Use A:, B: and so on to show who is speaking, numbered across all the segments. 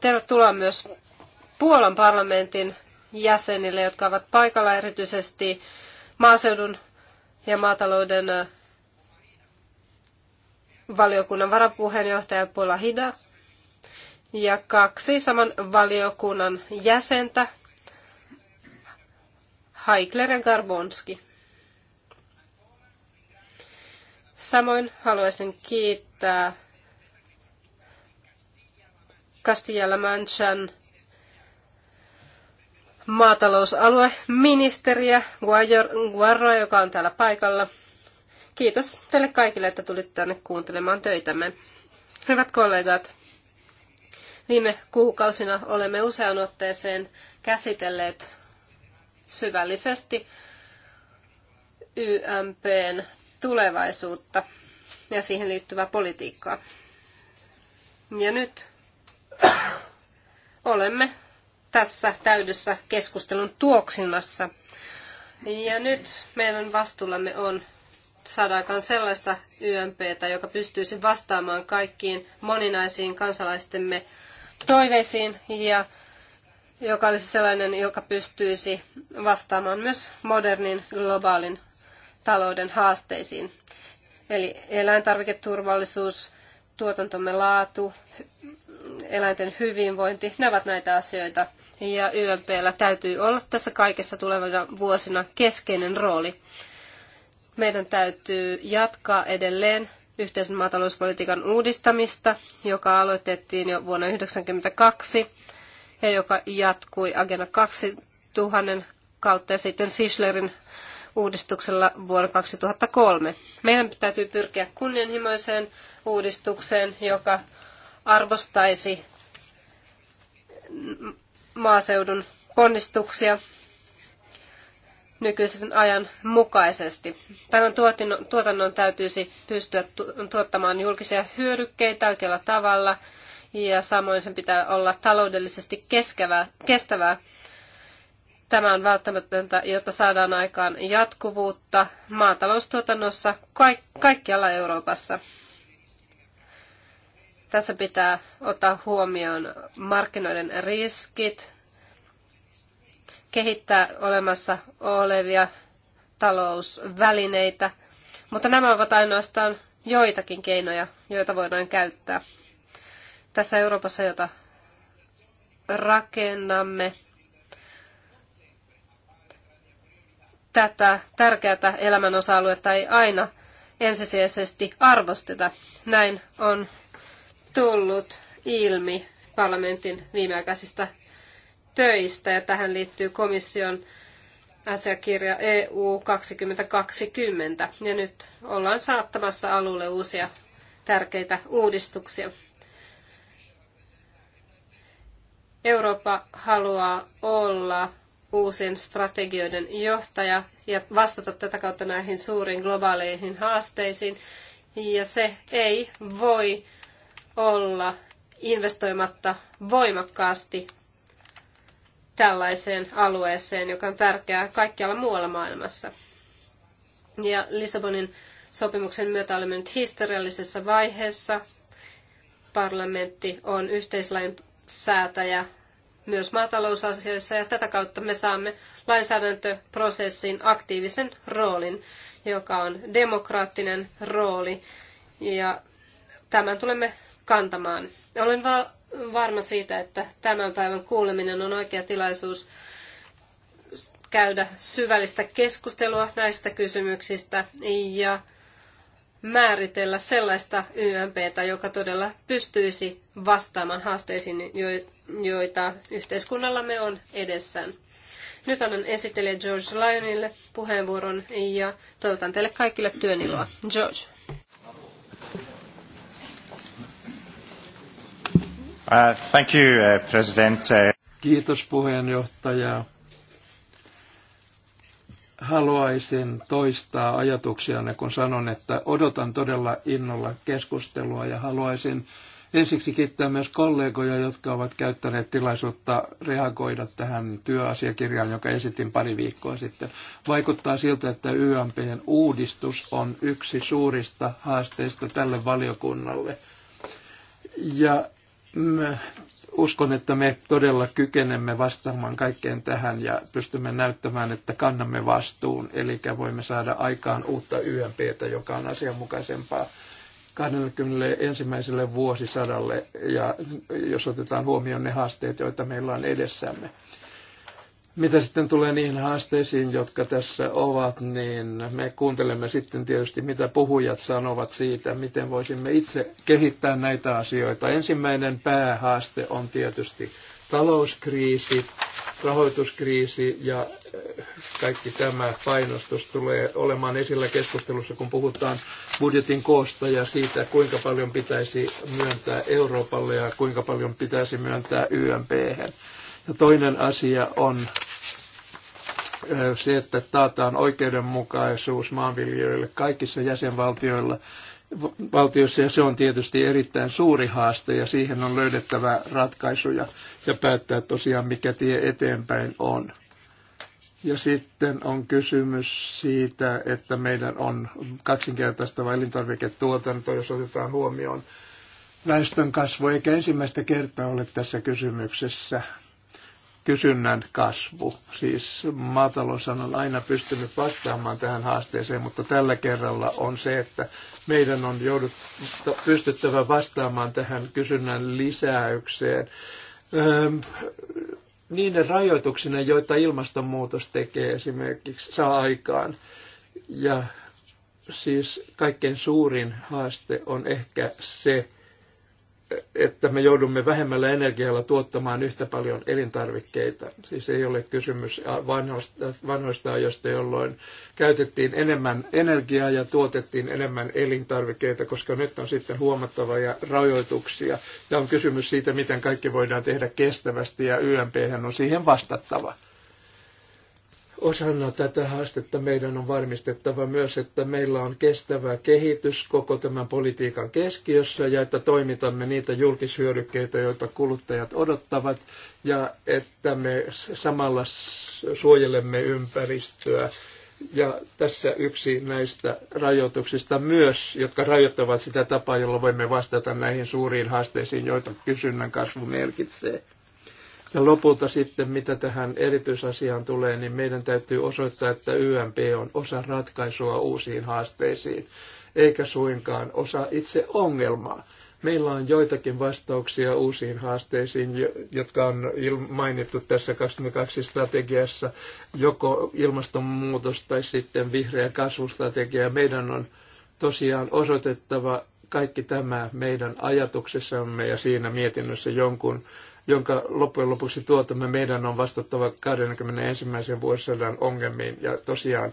A: Tervetuloa myös Puolan parlamentin jäsenille, jotka ovat paikalla erityisesti maaseudun ja maatalouden valiokunnan varapuheenjohtaja Puola Hida ja kaksi saman valiokunnan jäsentä, Haikler ja Garbonski. Samoin haluaisin kiittää Castilla Manchan maatalousalueministeriä Guarro, joka on täällä paikalla. Kiitos teille kaikille, että tulitte tänne kuuntelemaan töitämme. Hyvät kollegat, viime kuukausina olemme usean otteeseen käsitelleet syvällisesti YMPn tulevaisuutta ja siihen liittyvää politiikkaa. Ja nyt olemme tässä täydessä keskustelun tuoksinnassa. Ja nyt meidän vastuullamme on saada aikaan sellaista YMPtä, joka pystyisi vastaamaan kaikkiin moninaisiin kansalaistemme toiveisiin ja joka olisi sellainen, joka pystyisi vastaamaan myös modernin globaalin talouden haasteisiin. Eli eläintarviketurvallisuus, tuotantomme laatu, eläinten hyvinvointi, ne ovat näitä asioita. Ja YMPllä täytyy olla tässä kaikessa tulevina vuosina keskeinen rooli. Meidän täytyy jatkaa edelleen yhteisen maatalouspolitiikan uudistamista, joka aloitettiin jo vuonna 1992 ja joka jatkui Agenda 2000 kautta ja sitten Fischlerin uudistuksella vuonna 2003. Meidän täytyy pyrkiä kunnianhimoiseen uudistukseen, joka arvostaisi maaseudun ponnistuksia nykyisen ajan mukaisesti. Tämän tuotannon täytyisi pystyä tuottamaan julkisia hyödykkeitä oikealla tavalla ja samoin sen pitää olla taloudellisesti keskevää, kestävää. Tämä on välttämätöntä, jotta saadaan aikaan jatkuvuutta maataloustuotannossa kaikkialla Euroopassa. Tässä pitää ottaa huomioon markkinoiden riskit, kehittää olemassa olevia talousvälineitä, mutta nämä ovat ainoastaan joitakin keinoja, joita voidaan käyttää. Tässä Euroopassa, jota rakennamme, tätä tärkeää elämän osa-aluetta ei aina ensisijaisesti arvosteta. Näin on tullut ilmi parlamentin viimeaikaisista töistä ja tähän liittyy komission asiakirja EU 2020. Ja nyt ollaan saattamassa alulle uusia tärkeitä uudistuksia. Eurooppa haluaa olla uusien strategioiden johtaja ja vastata tätä kautta näihin suuriin globaaleihin haasteisiin. Ja se ei voi olla investoimatta voimakkaasti tällaiseen alueeseen, joka on tärkeää kaikkialla muualla maailmassa. Ja Lissabonin sopimuksen myötä olemme nyt historiallisessa vaiheessa. Parlamentti on yhteislain säätäjä myös maatalousasioissa ja tätä kautta me saamme lainsäädäntöprosessiin aktiivisen roolin, joka on demokraattinen rooli. Ja tämän tulemme kantamaan. Olen va- varma siitä, että tämän päivän kuuleminen on oikea tilaisuus käydä syvällistä keskustelua näistä kysymyksistä ja määritellä sellaista YMPtä, joka todella pystyisi vastaamaan haasteisiin, joita yhteiskunnallamme on edessään. Nyt annan esittelijä George Lyonille puheenvuoron ja toivotan teille kaikille työniloa. George.
B: Uh, thank you, uh, president. Uh,
C: Kiitos puheenjohtaja. Haluaisin toistaa ajatuksianne, kun sanon, että odotan todella innolla keskustelua ja haluaisin ensiksi kiittää myös kollegoja, jotka ovat käyttäneet tilaisuutta reagoida tähän työasiakirjaan, joka esitin pari viikkoa sitten. Vaikuttaa siltä, että YMPn uudistus on yksi suurista haasteista tälle valiokunnalle. Ja Mä uskon, että me todella kykenemme vastaamaan kaikkeen tähän ja pystymme näyttämään, että kannamme vastuun, eli voimme saada aikaan uutta YMPtä, joka on asianmukaisempaa 21. vuosisadalle, ja jos otetaan huomioon ne haasteet, joita meillä on edessämme. Mitä sitten tulee niihin haasteisiin, jotka tässä ovat, niin me kuuntelemme sitten tietysti, mitä puhujat sanovat siitä, miten voisimme itse kehittää näitä asioita. Ensimmäinen päähaaste on tietysti talouskriisi, rahoituskriisi ja eh, kaikki tämä painostus tulee olemaan esillä keskustelussa, kun puhutaan budjetin koosta ja siitä, kuinka paljon pitäisi myöntää Euroopalle ja kuinka paljon pitäisi myöntää YMP. Ja toinen asia on se, että taataan oikeudenmukaisuus maanviljelijöille kaikissa jäsenvaltioilla valtiossa ja se on tietysti erittäin suuri haaste ja siihen on löydettävä ratkaisuja ja päättää tosiaan mikä tie eteenpäin on. Ja sitten on kysymys siitä, että meidän on kaksinkertaista elintarviketuotanto, jos otetaan huomioon väestön kasvu, eikä ensimmäistä kertaa ole tässä kysymyksessä kysynnän kasvu. Siis maatalous on aina pystynyt vastaamaan tähän haasteeseen, mutta tällä kerralla on se, että meidän on jouduttu pystyttävä vastaamaan tähän kysynnän lisäykseen öö, niiden rajoituksina, joita ilmastonmuutos tekee esimerkiksi, saa aikaan. Ja siis kaikkein suurin haaste on ehkä se, että me joudumme vähemmällä energialla tuottamaan yhtä paljon elintarvikkeita. Siis ei ole kysymys vanhoista, vanhoista ajoista, jolloin käytettiin enemmän energiaa ja tuotettiin enemmän elintarvikkeita, koska nyt on sitten huomattavia rajoituksia. Ja on kysymys siitä, miten kaikki voidaan tehdä kestävästi ja YMP on siihen vastattava osana tätä haastetta meidän on varmistettava myös, että meillä on kestävä kehitys koko tämän politiikan keskiössä ja että toimitamme niitä julkishyödykkeitä, joita kuluttajat odottavat ja että me samalla suojelemme ympäristöä. Ja tässä yksi näistä rajoituksista myös, jotka rajoittavat sitä tapaa, jolla voimme vastata näihin suuriin haasteisiin, joita kysynnän kasvu merkitsee. Ja lopulta sitten, mitä tähän erityisasiaan tulee, niin meidän täytyy osoittaa, että YMP on osa ratkaisua uusiin haasteisiin, eikä suinkaan osa itse ongelmaa. Meillä on joitakin vastauksia uusiin haasteisiin, jotka on mainittu tässä 22-strategiassa, joko ilmastonmuutos tai sitten vihreä kasvustrategia. Meidän on tosiaan osoitettava kaikki tämä meidän ajatuksessamme ja siinä mietinnössä jonkun jonka loppujen lopuksi tuotamme meidän on vastattava 21. vuosisadan ongelmiin ja tosiaan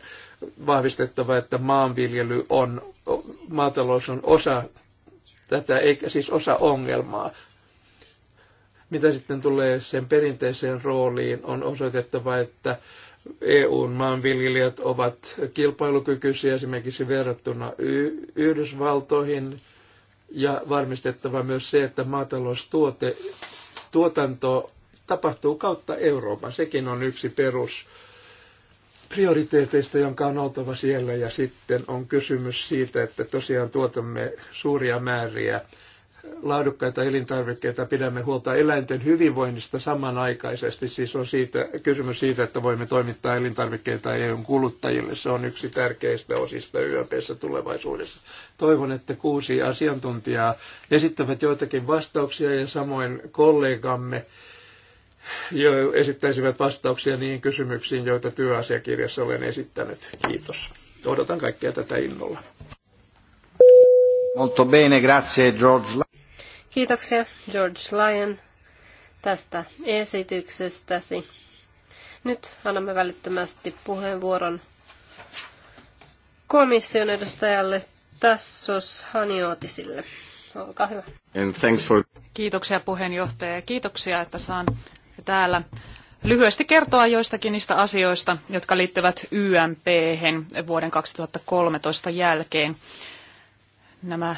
C: vahvistettava, että maanviljely on, maatalous on osa tätä, eikä siis osa ongelmaa. Mitä sitten tulee sen perinteiseen rooliin, on osoitettava, että EUn maanviljelijät ovat kilpailukykyisiä esimerkiksi verrattuna Yhdysvaltoihin ja varmistettava myös se, että maataloustuote tuotanto tapahtuu kautta Euroopan. Sekin on yksi perus prioriteeteista, jonka on oltava siellä. Ja sitten on kysymys siitä, että tosiaan tuotamme suuria määriä laadukkaita elintarvikkeita, pidämme huolta eläinten hyvinvoinnista samanaikaisesti. Siis on siitä, kysymys siitä, että voimme toimittaa elintarvikkeita EUn kuluttajille. Se on yksi tärkeistä osista YMPssä tulevaisuudessa. Toivon, että kuusi asiantuntijaa esittävät joitakin vastauksia ja samoin kollegamme jo esittäisivät vastauksia niihin kysymyksiin, joita työasiakirjassa olen esittänyt. Kiitos. Odotan kaikkea tätä innolla.
B: Molto bene, grazie George
A: Kiitoksia George Lyon tästä esityksestäsi. Nyt annamme välittömästi puheenvuoron komission edustajalle Tassos
D: Haniotisille. Olkaa hyvä.
B: And thanks for...
D: Kiitoksia puheenjohtaja ja kiitoksia, että saan täällä lyhyesti kertoa joistakin niistä asioista, jotka liittyvät YMP -hen vuoden 2013 jälkeen. Nämä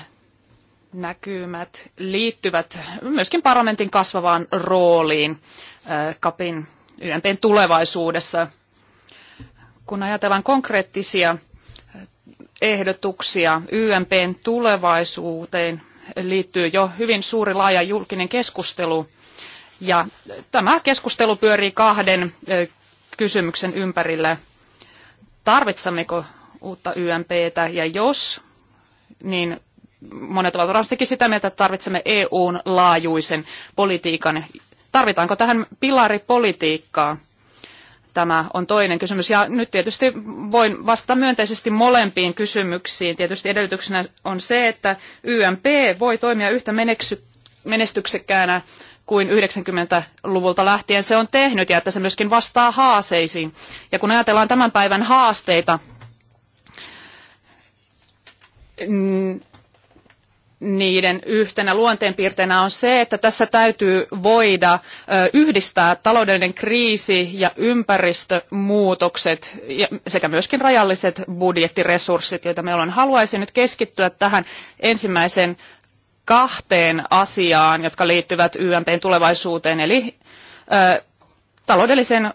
D: näkymät liittyvät myöskin parlamentin kasvavaan rooliin kapin YMPn tulevaisuudessa. Kun ajatellaan konkreettisia ehdotuksia YMPn tulevaisuuteen, liittyy jo hyvin suuri laaja julkinen keskustelu. Ja tämä keskustelu pyörii kahden kysymyksen ympärillä. Tarvitsemmeko uutta YMPtä ja jos, niin monet ovat varmastikin sitä mieltä, että tarvitsemme EUn laajuisen politiikan. Tarvitaanko tähän pilaripolitiikkaa? Tämä on toinen kysymys. Ja nyt tietysti voin vastata myönteisesti molempiin kysymyksiin. Tietysti edellytyksenä on se, että YMP voi toimia yhtä menestyksekkäänä kuin 90-luvulta lähtien se on tehnyt ja että se myöskin vastaa haaseisiin. Ja kun ajatellaan tämän päivän haasteita, niiden yhtenä luonteenpiirteinä on se, että tässä täytyy voida yhdistää taloudellinen kriisi ja ympäristömuutokset sekä myöskin rajalliset budjettiresurssit, joita meillä on. Haluaisin nyt keskittyä tähän ensimmäiseen kahteen asiaan, jotka liittyvät YMPn tulevaisuuteen, eli taloudellisen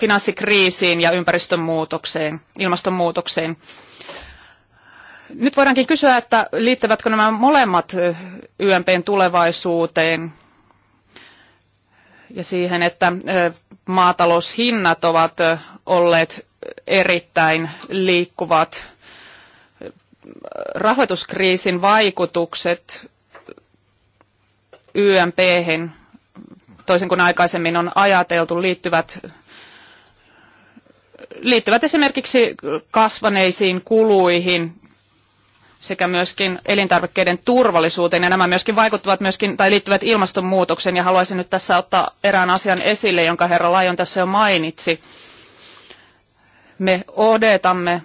D: finanssikriisiin ja ympäristönmuutokseen, ilmastonmuutokseen. Nyt voidaankin kysyä, että liittyvätkö nämä molemmat YMPn tulevaisuuteen ja siihen, että maataloushinnat ovat olleet erittäin liikkuvat. Rahoituskriisin vaikutukset YMP, toisin kuin aikaisemmin on ajateltu, liittyvät, liittyvät esimerkiksi kasvaneisiin kuluihin sekä myöskin elintarvikkeiden turvallisuuteen, ja nämä myöskin vaikuttavat myöskin, tai liittyvät ilmastonmuutokseen, ja haluaisin nyt tässä ottaa erään asian esille, jonka herra Laion tässä jo mainitsi. Me odotamme,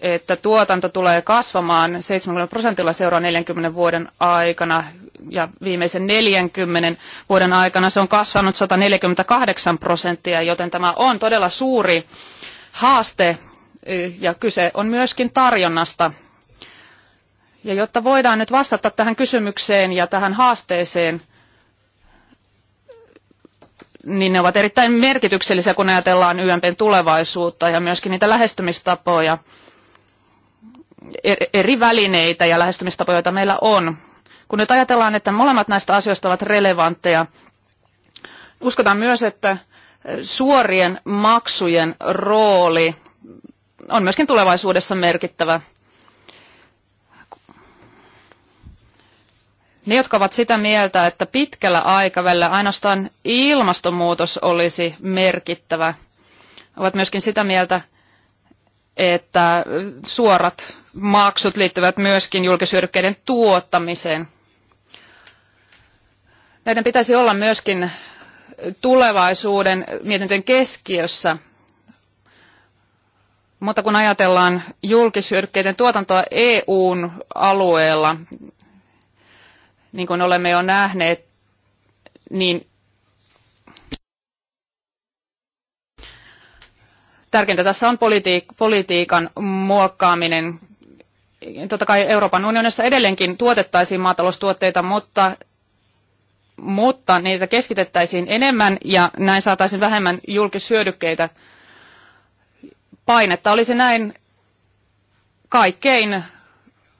D: että tuotanto tulee kasvamaan 70 prosentilla seuraavan 40 vuoden aikana, ja viimeisen 40 vuoden aikana se on kasvanut 148 prosenttia, joten tämä on todella suuri haaste, ja kyse on myöskin tarjonnasta ja jotta voidaan nyt vastata tähän kysymykseen ja tähän haasteeseen, niin ne ovat erittäin merkityksellisiä, kun ajatellaan YMPn tulevaisuutta ja myöskin niitä lähestymistapoja, e- eri välineitä ja lähestymistapoja, joita meillä on. Kun nyt ajatellaan, että molemmat näistä asioista ovat relevantteja, uskotaan myös, että suorien maksujen rooli on myöskin tulevaisuudessa merkittävä. Ne, jotka ovat sitä mieltä, että pitkällä aikavälillä ainoastaan ilmastonmuutos olisi merkittävä, ovat myöskin sitä mieltä, että suorat maksut liittyvät myöskin julkisyödykkeiden tuottamiseen. Näiden pitäisi olla myöskin tulevaisuuden mietintöjen keskiössä, mutta kun ajatellaan julkisyödykkeiden tuotantoa EUn alueella, niin kuin olemme jo nähneet, niin tärkeintä tässä on politiik- politiikan muokkaaminen. Totta kai Euroopan unionissa edelleenkin tuotettaisiin maataloustuotteita, mutta, mutta niitä keskitettäisiin enemmän ja näin saataisiin vähemmän julkishyödykkeitä. Painetta olisi näin kaikkein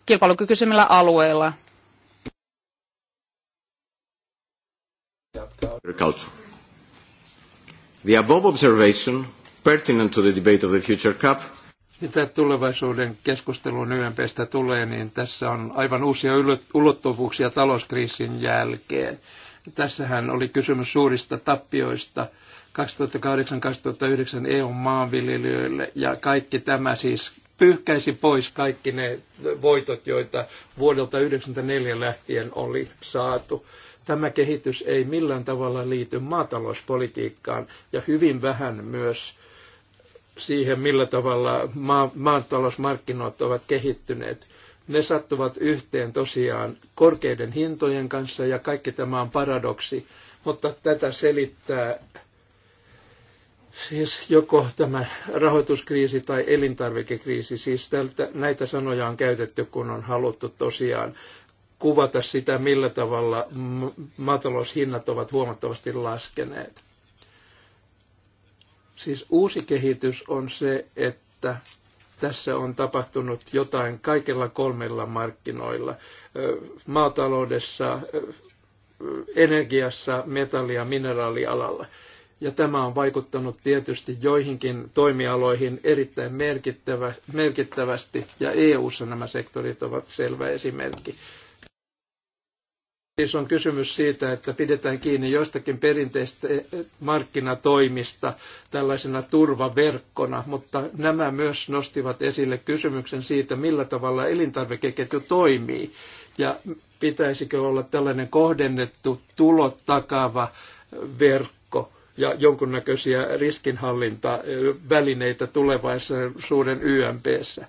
D: kilpailukykyisimmillä alueilla.
B: Agriculture. The above observation, pertinent to the debate of the future cup,
C: mitä tulevaisuuden keskusteluun YMPstä tulee, niin tässä on aivan uusia ulottuvuuksia talouskriisin jälkeen. Tässähän oli kysymys suurista tappioista 2008-2009 EUn maanviljelijöille ja kaikki tämä siis pyyhkäisi pois kaikki ne voitot, joita vuodelta 1994 lähtien oli saatu. Tämä kehitys ei millään tavalla liity maatalouspolitiikkaan ja hyvin vähän myös siihen, millä tavalla ma- maatalousmarkkinat ovat kehittyneet. Ne sattuvat yhteen tosiaan korkeiden hintojen kanssa ja kaikki tämä on paradoksi, mutta tätä selittää siis joko tämä rahoituskriisi tai elintarvikekriisi, siis tältä, näitä sanoja on käytetty, kun on haluttu tosiaan kuvata sitä, millä tavalla maataloushinnat ovat huomattavasti laskeneet. Siis uusi kehitys on se, että tässä on tapahtunut jotain kaikilla kolmella markkinoilla. Maataloudessa, energiassa, metalli- ja mineraalialalla. Ja tämä on vaikuttanut tietysti joihinkin toimialoihin erittäin merkittävä, merkittävästi, ja EU-ssa nämä sektorit ovat selvä esimerkki. Siis on kysymys siitä, että pidetään kiinni joistakin perinteistä eh, markkinatoimista tällaisena turvaverkkona, mutta nämä myös nostivat esille kysymyksen siitä, millä tavalla elintarvikeketju toimii ja pitäisikö olla tällainen kohdennettu tulot takaava verkko ja jonkunnäköisiä riskinhallintavälineitä tulevaisuuden YMPssä.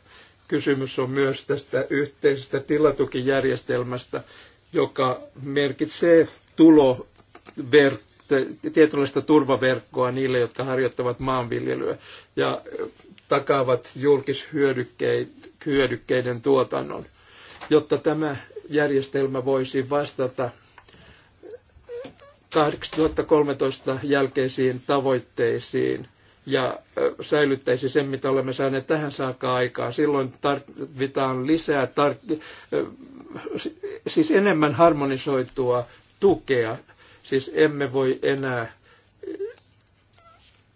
C: Kysymys on myös tästä yhteisestä tilatukijärjestelmästä, joka merkitsee tulo tietynlaista turvaverkkoa niille, jotka harjoittavat maanviljelyä ja takaavat julkishyödykkeiden tuotannon, jotta tämä järjestelmä voisi vastata 2013 jälkeisiin tavoitteisiin ja säilyttäisi sen, mitä olemme saaneet tähän saakka aikaan. Silloin tarvitaan lisää tar- siis enemmän harmonisoitua tukea. Siis emme voi enää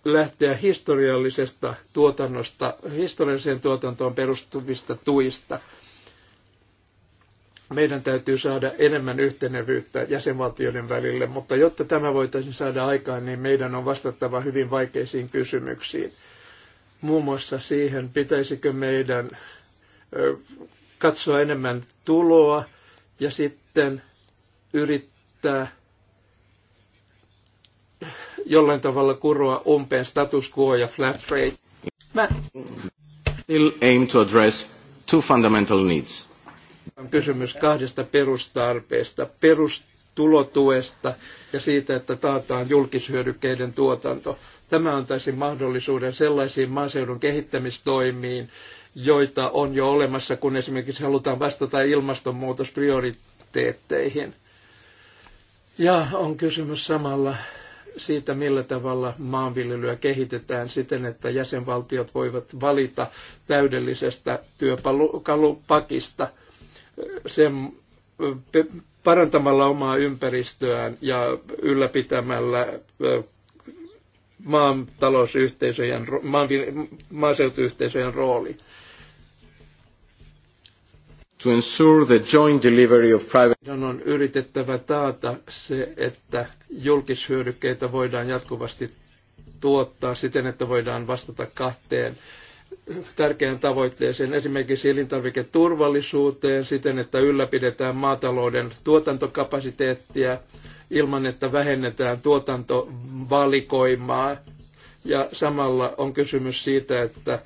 C: lähteä historiallisesta tuotannosta, historialliseen tuotantoon perustuvista tuista. Meidän täytyy saada enemmän yhtenevyyttä jäsenvaltioiden välille, mutta jotta tämä voitaisiin saada aikaan, niin meidän on vastattava hyvin vaikeisiin kysymyksiin. Muun muassa siihen, pitäisikö meidän katsoa enemmän tuloa ja sitten yrittää jollain tavalla kuroa umpeen status quo ja flat rate. Mä...
B: Still aim to address two fundamental needs.
C: On kysymys kahdesta perustarpeesta, perustulotuesta ja siitä, että taataan julkishyödykkeiden tuotanto. Tämä antaisi mahdollisuuden sellaisiin maaseudun kehittämistoimiin, joita on jo olemassa, kun esimerkiksi halutaan vastata ilmastonmuutosprioriteetteihin. Ja on kysymys samalla siitä, millä tavalla maanviljelyä kehitetään siten, että jäsenvaltiot voivat valita täydellisestä työkalupakista sen eh, parantamalla omaa ympäristöään ja ylläpitämällä eh, maantalousyhteisöjen, maan, maaseutuyhteisöjen rooli
B: to ensure the joint delivery of private...
C: on yritettävä taata se, että julkishyödykkeitä voidaan jatkuvasti tuottaa siten, että voidaan vastata kahteen tärkeään tavoitteeseen, esimerkiksi elintarviketurvallisuuteen siten, että ylläpidetään maatalouden tuotantokapasiteettia ilman, että vähennetään tuotantovalikoimaa. Ja samalla on kysymys siitä, että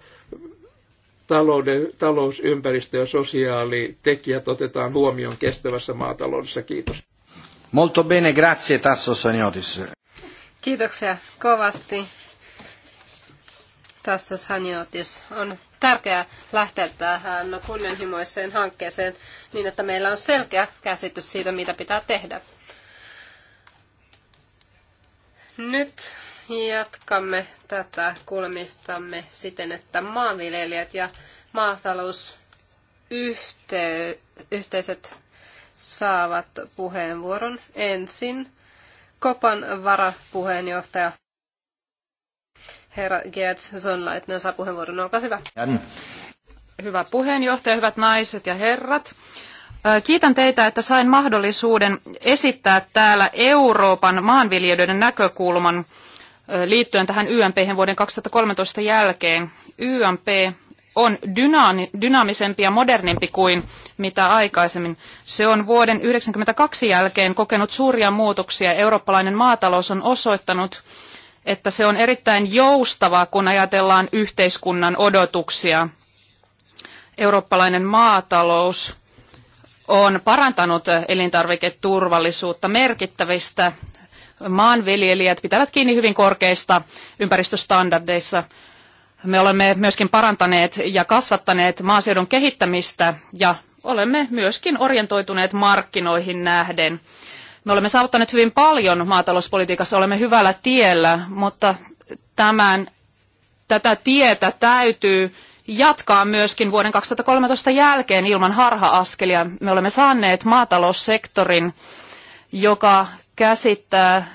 C: talouden, talousympäristö ja sosiaalitekijät otetaan huomioon kestävässä maataloudessa. Kiitos.
B: Molto bene, grazie Tasso Saniotis.
A: Kiitoksia kovasti. Tasso Saniotis on tärkeää lähteä tähän kunnianhimoiseen hankkeeseen niin, että meillä on selkeä käsitys siitä, mitä pitää tehdä. Nyt jatkamme tätä kuulemistamme siten, että maanviljelijät ja maatalousyhteisöt saavat puheenvuoron ensin. Kopan varapuheenjohtaja herra Gerd Sonlaitner saa
D: puheenvuoron. Olkaa hyvä. Hyvä puheenjohtaja, hyvät naiset ja herrat. Äh, kiitän teitä, että sain mahdollisuuden esittää täällä Euroopan maanviljelijöiden näkökulman liittyen tähän YMP vuoden 2013 jälkeen. YMP on dynaani, dynaamisempi ja modernimpi kuin mitä aikaisemmin. Se on vuoden 1992 jälkeen kokenut suuria muutoksia. Eurooppalainen maatalous on osoittanut, että se on erittäin joustavaa, kun ajatellaan yhteiskunnan odotuksia. Eurooppalainen maatalous on parantanut elintarviketurvallisuutta merkittävistä maanviljelijät pitävät kiinni hyvin korkeista ympäristöstandardeissa. Me olemme myöskin parantaneet ja kasvattaneet maaseudun kehittämistä ja olemme myöskin orientoituneet markkinoihin nähden. Me olemme saavuttaneet hyvin paljon maatalouspolitiikassa, olemme hyvällä tiellä, mutta tämän, tätä tietä täytyy jatkaa myöskin vuoden 2013 jälkeen ilman harha-askelia. Me olemme saaneet maataloussektorin, joka käsittää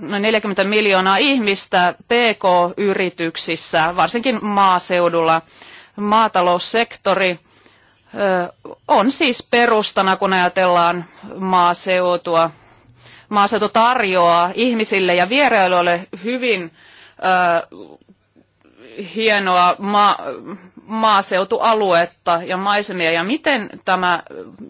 D: noin 40 miljoonaa ihmistä PK-yrityksissä, varsinkin maaseudulla. Maataloussektori on siis perustana, kun ajatellaan maaseutua. Maaseutu tarjoaa ihmisille ja vierailijoille hyvin hienoa ma- maaseutualuetta ja maisemia ja miten tämä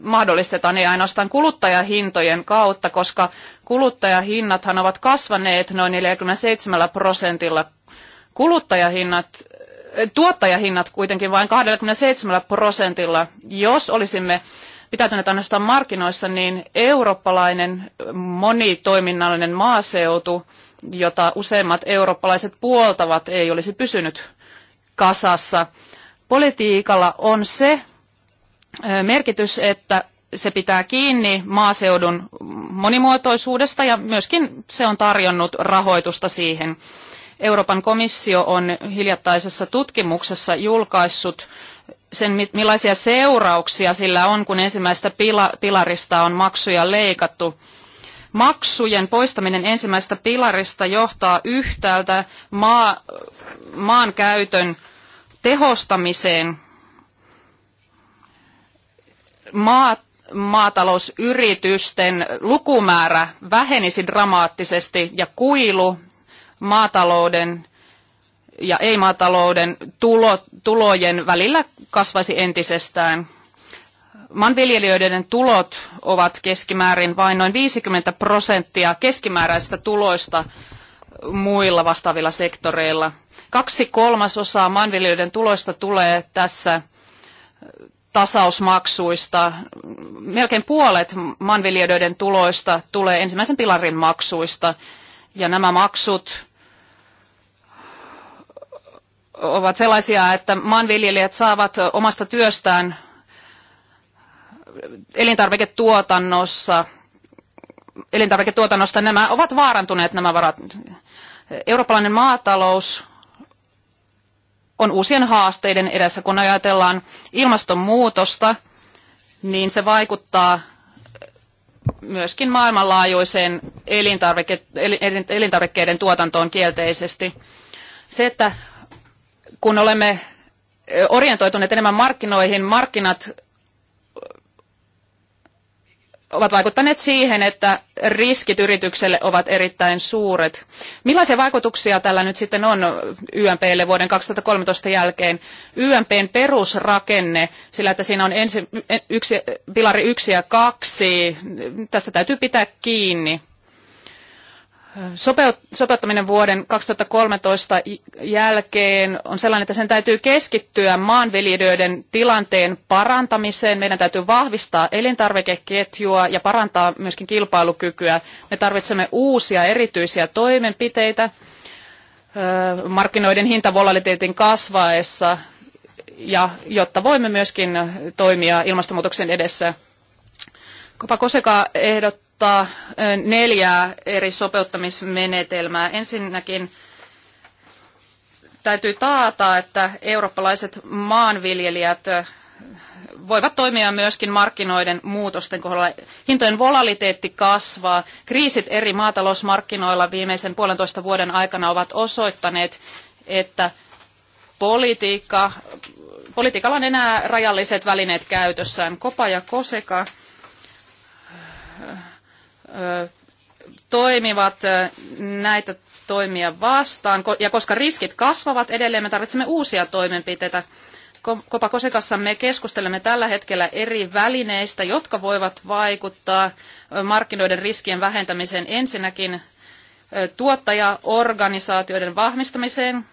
D: mahdollistetaan ei ainoastaan kuluttajahintojen kautta, koska kuluttajahinnathan ovat kasvaneet noin 47 prosentilla. Kuluttajahinnat äh, tuottajahinnat kuitenkin vain 27 prosentilla. Jos olisimme pitäytyneet ainoastaan markkinoissa, niin eurooppalainen monitoiminnallinen maaseutu jota useimmat eurooppalaiset puoltavat, ei olisi pysynyt kasassa. Politiikalla on se merkitys, että se pitää kiinni maaseudun monimuotoisuudesta ja myöskin se on tarjonnut rahoitusta siihen. Euroopan komissio on hiljattaisessa tutkimuksessa julkaissut sen, millaisia seurauksia sillä on, kun ensimmäistä pilarista on maksuja leikattu maksujen poistaminen ensimmäisestä pilarista johtaa yhtäältä maa, maan käytön tehostamiseen maatalousyritysten lukumäärä vähenisi dramaattisesti ja kuilu maatalouden ja ei-maatalouden tulo, tulojen välillä kasvaisi entisestään maanviljelijöiden tulot ovat keskimäärin vain noin 50 prosenttia keskimääräisistä tuloista muilla vastaavilla sektoreilla. Kaksi kolmasosaa maanviljelijöiden tuloista tulee tässä äh, tasausmaksuista. Melkein puolet maanviljelijöiden tuloista tulee ensimmäisen pilarin maksuista. Ja nämä maksut ovat sellaisia, että maanviljelijät saavat omasta työstään elintarviketuotannossa, elintarviketuotannosta nämä ovat vaarantuneet nämä varat. Eurooppalainen maatalous on uusien haasteiden edessä. Kun ajatellaan ilmastonmuutosta, niin se vaikuttaa myöskin maailmanlaajuiseen elintarvike, elintarvikkeiden tuotantoon kielteisesti. Se, että kun olemme orientoituneet enemmän markkinoihin, markkinat ovat vaikuttaneet siihen, että riskit yritykselle ovat erittäin suuret. Millaisia vaikutuksia tällä nyt sitten on YMPlle vuoden 2013 jälkeen? YMPn perusrakenne, sillä että siinä on ensi, yksi, pilari yksi ja kaksi tästä täytyy pitää kiinni sopeuttaminen vuoden 2013 jälkeen on sellainen, että sen täytyy keskittyä maanviljelijöiden tilanteen parantamiseen. Meidän täytyy vahvistaa elintarvikeketjua ja parantaa myöskin kilpailukykyä. Me tarvitsemme uusia erityisiä toimenpiteitä markkinoiden hintavolatiliteetin kasvaessa, ja jotta voimme myöskin toimia ilmastonmuutoksen edessä. Kopa Koseka ehdottaa, ottaa neljää eri sopeuttamismenetelmää. Ensinnäkin täytyy taata, että eurooppalaiset maanviljelijät voivat toimia myöskin markkinoiden muutosten kohdalla. Hintojen volaliteetti kasvaa. Kriisit eri maatalousmarkkinoilla viimeisen puolentoista vuoden aikana ovat osoittaneet, että politiikka, politiikalla on enää rajalliset välineet käytössään. Kopa ja Koseka toimivat näitä toimia vastaan, ja koska riskit kasvavat edelleen, me tarvitsemme uusia toimenpiteitä. Kopa Kosekassa me keskustelemme tällä hetkellä eri välineistä, jotka voivat vaikuttaa markkinoiden riskien vähentämiseen ensinnäkin tuottajaorganisaatioiden vahvistamiseen,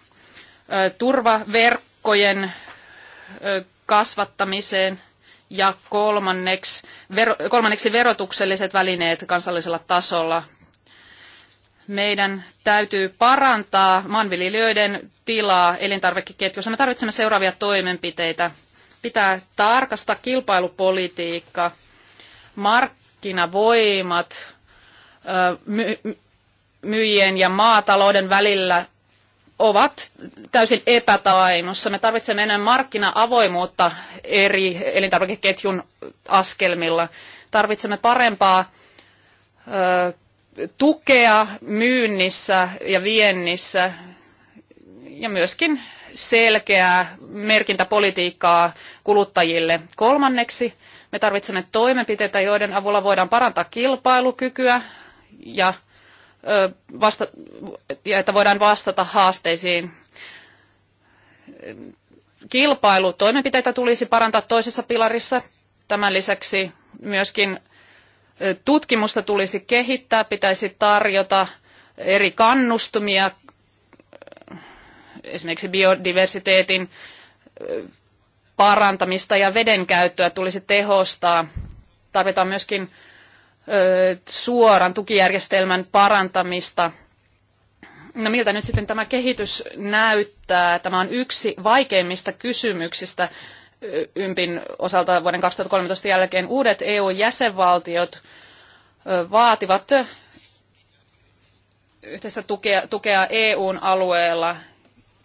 D: turvaverkkojen kasvattamiseen ja kolmanneksi, vero, kolmanneksi verotukselliset välineet kansallisella tasolla. Meidän täytyy parantaa maanviljelijöiden tilaa elintarvikeketjussa. Me tarvitsemme seuraavia toimenpiteitä. Pitää tarkastaa kilpailupolitiikka, markkinavoimat, myyjien ja maatalouden välillä ovat täysin epätaimossa. Me tarvitsemme enemmän markkina-avoimuutta eri elintarvikeketjun askelmilla. Tarvitsemme parempaa ö, tukea myynnissä ja viennissä ja myöskin selkeää merkintäpolitiikkaa kuluttajille. Kolmanneksi me tarvitsemme toimenpiteitä, joiden avulla voidaan parantaa kilpailukykyä ja vasta- ja että voidaan vastata haasteisiin. Kilpailutoimenpiteitä tulisi parantaa toisessa pilarissa. Tämän lisäksi myöskin tutkimusta tulisi kehittää, pitäisi tarjota eri kannustumia esimerkiksi biodiversiteetin parantamista ja veden käyttöä tulisi tehostaa. Tarvitaan myöskin suoran tukijärjestelmän parantamista. No miltä nyt sitten tämä kehitys näyttää? Tämä on yksi vaikeimmista kysymyksistä ympin osalta vuoden 2013 jälkeen. Uudet EU-jäsenvaltiot vaativat yhteistä tukea, tukea EUn alueella.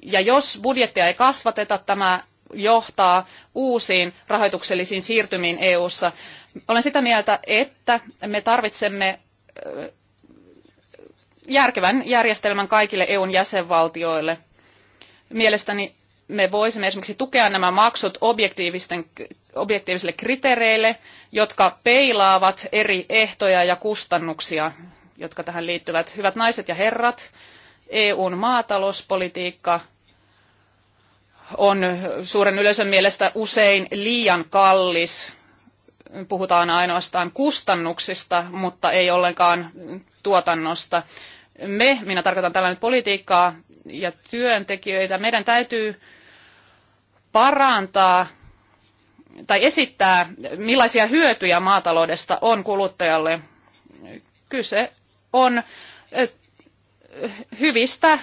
D: Ja jos budjettia ei kasvateta, tämä johtaa uusiin rahoituksellisiin siirtymiin EUssa. ssa olen sitä mieltä, että me tarvitsemme järkevän järjestelmän kaikille EUn jäsenvaltioille. Mielestäni me voisimme esimerkiksi tukea nämä maksut objektiivisille kriteereille, jotka peilaavat eri ehtoja ja kustannuksia, jotka tähän liittyvät. Hyvät naiset ja herrat, EUn maatalouspolitiikka on suuren yleisön mielestä usein liian kallis puhutaan ainoastaan kustannuksista, mutta ei ollenkaan tuotannosta. Me, minä tarkoitan tällä nyt politiikkaa ja työntekijöitä, meidän täytyy parantaa tai esittää, millaisia hyötyjä maataloudesta on kuluttajalle. Kyse on hyvistä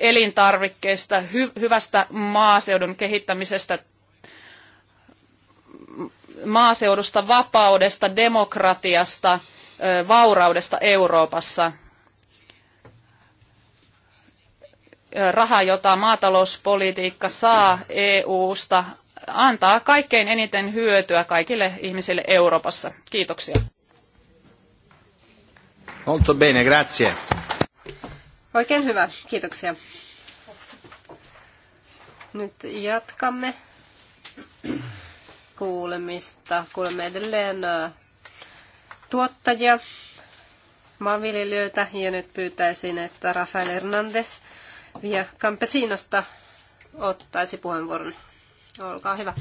D: elintarvikkeista, hy- hyvästä maaseudun kehittämisestä, maaseudusta, vapaudesta, demokratiasta, vauraudesta Euroopassa. Raha, jota maatalouspolitiikka saa EU-sta, antaa kaikkein eniten hyötyä kaikille ihmisille Euroopassa. Kiitoksia.
B: Molto bene, grazie.
D: Oikein hyvä, kiitoksia.
A: Nyt jatkamme kuulemista. Kuulemme edelleen tuottajia, maanviljelijöitä ja nyt pyytäisin, että Rafael Hernandez ja Campesinosta ottaisi puheenvuoron. Olkaa hyvä.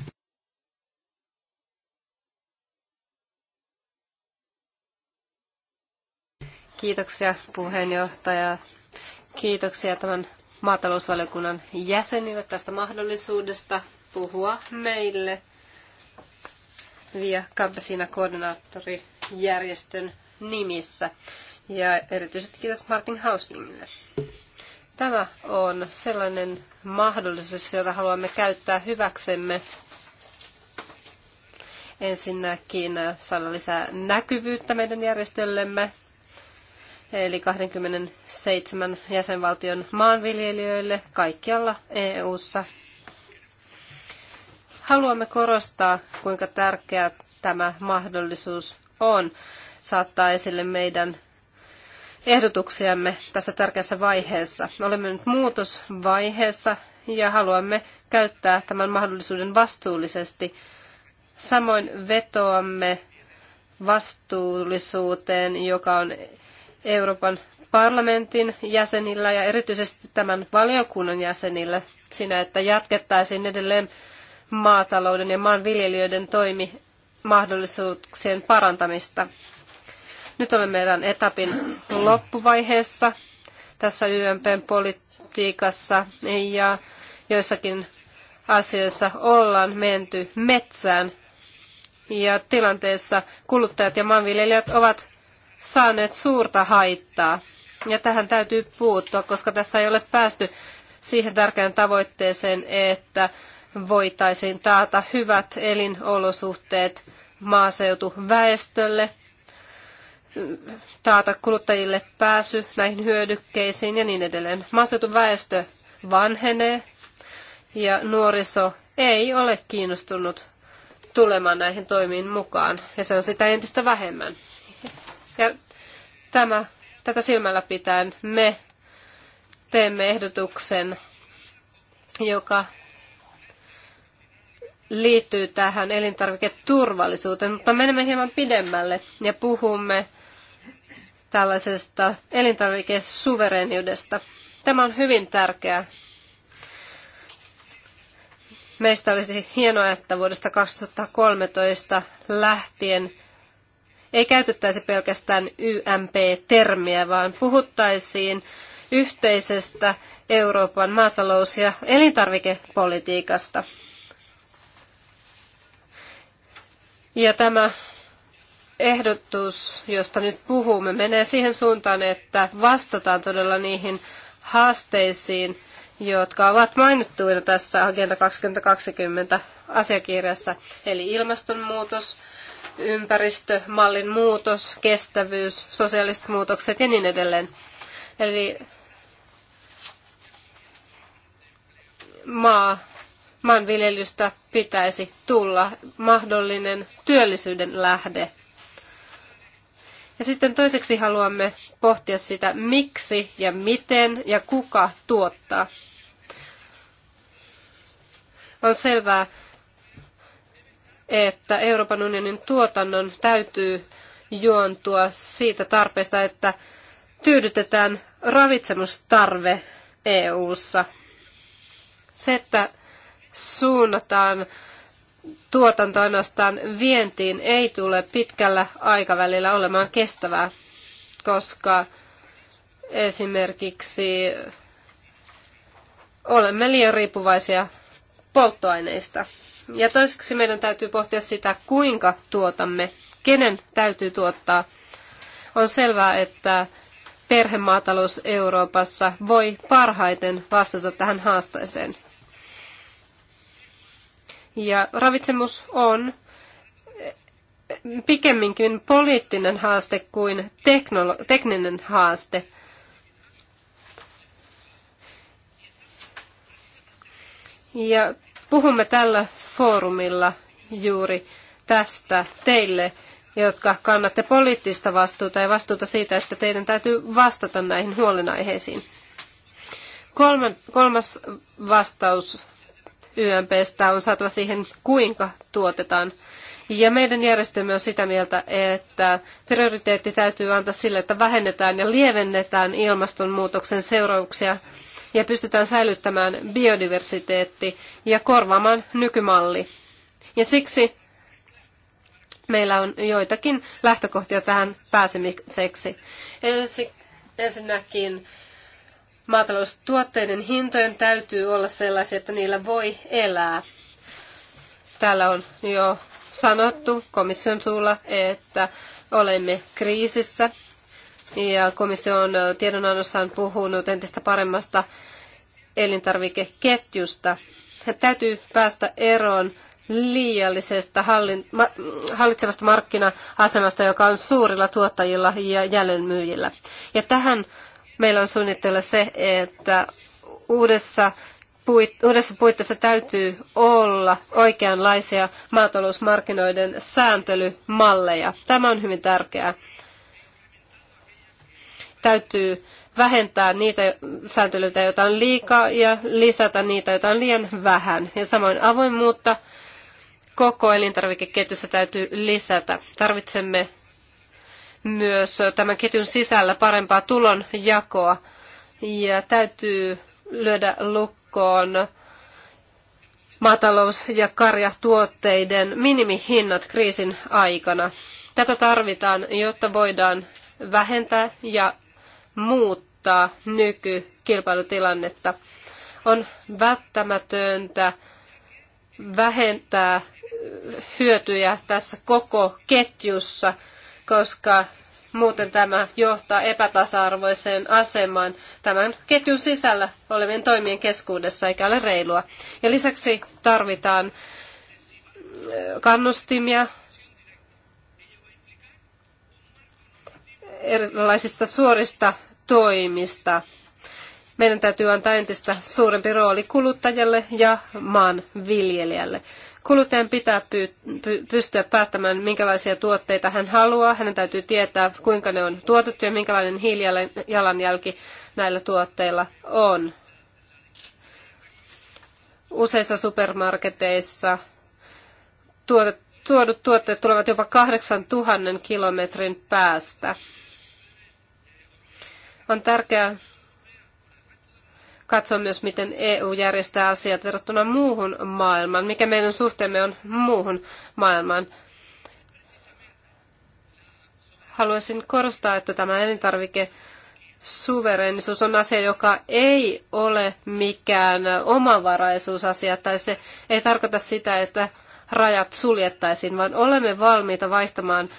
A: Kiitoksia puheenjohtaja. Kiitoksia tämän maatalousvaliokunnan jäsenille tästä mahdollisuudesta puhua meille Via Campesina koordinaattorijärjestön nimissä. Ja erityisesti kiitos Martin Hauslingille. Tämä on sellainen mahdollisuus, jota haluamme käyttää hyväksemme. Ensinnäkin saada lisää näkyvyyttä meidän järjestöllemme, eli 27 jäsenvaltion maanviljelijöille kaikkialla EU-ssa Haluamme korostaa, kuinka tärkeä tämä mahdollisuus on saattaa esille meidän ehdotuksiamme tässä tärkeässä vaiheessa. Olemme nyt muutosvaiheessa ja haluamme käyttää tämän mahdollisuuden vastuullisesti. Samoin vetoamme vastuullisuuteen, joka on Euroopan parlamentin jäsenillä ja erityisesti tämän valiokunnan jäsenillä siinä, että jatkettaisiin edelleen maatalouden ja maanviljelijöiden toimimahdollisuuksien parantamista. Nyt olemme meidän etapin loppuvaiheessa tässä YMPn politiikassa ja joissakin asioissa ollaan menty metsään ja tilanteessa kuluttajat ja maanviljelijät ovat saaneet suurta haittaa. Ja tähän täytyy puuttua, koska tässä ei ole päästy siihen tärkeään tavoitteeseen, että voitaisiin taata hyvät elinolosuhteet maaseutuväestölle, taata kuluttajille pääsy näihin hyödykkeisiin ja niin edelleen. Maaseutuväestö vanhenee ja nuoriso ei ole kiinnostunut tulemaan näihin toimiin mukaan ja se on sitä entistä vähemmän. Ja tämä, tätä silmällä pitäen me teemme ehdotuksen, joka liittyy tähän elintarviketurvallisuuteen, mutta menemme hieman pidemmälle ja puhumme tällaisesta elintarvikesuvereniudesta. Tämä on hyvin tärkeää. Meistä olisi hienoa, että vuodesta 2013 lähtien ei käytettäisi pelkästään YMP-termiä, vaan puhuttaisiin yhteisestä Euroopan maatalous- ja elintarvikepolitiikasta – Ja tämä ehdotus, josta nyt puhumme, menee siihen suuntaan, että vastataan todella niihin haasteisiin, jotka ovat mainittuina tässä Agenda 2020 asiakirjassa, eli ilmastonmuutos, ympäristömallin muutos, kestävyys, sosiaaliset muutokset ja niin edelleen. Eli maa maanviljelystä pitäisi tulla mahdollinen työllisyyden lähde. Ja sitten toiseksi haluamme pohtia sitä, miksi ja miten ja kuka tuottaa. On selvää, että Euroopan unionin tuotannon täytyy juontua siitä tarpeesta, että tyydytetään ravitsemustarve EU:ssa. Se, että suunnataan tuotanto ainoastaan vientiin, ei tule pitkällä aikavälillä olemaan kestävää, koska esimerkiksi olemme liian riippuvaisia polttoaineista. Ja toiseksi meidän täytyy pohtia sitä, kuinka tuotamme, kenen täytyy tuottaa. On selvää, että perhemaatalous Euroopassa voi parhaiten vastata tähän haasteeseen. Ja ravitsemus on pikemminkin poliittinen haaste kuin teknolo- tekninen haaste. Ja puhumme tällä foorumilla juuri tästä teille, jotka kannatte poliittista vastuuta ja vastuuta siitä, että teidän täytyy vastata näihin huolenaiheisiin. kolmas vastaus YMPstä on saatava siihen, kuinka tuotetaan. Ja meidän järjestelmä on sitä mieltä, että prioriteetti täytyy antaa sille, että vähennetään ja lievennetään ilmastonmuutoksen seurauksia ja pystytään säilyttämään biodiversiteetti ja korvaamaan nykymalli. Ja siksi meillä on joitakin lähtökohtia tähän pääsemiseksi. ensinnäkin maataloustuotteiden hintojen täytyy olla sellaisia, että niillä voi elää. Täällä on jo sanottu komission suulla, että olemme kriisissä ja komission on tiedonannossaan puhunut entistä paremmasta elintarvikeketjusta. He täytyy päästä eroon liiallisesta hallitsevasta markkina-asemasta, joka on suurilla tuottajilla ja jälleenmyyjillä. Ja tähän Meillä on suunnitteilla se, että uudessa uudessa puitteissa täytyy olla oikeanlaisia maatalousmarkkinoiden sääntelymalleja. Tämä on hyvin tärkeää. Täytyy vähentää niitä sääntelyitä, joita on liikaa, ja lisätä niitä, joita on liian vähän. Ja samoin avoimuutta koko elintarvikeketjussa täytyy lisätä. Tarvitsemme myös tämän ketjun sisällä parempaa tulonjakoa ja täytyy lyödä lukkoon maatalous- ja karjatuotteiden minimihinnat kriisin aikana. Tätä tarvitaan, jotta voidaan vähentää ja muuttaa nykykilpailutilannetta. On välttämätöntä vähentää hyötyjä tässä koko ketjussa koska muuten tämä johtaa epätasa-arvoiseen asemaan tämän ketjun sisällä olevien toimien keskuudessa, eikä ole reilua. Ja lisäksi tarvitaan kannustimia erilaisista suorista toimista. Meidän täytyy antaa entistä suurempi rooli kuluttajalle ja maan viljelijälle. Kuluttajan pitää pystyä päättämään, minkälaisia tuotteita hän haluaa. Hänen täytyy tietää, kuinka ne on tuotettu ja minkälainen hiilijalanjälki näillä tuotteilla on. Useissa supermarketeissa tuotet, tuodut tuotteet tulevat jopa 8000 kilometrin päästä. On tärkeää katsoa myös, miten EU järjestää asiat verrattuna muuhun maailmaan, mikä meidän suhteemme on muuhun maailmaan. Haluaisin korostaa, että tämä elintarvike suverenisuus on asia, joka ei ole mikään omavaraisuusasia, tai se ei tarkoita sitä, että rajat suljettaisiin, vaan olemme valmiita vaihtamaan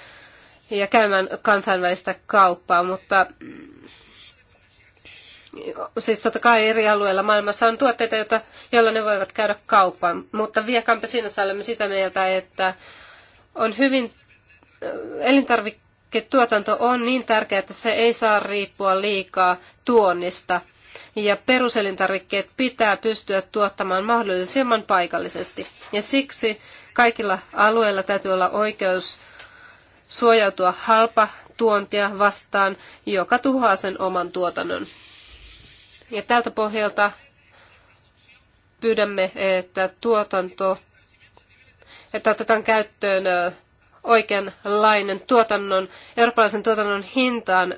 A: ja käymään kansainvälistä kauppaa, mutta Siis totta kai eri alueilla maailmassa on tuotteita, joita, joilla ne voivat käydä kaupan, mutta Viakampe sinänsä olemme sitä mieltä, että on hyvin, äh, elintarviketuotanto on niin tärkeä, että se ei saa riippua liikaa tuonnista. Ja peruselintarvikkeet pitää pystyä tuottamaan mahdollisimman paikallisesti. Ja siksi kaikilla alueilla täytyy olla oikeus suojautua halpa tuontia vastaan, joka tuhoaa sen oman tuotannon. Ja tältä pohjalta pyydämme, että tuotanto, että otetaan käyttöön oikeanlainen tuotannon, eurooppalaisen tuotannon hintaan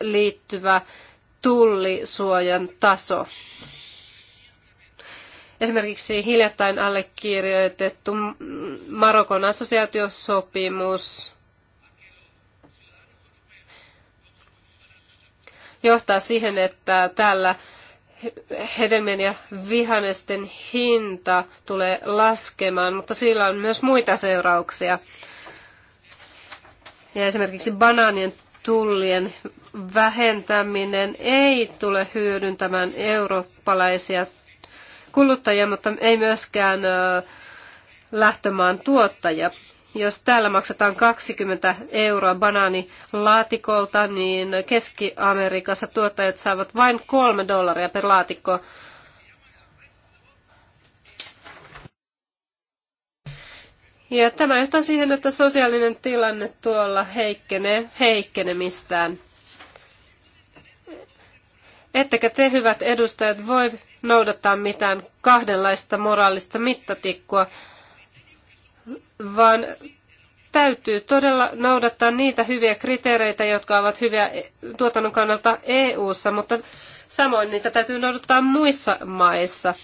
A: liittyvä tullisuojan taso. Esimerkiksi hiljattain allekirjoitettu Marokon assosiaatiosopimus johtaa siihen, että täällä hedelmien ja vihannesten hinta tulee laskemaan, mutta sillä on myös muita seurauksia. Ja esimerkiksi banaanien tullien vähentäminen ei tule hyödyntämään eurooppalaisia kuluttajia, mutta ei myöskään lähtömaan tuottajia. Jos täällä maksetaan 20 euroa banaanilaatikolta, niin Keski-Amerikassa tuottajat saavat vain 3 dollaria per laatikko. Ja tämä johtaa siihen, että sosiaalinen tilanne tuolla heikkenee heikkenemistään. Ettekä te, hyvät edustajat, voi noudattaa mitään kahdenlaista moraalista mittatikkua, vaan täytyy todella noudattaa niitä hyviä kriteereitä, jotka ovat hyviä e- tuotannon kannalta EU-ssa, mutta samoin niitä täytyy noudattaa muissa maissa.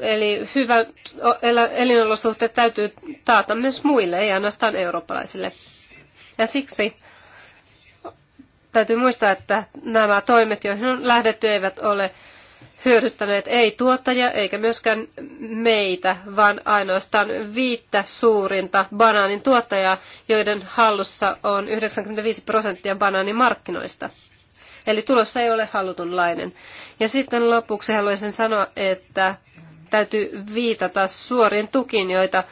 A: Eli hyvät elinolosuhteet täytyy taata myös muille, ei ainoastaan eurooppalaisille. Ja siksi täytyy muistaa, että nämä toimet, joihin on lähdetty, eivät ole hyödyttäneet ei tuottajia eikä myöskään meitä, vaan ainoastaan viittä suurinta banaanin tuottajaa, joiden hallussa on 95 prosenttia banaanimarkkinoista. Eli tulossa ei ole halutunlainen. Ja sitten lopuksi haluaisin sanoa, että täytyy viitata suoriin tukiin, joita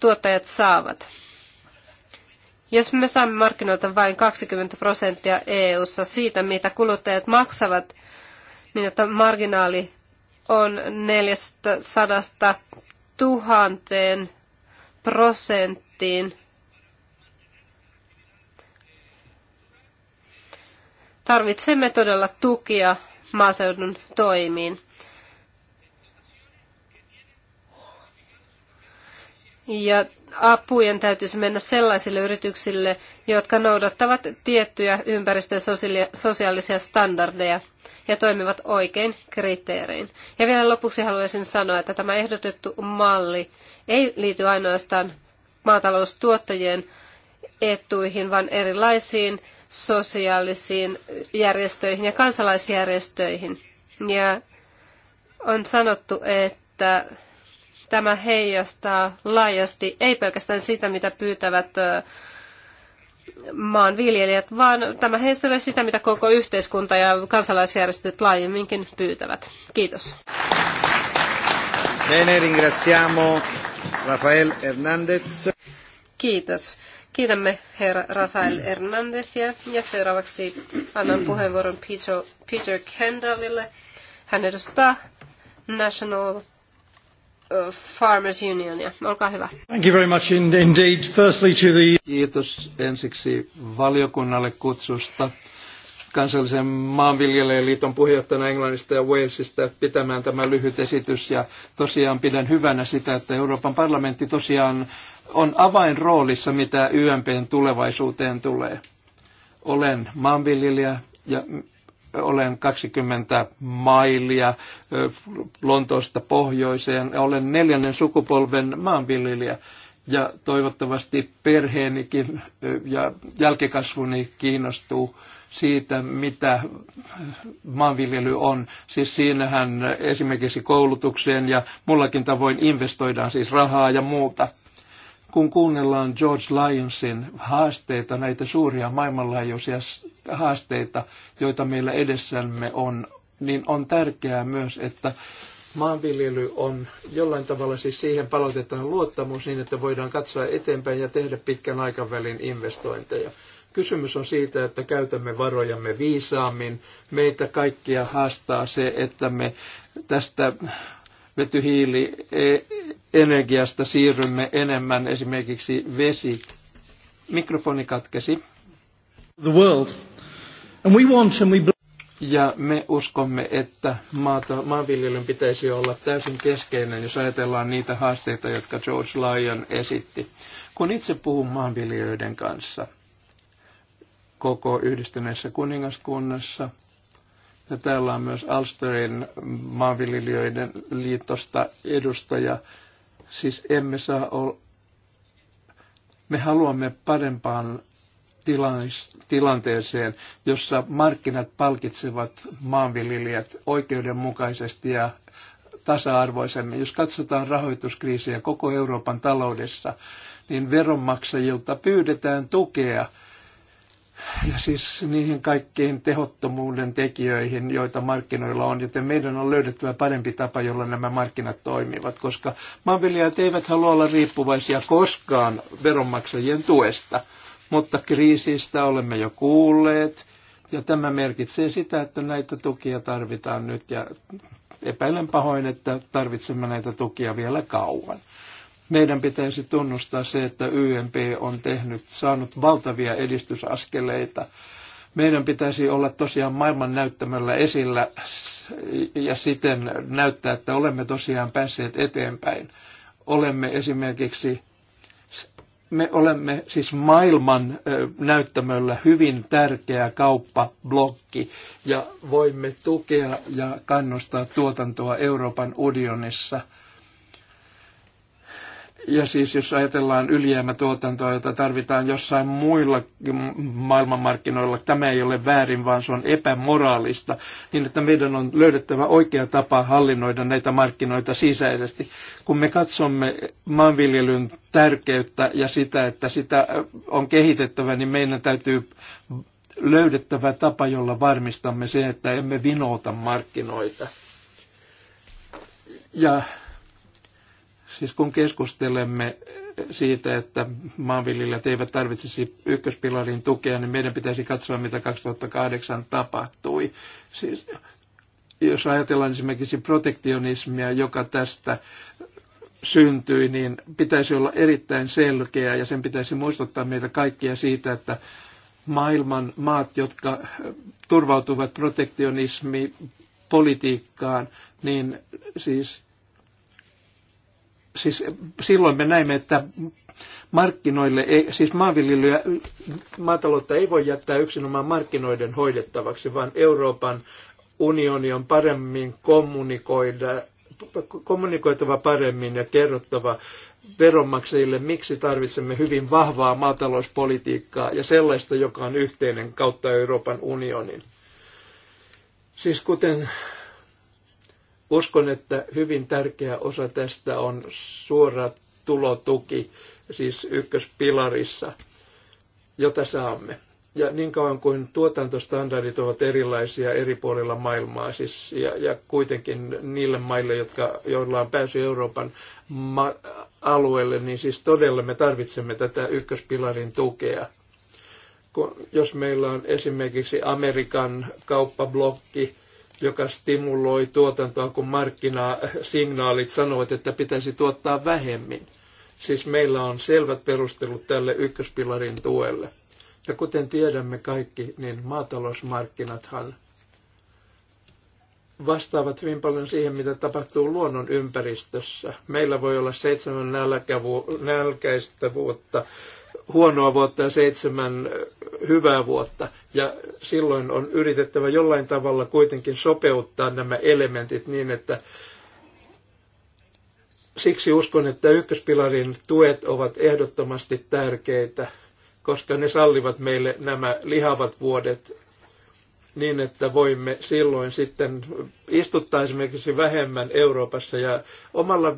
A: tuottajat saavat. Jos me saamme markkinoilta vain 20 prosenttia EU-ssa siitä, mitä kuluttajat maksavat, niin että marginaali on 400 tuhanteen prosenttiin. Tarvitsemme todella tukia maaseudun toimiin. Ja apujen täytyisi mennä sellaisille yrityksille, jotka noudattavat tiettyjä ympäristö- ja sosiaalisia standardeja ja toimivat oikein kriteerein. Ja vielä lopuksi haluaisin sanoa, että tämä ehdotettu malli ei liity ainoastaan maataloustuottajien etuihin, vaan erilaisiin sosiaalisiin järjestöihin ja kansalaisjärjestöihin. Ja on sanottu, että Tämä heijastaa laajasti, ei pelkästään sitä, mitä pyytävät maanviljelijät, vaan tämä heijastelee sitä, mitä koko yhteiskunta ja kansalaisjärjestöt laajemminkin pyytävät. Kiitos.
B: Bene, ringraziamo Rafael Hernandez. Kiitos.
A: Kiitämme herra Rafael Hernandezia ja seuraavaksi annan puheenvuoron Peter, Peter Kendallille. Hän edustaa National Farmers Unionia. Olkaa hyvä.
C: Thank you very much indeed. Firstly to the... Kiitos ensiksi valiokunnalle kutsusta kansallisen liiton puheenjohtajana Englannista ja Walesista pitämään tämä lyhyt esitys. Ja tosiaan pidän hyvänä sitä, että Euroopan parlamentti tosiaan on avainroolissa, mitä YMPn tulevaisuuteen tulee. Olen maanviljelijä ja olen 20 mailia Lontoosta pohjoiseen. Olen neljännen sukupolven maanviljelijä ja toivottavasti perheenikin ja jälkikasvuni kiinnostuu siitä, mitä maanviljely on. Siis siinähän esimerkiksi koulutukseen ja mullakin tavoin investoidaan siis rahaa ja muuta – kun kuunnellaan George Lyonsin haasteita, näitä suuria maailmanlaajuisia haasteita, joita meillä edessämme on, niin on tärkeää myös, että maanviljely on jollain tavalla, siis siihen palautetaan luottamus niin, että voidaan katsoa eteenpäin ja tehdä pitkän aikavälin investointeja. Kysymys on siitä, että käytämme varojamme viisaammin. Meitä kaikkia haastaa se, että me tästä vetyhiilienergiasta e, siirrymme enemmän esimerkiksi vesi. Mikrofoni katkesi. The world. And we want and we... Ja me uskomme, että maata, maanviljelyn pitäisi olla täysin keskeinen, jos ajatellaan niitä haasteita, jotka George Lyon esitti. Kun itse puhun maanviljelijöiden kanssa koko yhdistyneessä kuningaskunnassa – ja täällä on myös Alsterin maanviljelijöiden liitosta edustaja. Siis emme saa olla, me haluamme parempaan tilanteeseen, jossa markkinat palkitsevat maanviljelijät oikeudenmukaisesti ja tasa-arvoisemmin. Jos katsotaan rahoituskriisiä koko Euroopan taloudessa, niin veronmaksajilta pyydetään tukea – ja siis niihin kaikkiin tehottomuuden tekijöihin, joita markkinoilla on, joten meidän on löydettävä parempi tapa, jolla nämä markkinat toimivat, koska maanviljelijät eivät halua olla riippuvaisia koskaan veronmaksajien tuesta, mutta kriisistä olemme jo kuulleet, ja tämä merkitsee sitä, että näitä tukia tarvitaan nyt, ja epäilen pahoin, että tarvitsemme näitä tukia vielä kauan meidän pitäisi tunnustaa se, että YMP on tehnyt, saanut valtavia edistysaskeleita. Meidän pitäisi olla tosiaan maailman näyttämällä esillä ja siten näyttää, että olemme tosiaan päässeet eteenpäin. Olemme esimerkiksi, me olemme siis maailman näyttämöllä hyvin tärkeä kauppablokki ja voimme tukea ja kannustaa tuotantoa Euroopan unionissa – ja siis jos ajatellaan ylijäämätuotantoa, jota tarvitaan jossain muilla maailmanmarkkinoilla, tämä ei ole väärin, vaan se on epämoraalista, niin että meidän on löydettävä oikea tapa hallinnoida näitä markkinoita sisäisesti. Kun me katsomme maanviljelyn tärkeyttä ja sitä, että sitä on kehitettävä, niin meidän täytyy löydettävä tapa, jolla varmistamme se, että emme vinouta markkinoita. Ja Siis kun keskustelemme siitä, että maanviljelijät eivät tarvitsisi ykköspilarin tukea, niin meidän pitäisi katsoa, mitä 2008 tapahtui. Siis, jos ajatellaan esimerkiksi protektionismia, joka tästä syntyi, niin pitäisi olla erittäin selkeä ja sen pitäisi muistuttaa meitä kaikkia siitä, että maailman maat, jotka turvautuvat protektionismi politiikkaan, niin siis siis silloin me näimme, että markkinoille, ei, siis maanviljelyä, maataloutta ei voi jättää yksinomaan markkinoiden hoidettavaksi, vaan Euroopan unioni on paremmin kommunikoida, kommunikoitava paremmin ja kerrottava veronmaksajille, miksi tarvitsemme hyvin vahvaa maatalouspolitiikkaa ja sellaista, joka on yhteinen kautta Euroopan unionin. Siis kuten Uskon, että hyvin tärkeä osa tästä on suora tulotuki, siis ykköspilarissa, jota saamme. Ja niin kauan kuin tuotantostandardit ovat erilaisia eri puolilla maailmaa, siis, ja, ja kuitenkin niille maille, jotka, joilla on pääsy Euroopan ma- alueelle, niin siis todella me tarvitsemme tätä ykköspilarin tukea. Kun, jos meillä on esimerkiksi Amerikan kauppablokki, joka stimuloi tuotantoa, kun markkinasignaalit sanovat, että pitäisi tuottaa vähemmin. Siis meillä on selvät perustelut tälle ykköspilarin tuelle. Ja kuten tiedämme kaikki, niin maatalousmarkkinathan vastaavat hyvin paljon siihen, mitä tapahtuu luonnon ympäristössä. Meillä voi olla seitsemän nälkävu- nälkäistä vuotta huonoa vuotta ja seitsemän hyvää vuotta. Ja silloin on yritettävä jollain tavalla kuitenkin sopeuttaa nämä elementit niin, että siksi uskon, että ykköspilarin tuet ovat ehdottomasti tärkeitä, koska ne sallivat meille nämä lihavat vuodet niin, että voimme silloin sitten istuttaa esimerkiksi vähemmän Euroopassa. Ja omalla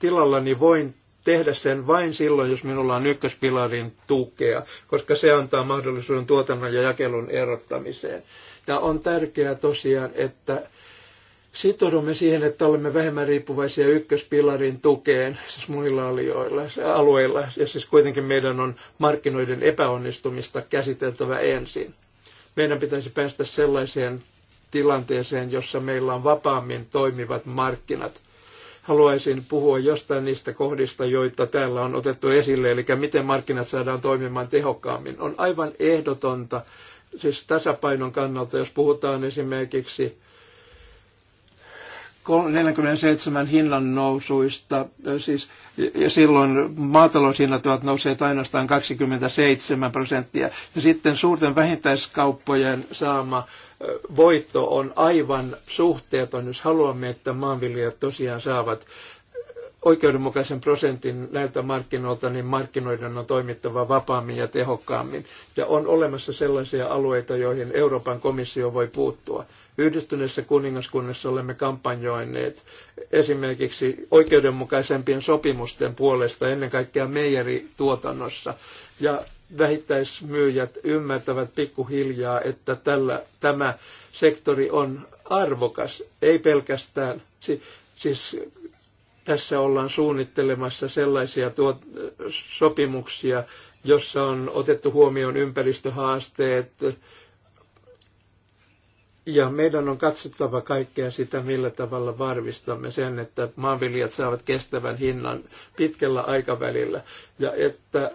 C: tilallani voin tehdä sen vain silloin, jos minulla on ykköspilarin tukea, koska se antaa mahdollisuuden tuotannon ja jakelun erottamiseen. Ja on tärkeää tosiaan, että sitoudumme siihen, että olemme vähemmän riippuvaisia ykköspilarin tukeen, siis muilla alioilla, alueilla, ja siis kuitenkin meidän on markkinoiden epäonnistumista käsiteltävä ensin. Meidän pitäisi päästä sellaiseen tilanteeseen, jossa meillä on vapaammin toimivat markkinat haluaisin puhua jostain niistä kohdista, joita täällä on otettu esille, eli miten markkinat saadaan toimimaan tehokkaammin. On aivan ehdotonta, siis tasapainon kannalta, jos puhutaan esimerkiksi 47 hinnan nousuista, siis ja silloin maataloushinnat ovat nousseet ainoastaan 27 prosenttia. Ja sitten suurten vähintäiskauppojen saama voitto on aivan suhteeton, jos haluamme, että maanviljelijät tosiaan saavat oikeudenmukaisen prosentin näiltä markkinoilta, niin markkinoiden on toimittava vapaammin ja tehokkaammin. Ja on olemassa sellaisia alueita, joihin Euroopan komissio voi puuttua. Yhdistyneessä kuningaskunnassa olemme kampanjoineet esimerkiksi oikeudenmukaisempien sopimusten puolesta, ennen kaikkea meijerituotannossa. Ja vähittäismyyjät ymmärtävät pikkuhiljaa, että tällä, tämä sektori on arvokas, ei pelkästään, siis tässä ollaan suunnittelemassa sellaisia tuot, sopimuksia, jossa on otettu huomioon ympäristöhaasteet, ja meidän on katsottava kaikkea sitä, millä tavalla varmistamme sen, että maanviljat saavat kestävän hinnan pitkällä aikavälillä ja että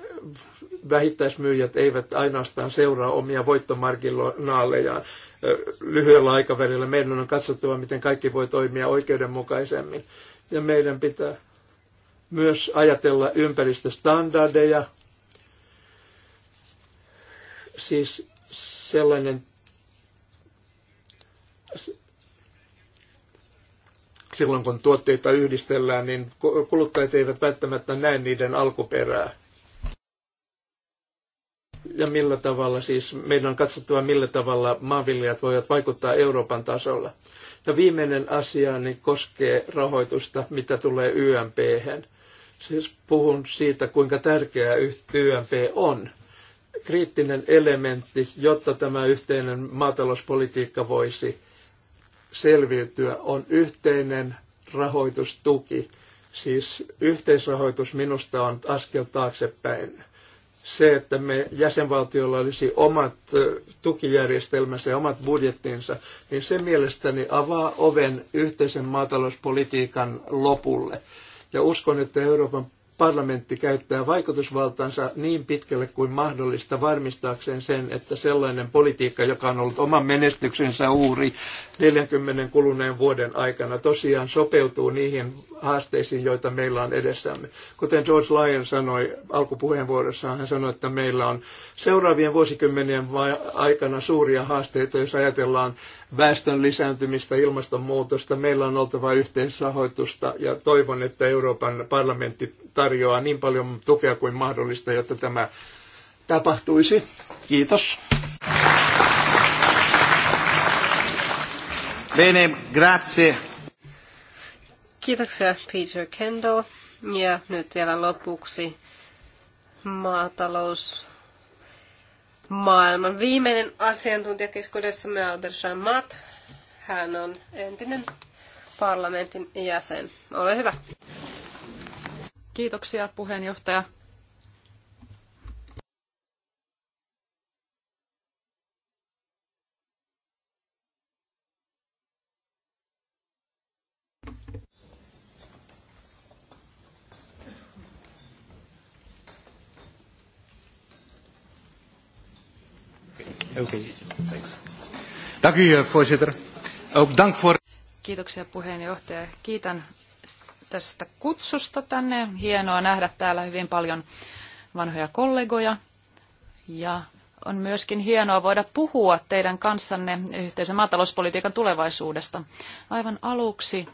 C: vähittäismyyjät eivät ainoastaan seuraa omia voittomarginaalejaan lyhyellä aikavälillä. Meidän on katsottava, miten kaikki voi toimia oikeudenmukaisemmin. Ja meidän pitää myös ajatella ympäristöstandardeja, siis sellainen silloin kun tuotteita yhdistellään, niin kuluttajat eivät välttämättä näe niiden alkuperää. Ja millä tavalla siis, meidän on katsottava millä tavalla maanviljelijät voivat vaikuttaa Euroopan tasolla. Ja viimeinen asia niin koskee rahoitusta, mitä tulee YMP. -hän. Siis puhun siitä, kuinka tärkeä YMP on. Kriittinen elementti, jotta tämä yhteinen maatalouspolitiikka voisi selviytyä, on yhteinen rahoitustuki. Siis yhteisrahoitus minusta on askel taaksepäin se, että me jäsenvaltiolla olisi omat tukijärjestelmänsä ja omat budjettinsa, niin se mielestäni avaa oven yhteisen maatalouspolitiikan lopulle. Ja uskon, että Euroopan parlamentti käyttää vaikutusvaltaansa niin pitkälle kuin mahdollista varmistaakseen sen, että sellainen politiikka, joka on ollut oman menestyksensä uuri 40 kuluneen vuoden aikana, tosiaan sopeutuu niihin haasteisiin, joita meillä on edessämme. Kuten George Lyon sanoi alkupuheenvuorossaan, hän sanoi, että meillä on seuraavien vuosikymmenien aikana suuria haasteita, jos ajatellaan väestön lisääntymistä, ilmastonmuutosta. Meillä on oltava yhteisrahoitusta ja toivon, että Euroopan parlamentti tarjoaa niin paljon tukea kuin mahdollista, jotta tämä tapahtuisi. Kiitos. Bene, grazie.
A: Kiitoksia Peter Kendall. Ja nyt vielä lopuksi maatalous maailman viimeinen asiantuntija keskuudessamme Albert Matt, Hän on entinen parlamentin jäsen. Ole hyvä.
D: Kiitoksia puheenjohtaja.
C: Okay. Dank u, eh, voorzitter. Ook dank voor...
D: Kiitoksia puheenjohtaja. Kiitän tästä kutsusta tänne. Hienoa nähdä täällä hyvin paljon vanhoja kollegoja. Ja on myöskin hienoa voida puhua teidän kanssanne yhteisen maatalouspolitiikan tulevaisuudesta. Aivan aluksi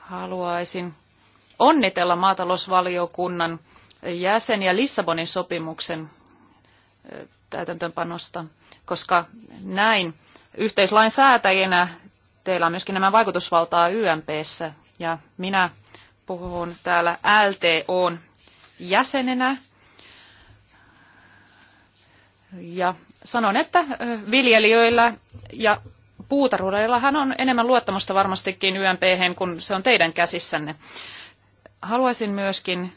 D: haluaisin onnitella maatalousvaliokunnan jäseniä Lissabonin sopimuksen eh, täytäntöönpanosta, koska näin yhteislainsäätäjinä teillä on myöskin nämä vaikutusvaltaa YMPssä ja minä puhun täällä LTOn jäsenenä ja sanon, että viljelijöillä ja puutarhureillahan on enemmän luottamusta varmastikin YMP, kun se on teidän käsissänne. Haluaisin myöskin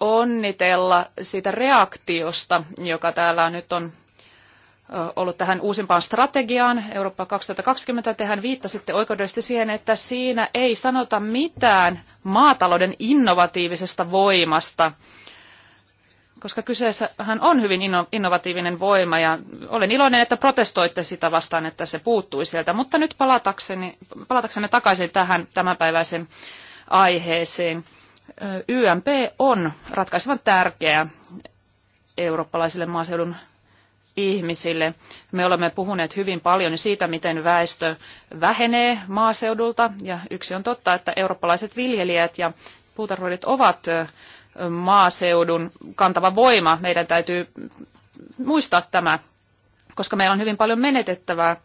D: onnitella siitä reaktiosta, joka täällä nyt on ollut tähän uusimpaan strategiaan Eurooppa 2020. Tehän viittasitte oikeudellisesti siihen, että siinä ei sanota mitään maatalouden innovatiivisesta voimasta, koska kyseessähän on hyvin innovatiivinen voima ja olen iloinen, että protestoitte sitä vastaan, että se puuttui sieltä. Mutta nyt palatakseni, palataksemme takaisin tähän tämänpäiväiseen aiheeseen. YMP on ratkaisevan tärkeä eurooppalaisille maaseudun ihmisille. Me olemme puhuneet hyvin paljon siitä, miten väestö vähenee maaseudulta ja yksi on totta, että eurooppalaiset viljelijät ja puutarhurit ovat maaseudun kantava voima. Meidän täytyy muistaa tämä, koska meillä on hyvin paljon menetettävää.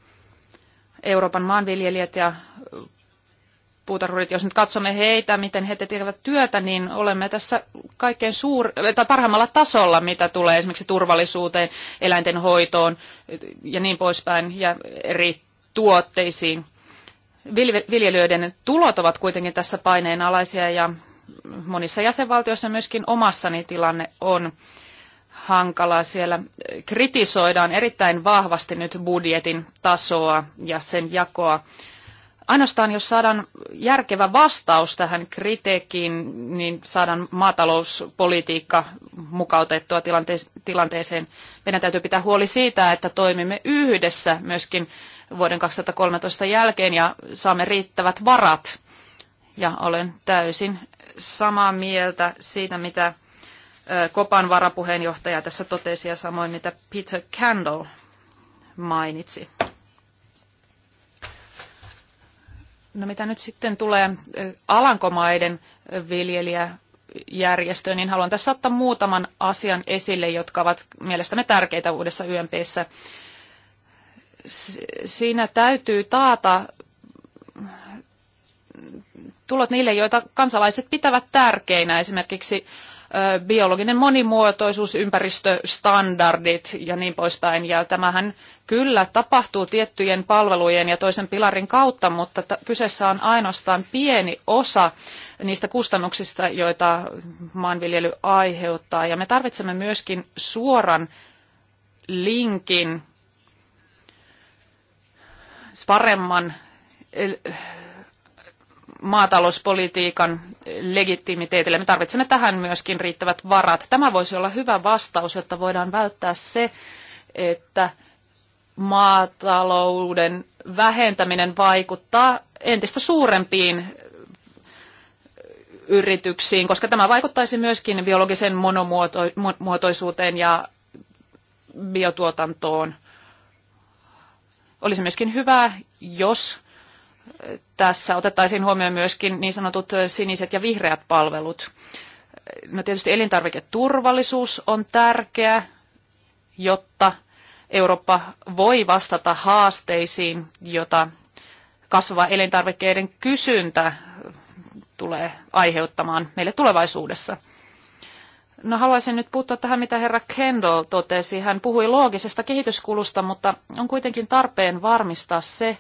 D: Euroopan maanviljelijät ja puutarhurit, jos nyt katsomme heitä, miten he tekevät työtä, niin olemme tässä kaikkein suur, tai parhaimmalla tasolla, mitä tulee esimerkiksi turvallisuuteen, eläinten hoitoon ja niin poispäin, ja eri tuotteisiin. Viljelijöiden tulot ovat kuitenkin tässä paineenalaisia, ja monissa jäsenvaltioissa myöskin omassani tilanne on hankalaa. Siellä kritisoidaan erittäin vahvasti nyt budjetin tasoa ja sen jakoa Ainoastaan jos saadaan järkevä vastaus tähän kritiikkiin, niin saadaan maatalouspolitiikka mukautettua tilanteeseen. Meidän täytyy pitää huoli siitä, että toimimme yhdessä myöskin vuoden 2013 jälkeen ja saamme riittävät varat. Ja olen täysin samaa mieltä siitä, mitä Kopan varapuheenjohtaja tässä totesi ja samoin mitä Peter Candle mainitsi. No mitä nyt sitten tulee eh, Alankomaiden eh, viljelijäjärjestöön, niin haluan tässä ottaa muutaman asian esille, jotka ovat mielestämme tärkeitä uudessa YMPssä. Siinä täytyy taata tulot niille, joita kansalaiset pitävät tärkeinä, esimerkiksi biologinen monimuotoisuus, ympäristöstandardit ja niin poispäin. Ja tämähän kyllä tapahtuu tiettyjen palvelujen ja toisen pilarin kautta, mutta kyseessä on ainoastaan pieni osa niistä kustannuksista, joita maanviljely aiheuttaa. Ja me tarvitsemme myöskin suoran linkin paremman maatalouspolitiikan legitimiteetille. Me tarvitsemme tähän myöskin riittävät varat. Tämä voisi olla hyvä vastaus, jotta voidaan välttää se, että maatalouden vähentäminen vaikuttaa entistä suurempiin yrityksiin, koska tämä vaikuttaisi myöskin biologisen monomuotoisuuteen ja biotuotantoon. Olisi myöskin hyvä, jos tässä otettaisiin huomioon myöskin niin sanotut siniset ja vihreät palvelut. No tietysti elintarviketurvallisuus on tärkeä, jotta Eurooppa voi vastata haasteisiin, jota kasvava elintarvikkeiden kysyntä tulee aiheuttamaan meille tulevaisuudessa. No haluaisin nyt puuttua tähän, mitä herra Kendall totesi. Hän puhui loogisesta kehityskulusta, mutta on kuitenkin tarpeen varmistaa se,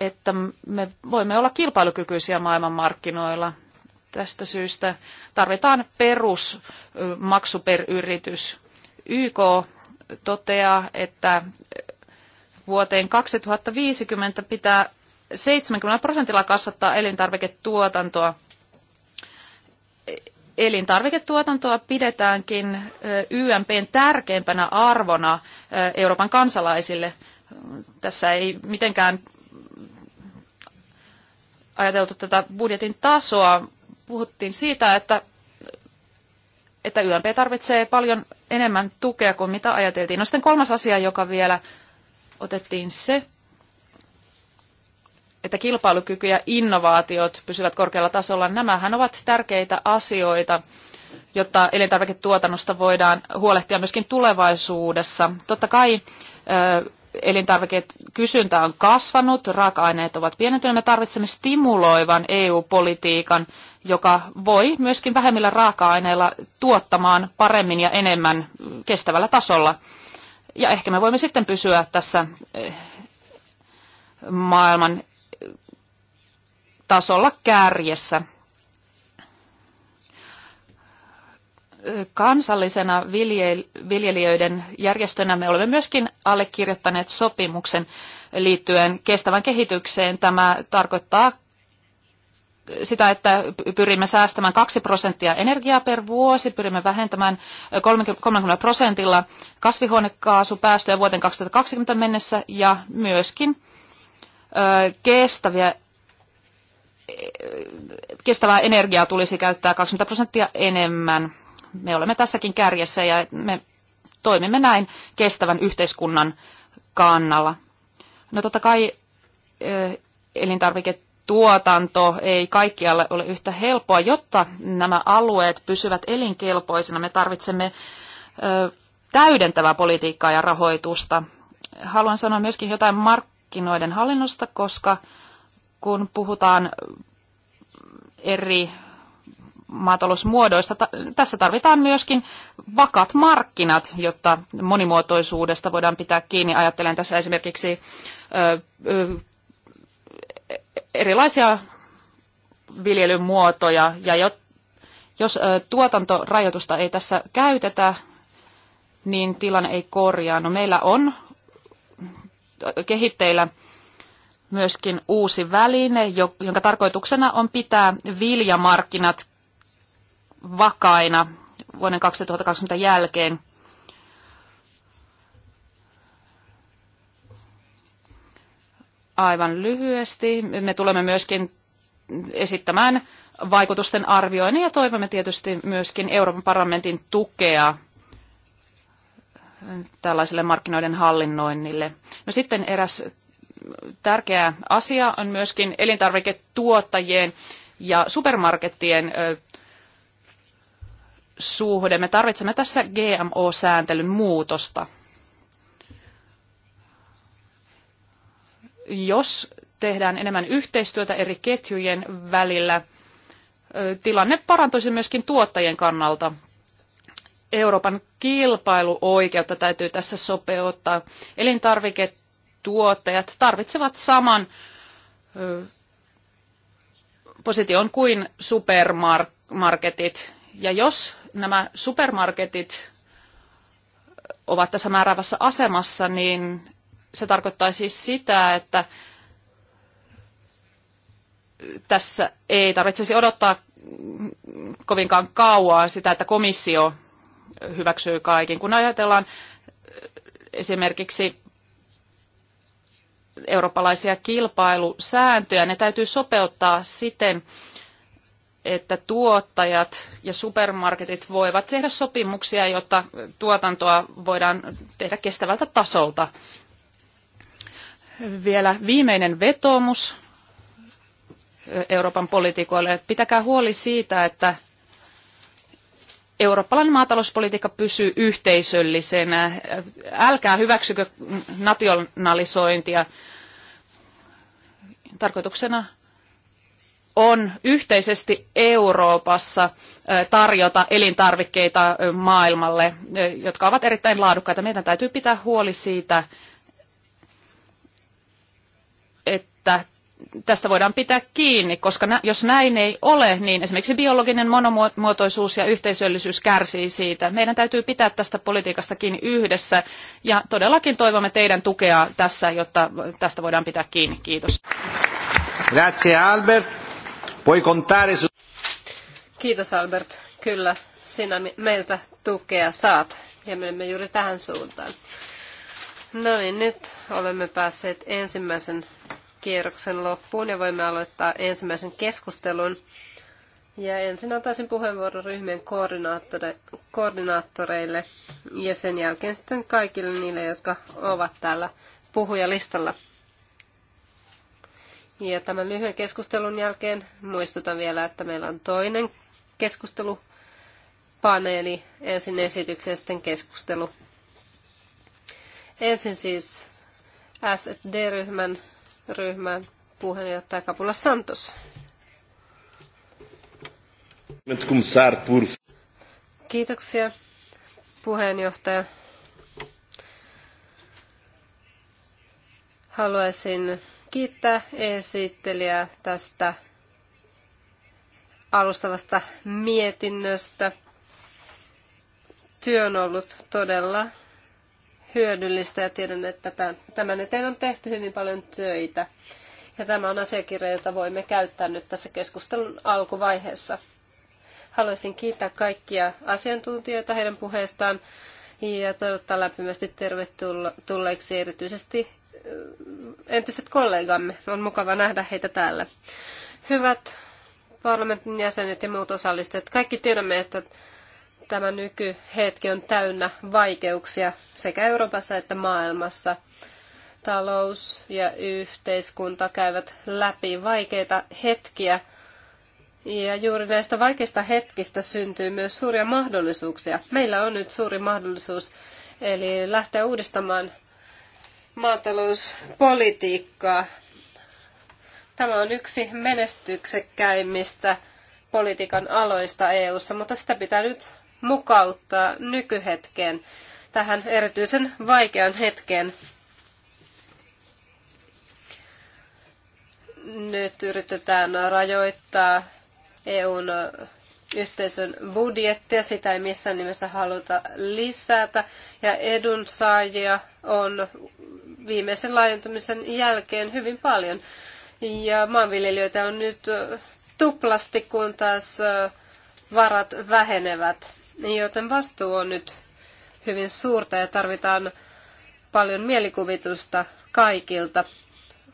D: että me voimme olla kilpailukykyisiä maailmanmarkkinoilla. Tästä syystä tarvitaan perusmaksu per yritys. YK toteaa, että vuoteen 2050 pitää 70 prosentilla kasvattaa elintarviketuotantoa. Elintarviketuotantoa pidetäänkin YMPn tärkeimpänä arvona Euroopan kansalaisille. Tässä ei mitenkään ajateltu tätä budjetin tasoa, puhuttiin siitä, että, että YMP tarvitsee paljon enemmän tukea kuin mitä ajateltiin. No sitten kolmas asia, joka vielä otettiin se, että kilpailukyky ja innovaatiot pysyvät korkealla tasolla. Nämähän ovat tärkeitä asioita, jotta elintarviketuotannosta voidaan huolehtia myöskin tulevaisuudessa. Totta kai elintarvikekysyntä on kasvanut, raaka-aineet ovat pienentyneet, me tarvitsemme stimuloivan EU-politiikan, joka voi myöskin vähemmillä raaka-aineilla tuottamaan paremmin ja enemmän kestävällä tasolla. Ja ehkä me voimme sitten pysyä tässä eh, maailman eh, tasolla kärjessä. kansallisena viljelijöiden järjestönä me olemme myöskin allekirjoittaneet sopimuksen liittyen kestävän kehitykseen. Tämä tarkoittaa sitä, että pyrimme säästämään 2 prosenttia energiaa per vuosi, pyrimme vähentämään 30 prosentilla kasvihuonekaasupäästöjä vuoteen 2020 mennessä ja myöskin kestäviä e, kestävää energiaa tulisi käyttää 20 prosenttia enemmän me olemme tässäkin kärjessä ja me toimimme näin kestävän yhteiskunnan kannalla. No totta kai elintarviketuotanto ei kaikkialle ole yhtä helppoa. Jotta nämä alueet pysyvät elinkelpoisina, me tarvitsemme täydentävää politiikkaa ja rahoitusta. Haluan sanoa myöskin jotain markkinoiden hallinnosta, koska kun puhutaan eri maatalousmuodoista. Tässä tarvitaan myöskin vakat markkinat, jotta monimuotoisuudesta voidaan pitää kiinni. Ajattelen tässä esimerkiksi erilaisia viljelymuotoja Ja Ja jos tuotantorajoitusta ei tässä käytetä, niin tilanne ei No, Meillä on kehitteillä myöskin uusi väline, jonka tarkoituksena on pitää viljamarkkinat vakaina vuoden 2020 jälkeen. Aivan lyhyesti. Me tulemme myöskin esittämään vaikutusten arvioinnin ja toivomme tietysti myöskin Euroopan parlamentin tukea tällaiselle markkinoiden hallinnoinnille. No sitten eräs tärkeä asia on myöskin elintarviketuottajien ja supermarkettien suhde. Me tarvitsemme tässä GMO-sääntelyn muutosta. Jos tehdään enemmän yhteistyötä eri ketjujen välillä, tilanne parantuisi myöskin tuottajien kannalta. Euroopan kilpailuoikeutta täytyy tässä sopeuttaa. Elintarviketuottajat tarvitsevat saman position kuin supermarketit. Ja jos nämä supermarketit ovat tässä määräävässä asemassa, niin se tarkoittaa siis sitä, että tässä ei tarvitsisi odottaa kovinkaan kauaa sitä, että komissio hyväksyy kaiken. Kun ajatellaan esimerkiksi eurooppalaisia kilpailusääntöjä, ne täytyy sopeuttaa siten, että tuottajat ja supermarketit voivat tehdä sopimuksia, jotta tuotantoa voidaan tehdä kestävältä tasolta. Vielä viimeinen vetoomus Euroopan poliitikoille. Pitäkää huoli siitä, että eurooppalainen maatalouspolitiikka pysyy yhteisöllisenä. Älkää hyväksykö nationalisointia. Tarkoituksena on yhteisesti Euroopassa tarjota elintarvikkeita maailmalle, jotka ovat erittäin laadukkaita. Meidän täytyy pitää huoli siitä, että tästä voidaan pitää kiinni, koska jos näin ei ole, niin esimerkiksi biologinen monomuotoisuus ja yhteisöllisyys kärsii siitä. Meidän täytyy pitää tästä politiikasta kiinni yhdessä ja todellakin toivomme teidän tukea tässä, jotta tästä voidaan pitää kiinni. Kiitos.
B: Grazie Albert. Voi contare su...
A: Kiitos Albert. Kyllä, sinä meiltä tukea saat ja menemme juuri tähän suuntaan. No niin, nyt olemme päässeet ensimmäisen kierroksen loppuun ja voimme aloittaa ensimmäisen keskustelun. Ja ensin antaisin puheenvuoron ryhmien koordinaattoreille, koordinaattoreille ja sen jälkeen sitten kaikille niille, jotka ovat täällä puhujalistalla. Ja tämän lyhyen keskustelun jälkeen muistutan vielä, että meillä on toinen keskustelupaneeli, ensin esityksen sitten keskustelu. Ensin siis SD-ryhmän ryhmän puheenjohtaja Kapula Santos. Kiitoksia puheenjohtaja. Haluaisin kiittää esittelijää tästä alustavasta mietinnöstä. Työ on ollut todella hyödyllistä ja tiedän, että tämän eteen on tehty hyvin paljon töitä. Ja tämä on asiakirja, jota voimme käyttää nyt tässä keskustelun alkuvaiheessa. Haluaisin kiittää kaikkia asiantuntijoita heidän puheestaan ja toivottaa lämpimästi tervetulleeksi erityisesti entiset kollegamme. On mukava nähdä heitä täällä. Hyvät parlamentin jäsenet ja muut osallistujat, kaikki tiedämme, että tämä nykyhetki on täynnä vaikeuksia sekä Euroopassa että maailmassa. Talous ja yhteiskunta käyvät läpi vaikeita hetkiä ja juuri näistä vaikeista hetkistä syntyy myös suuria mahdollisuuksia. Meillä on nyt suuri mahdollisuus eli lähteä uudistamaan maatalouspolitiikkaa. Tämä on yksi menestyksekkäimmistä politiikan aloista EU:ssa, mutta sitä pitää nyt mukauttaa nykyhetkeen, tähän erityisen vaikean hetkeen. Nyt yritetään rajoittaa EUn yhteisön budjettia, sitä ei missään nimessä haluta lisätä, ja edunsaajia on viimeisen laajentumisen jälkeen hyvin paljon. Ja maanviljelijöitä on nyt tuplasti, kun taas varat vähenevät. Joten vastuu on nyt hyvin suurta ja tarvitaan paljon mielikuvitusta kaikilta.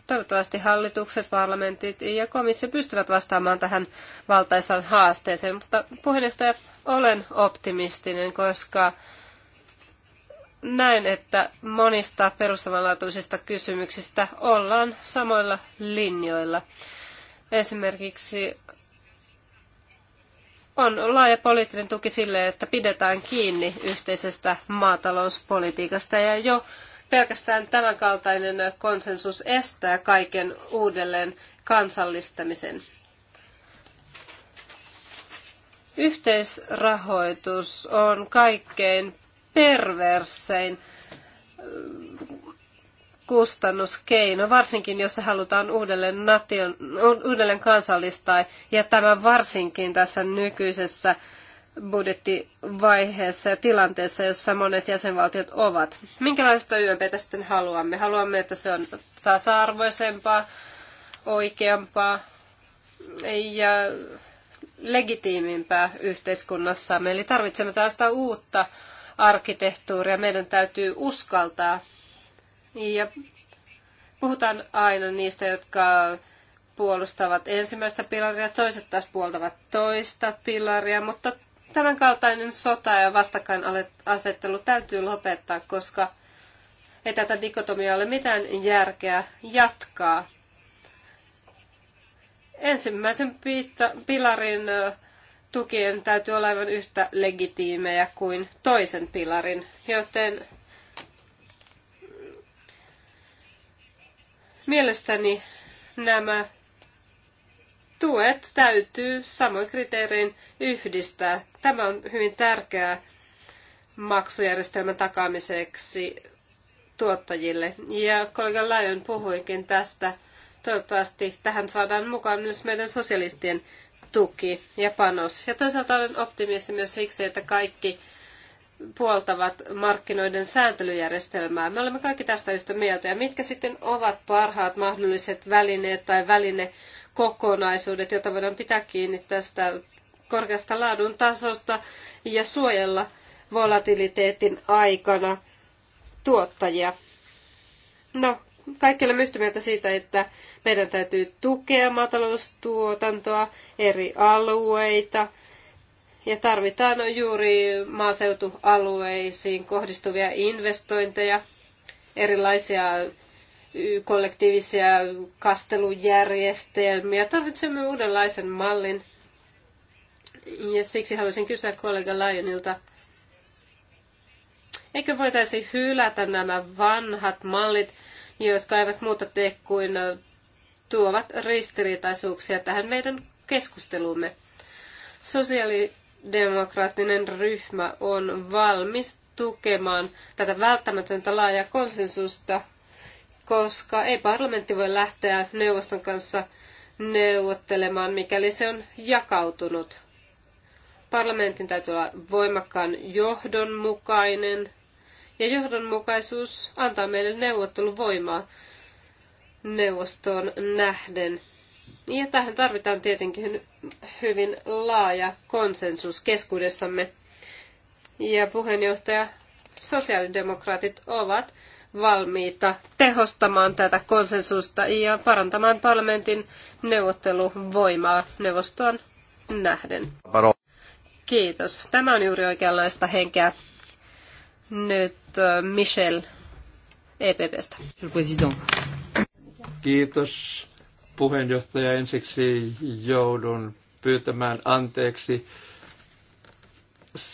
A: Toivottavasti hallitukset, parlamentit ja komissio pystyvät vastaamaan tähän valtaisaan haasteeseen, mutta puheenjohtaja, olen optimistinen, koska näen, että monista perustavanlaatuisista kysymyksistä ollaan samoilla linjoilla. Esimerkiksi on laaja poliittinen tuki sille, että pidetään kiinni yhteisestä maatalouspolitiikasta ja jo pelkästään kaltainen konsensus estää kaiken uudelleen kansallistamisen. Yhteisrahoitus on kaikkein perversein äh, kustannuskeino, varsinkin jos se halutaan uudelleen, nation, uudelleen kansallistaa, ja tämä varsinkin tässä nykyisessä budjettivaiheessa ja tilanteessa, jossa monet jäsenvaltiot ovat. Minkälaista YMPtä sitten haluamme? Haluamme, että se on tasa-arvoisempaa, oikeampaa ja legitiimimpää yhteiskunnassamme. Eli tarvitsemme tällaista uutta arkkitehtuuria. Meidän täytyy uskaltaa. Ja puhutaan aina niistä, jotka puolustavat ensimmäistä pilaria, toiset taas puoltavat toista pilaria, mutta tämän kaltainen sota ja vastakkainasettelu täytyy lopettaa, koska ei tätä dikotomiaa ole mitään järkeä jatkaa. Ensimmäisen pilarin tukien täytyy olla aivan yhtä legitiimejä kuin toisen pilarin, joten mielestäni nämä tuet täytyy samoin kriteerein yhdistää. Tämä on hyvin tärkeää maksujärjestelmän takaamiseksi tuottajille. Ja kollega Lyon puhuikin tästä. Toivottavasti tähän saadaan mukaan myös meidän sosialistien tuki ja panos. Ja toisaalta olen optimisti myös siksi, että kaikki puoltavat markkinoiden sääntelyjärjestelmää. Me olemme kaikki tästä yhtä mieltä. Ja mitkä sitten ovat parhaat mahdolliset välineet tai välinekokonaisuudet, joita voidaan pitää kiinni tästä korkeasta laadun tasosta ja suojella volatiliteetin aikana tuottajia. No, kaikki olemme yhtä mieltä siitä, että meidän täytyy tukea maataloustuotantoa, eri alueita ja tarvitaan juuri maaseutualueisiin kohdistuvia investointeja, erilaisia kollektiivisia kastelujärjestelmiä. Tarvitsemme uudenlaisen mallin. Ja siksi haluaisin kysyä kollega Lionilta, eikö voitaisi hylätä nämä vanhat mallit, jotka eivät muuta tee kuin tuovat ristiriitaisuuksia tähän meidän keskustelumme. Sosiaalidemokraattinen ryhmä on valmis tukemaan tätä välttämätöntä laajaa konsensusta, koska ei parlamentti voi lähteä neuvoston kanssa neuvottelemaan, mikäli se on jakautunut. Parlamentin täytyy olla voimakkaan johdonmukainen ja johdonmukaisuus antaa meille neuvotteluvoimaa neuvostoon nähden. Ja tähän tarvitaan tietenkin hyvin laaja konsensus keskuudessamme. Ja puheenjohtaja sosiaalidemokraatit ovat valmiita tehostamaan tätä konsensusta ja parantamaan parlamentin neuvotteluvoimaa neuvostoon nähden. Kiitos. Tämä on juuri oikeanlaista henkeä. Nyt äh, Michel EPPstä.
C: Kiitos puheenjohtaja. Ensiksi joudun pyytämään anteeksi äh,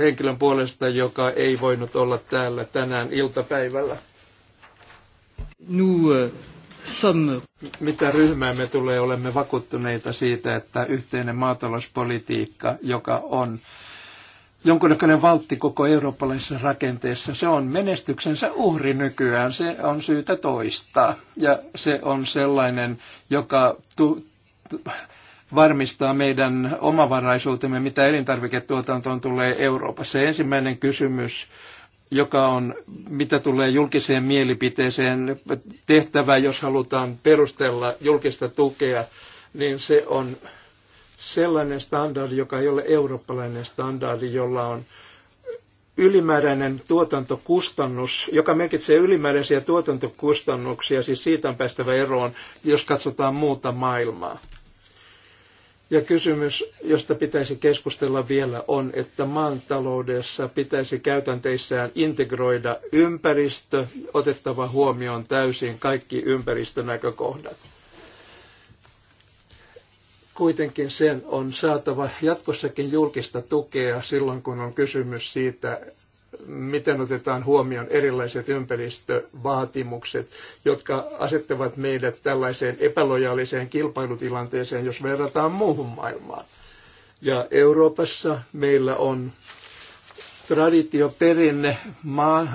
C: henkilön puolesta, joka ei voinut olla täällä tänään iltapäivällä. Nous euh, Mitä ryhmää me tulee, olemme vakuuttuneita siitä, että yhteinen maatalouspolitiikka, joka on jonkunnäköinen valtti koko eurooppalaisessa rakenteessa. Se on menestyksensä uhri nykyään, se on syytä toistaa. Ja se on sellainen, joka tu- varmistaa meidän omavaraisuutemme, mitä elintarviketuotantoon tulee Euroopassa. Ensimmäinen kysymys, joka on, mitä tulee julkiseen mielipiteeseen tehtävä, jos halutaan perustella julkista tukea, niin se on sellainen standardi, joka ei ole eurooppalainen standardi, jolla on ylimääräinen tuotantokustannus, joka merkitsee ylimääräisiä tuotantokustannuksia, siis siitä on päästävä eroon, jos katsotaan muuta maailmaa. Ja kysymys, josta pitäisi keskustella vielä, on, että maantaloudessa pitäisi käytänteissään integroida ympäristö, otettava huomioon täysin kaikki ympäristönäkökohdat. Kuitenkin sen on saatava jatkossakin julkista tukea silloin, kun on kysymys siitä, miten otetaan huomioon erilaiset ympäristövaatimukset, jotka asettavat meidät tällaiseen epälojaaliseen kilpailutilanteeseen, jos verrataan muuhun maailmaan. Ja Euroopassa meillä on traditioperinne, maa,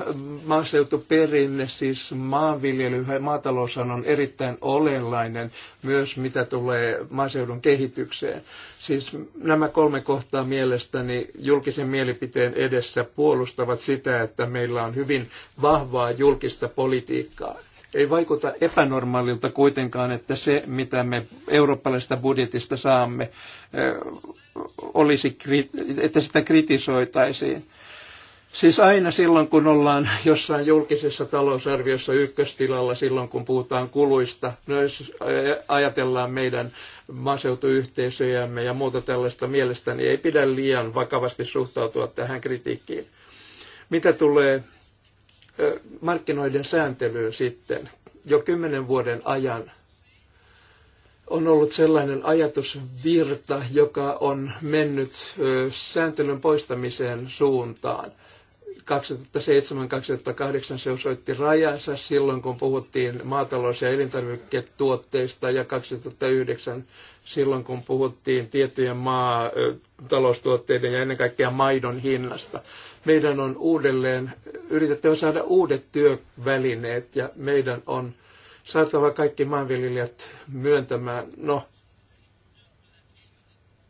C: maaseutuperinne, siis maanviljely ja maatalous on erittäin olennainen myös mitä tulee maaseudun kehitykseen. Siis nämä kolme kohtaa mielestäni julkisen mielipiteen edessä puolustavat sitä, että meillä on hyvin vahvaa julkista politiikkaa. Ei vaikuta epänormaalilta kuitenkaan, että se, mitä me eurooppalaisesta budjetista saamme, olisi, että sitä kritisoitaisiin. Siis aina silloin, kun ollaan jossain julkisessa talousarviossa ykköstilalla, silloin kun puhutaan kuluista, no jos ajatellaan meidän maaseutuyhteisöjämme ja muuta tällaista mielestäni, niin ei pidä liian vakavasti suhtautua tähän kritiikkiin. Mitä tulee markkinoiden sääntelyyn sitten jo kymmenen vuoden ajan on ollut sellainen ajatusvirta, joka on mennyt sääntelyn poistamiseen suuntaan. 2007-2008 se osoitti rajansa silloin, kun puhuttiin maatalous- ja elintarviketuotteista ja 2009 silloin, kun puhuttiin tiettyjen maataloustuotteiden ja ennen kaikkea maidon hinnasta meidän on uudelleen yritettävä saada uudet työvälineet ja meidän on saatava kaikki maanviljelijät myöntämään, no,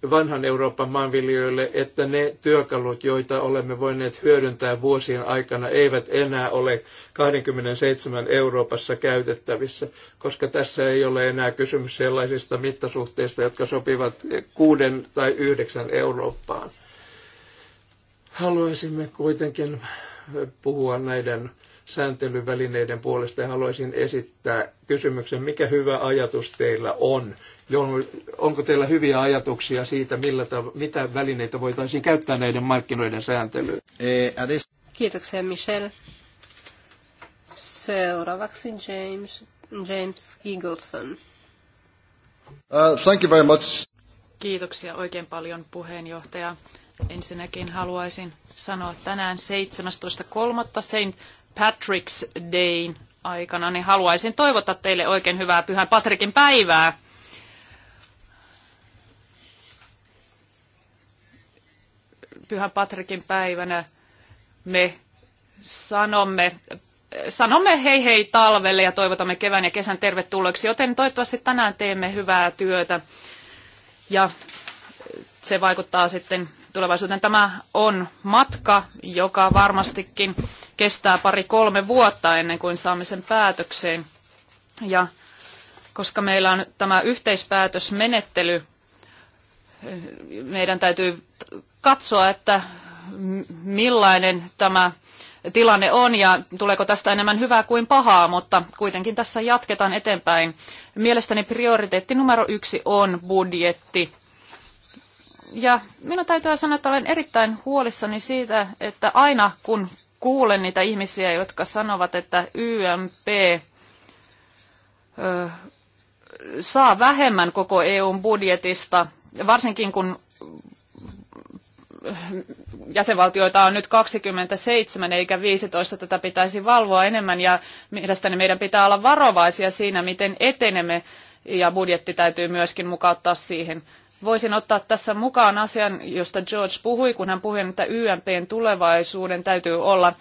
C: vanhan Euroopan maanviljelijöille, että ne työkalut, joita olemme voineet hyödyntää vuosien aikana, eivät enää ole 27 Euroopassa käytettävissä, koska tässä ei ole enää kysymys sellaisista mittasuhteista, jotka sopivat kuuden tai yhdeksän Eurooppaan. Haluaisimme kuitenkin puhua näiden sääntelyvälineiden puolesta ja haluaisin esittää kysymyksen, mikä hyvä ajatus teillä on? Onko teillä hyviä ajatuksia siitä, millä tav- mitä välineitä voitaisiin käyttää näiden markkinoiden sääntelyyn? Eh,
A: Kiitoksia Michelle. Seuraavaksi James,
D: James Giggleson.
B: Uh, thank you very much.
D: Kiitoksia oikein paljon puheenjohtaja. Ensinnäkin haluaisin sanoa tänään 17.3. St. Patrick's Dayn aikana, niin haluaisin toivottaa teille oikein hyvää Pyhän Patrikin päivää. Pyhän Patrikin päivänä me sanomme, sanomme hei hei talvelle ja toivotamme kevään ja kesän tervetulleeksi, joten toivottavasti tänään teemme hyvää työtä ja se vaikuttaa sitten tulevaisuuteen. Tämä on matka, joka varmastikin kestää pari-kolme vuotta ennen kuin saamme sen päätökseen. Ja koska meillä on tämä yhteispäätösmenettely, meidän täytyy katsoa, että millainen tämä tilanne on ja tuleeko tästä enemmän hyvää kuin pahaa, mutta kuitenkin tässä jatketaan eteenpäin. Mielestäni prioriteetti numero yksi on budjetti ja minun täytyy sanoa, että olen erittäin huolissani siitä, että aina kun kuulen niitä ihmisiä, jotka sanovat, että YMP ö, saa vähemmän koko EUn budjetista, varsinkin kun jäsenvaltioita on nyt 27 eikä 15, tätä pitäisi valvoa enemmän ja mielestäni meidän pitää olla varovaisia siinä, miten etenemme ja budjetti täytyy myöskin mukauttaa siihen voisin ottaa tässä mukaan asian, josta George puhui, kun hän puhui, että YMPn tulevaisuuden täytyy olla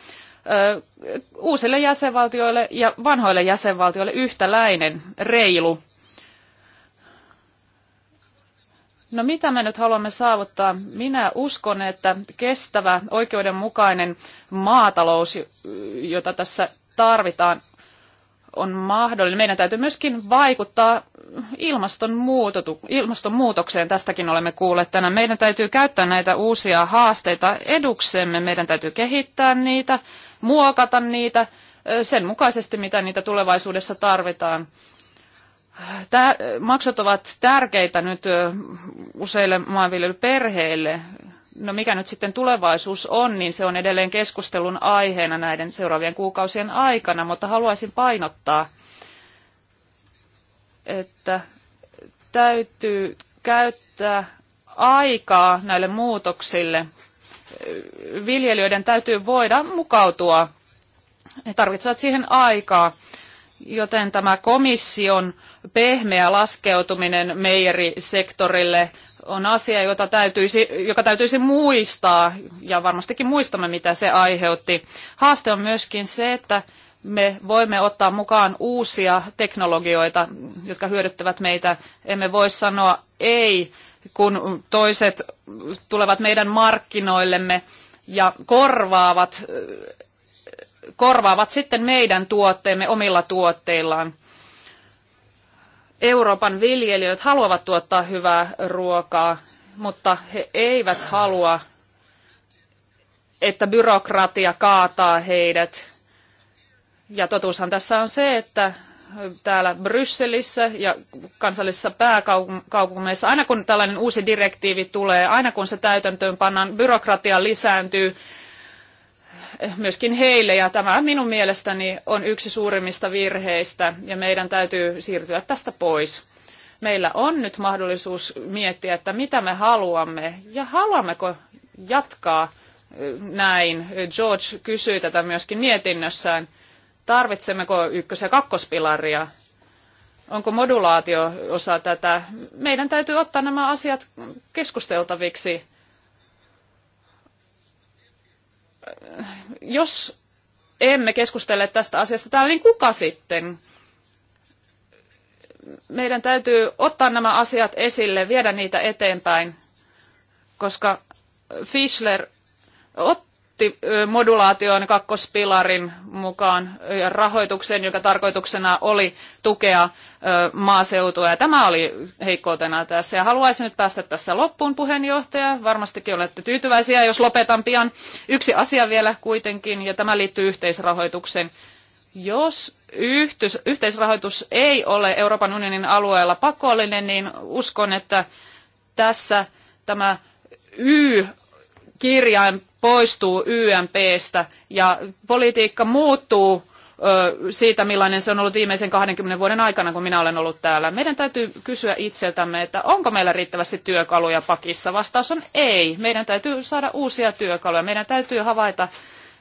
D: uusille jäsenvaltioille ja vanhoille jäsenvaltioille yhtäläinen, reilu. No mitä me nyt haluamme saavuttaa? Minä uskon, että kestävä, oikeudenmukainen maatalous, jota tässä tarvitaan, on mahdollinen. Meidän täytyy myöskin vaikuttaa ilmastonmuutokseen. Tästäkin olemme kuulleet tänään. Meidän täytyy käyttää näitä uusia haasteita eduksemme. Meidän täytyy kehittää niitä, muokata niitä sen mukaisesti, mitä niitä tulevaisuudessa tarvitaan. Tää, maksut ovat tärkeitä nyt useille maanviljelyperheille no mikä nyt sitten tulevaisuus on, niin se on edelleen keskustelun aiheena näiden seuraavien kuukausien aikana, mutta haluaisin painottaa, että täytyy käyttää aikaa näille muutoksille. Viljelijöiden täytyy voida mukautua. He tarvitsevat siihen aikaa, joten tämä komission pehmeä laskeutuminen meijerisektorille on asia, jota täytyisi, joka täytyisi muistaa, ja varmastikin muistamme, mitä se aiheutti. Haaste on myöskin se, että me voimme ottaa mukaan uusia teknologioita, jotka hyödyttävät meitä. Emme voi sanoa ei, kun toiset tulevat meidän markkinoillemme ja korvaavat, korvaavat sitten meidän tuotteemme omilla tuotteillaan. Euroopan viljelijät haluavat tuottaa hyvää ruokaa, mutta he eivät halua, että byrokratia kaataa heidät. Ja totuushan tässä on se, että täällä Brysselissä ja kansallisissa pääkaupungeissa, aina kun tällainen uusi direktiivi tulee, aina kun se täytäntöön pannaan, byrokratia lisääntyy myöskin heille. Ja tämä minun mielestäni on yksi suurimmista virheistä ja meidän täytyy siirtyä tästä pois. Meillä on nyt mahdollisuus miettiä, että mitä me haluamme ja haluammeko jatkaa näin. George kysyi tätä myöskin mietinnössään. Tarvitsemmeko ykkös- ja kakkospilaria? Onko modulaatio osa tätä? Meidän täytyy ottaa nämä asiat keskusteltaviksi jos emme keskustele tästä asiasta täällä, niin kuka sitten? Meidän täytyy ottaa nämä asiat esille, viedä niitä eteenpäin, koska Fischler otti modulaation kakkospilarin mukaan rahoituksen, joka tarkoituksena oli tukea maaseutua. Ja tämä oli heikkoutena tässä. Ja haluaisin nyt päästä tässä loppuun, puheenjohtaja. Varmastikin olette tyytyväisiä, jos lopetan pian. Yksi asia vielä kuitenkin, ja tämä liittyy yhteisrahoitukseen. Jos yhtys, yhteisrahoitus ei ole Euroopan unionin alueella pakollinen, niin uskon, että tässä tämä Y kirjain poistuu YMPstä ja politiikka muuttuu siitä, millainen se on ollut viimeisen 20 vuoden aikana, kun minä olen ollut täällä. Meidän täytyy kysyä itseltämme, että onko meillä riittävästi työkaluja pakissa. Vastaus on ei. Meidän täytyy saada uusia työkaluja. Meidän täytyy havaita,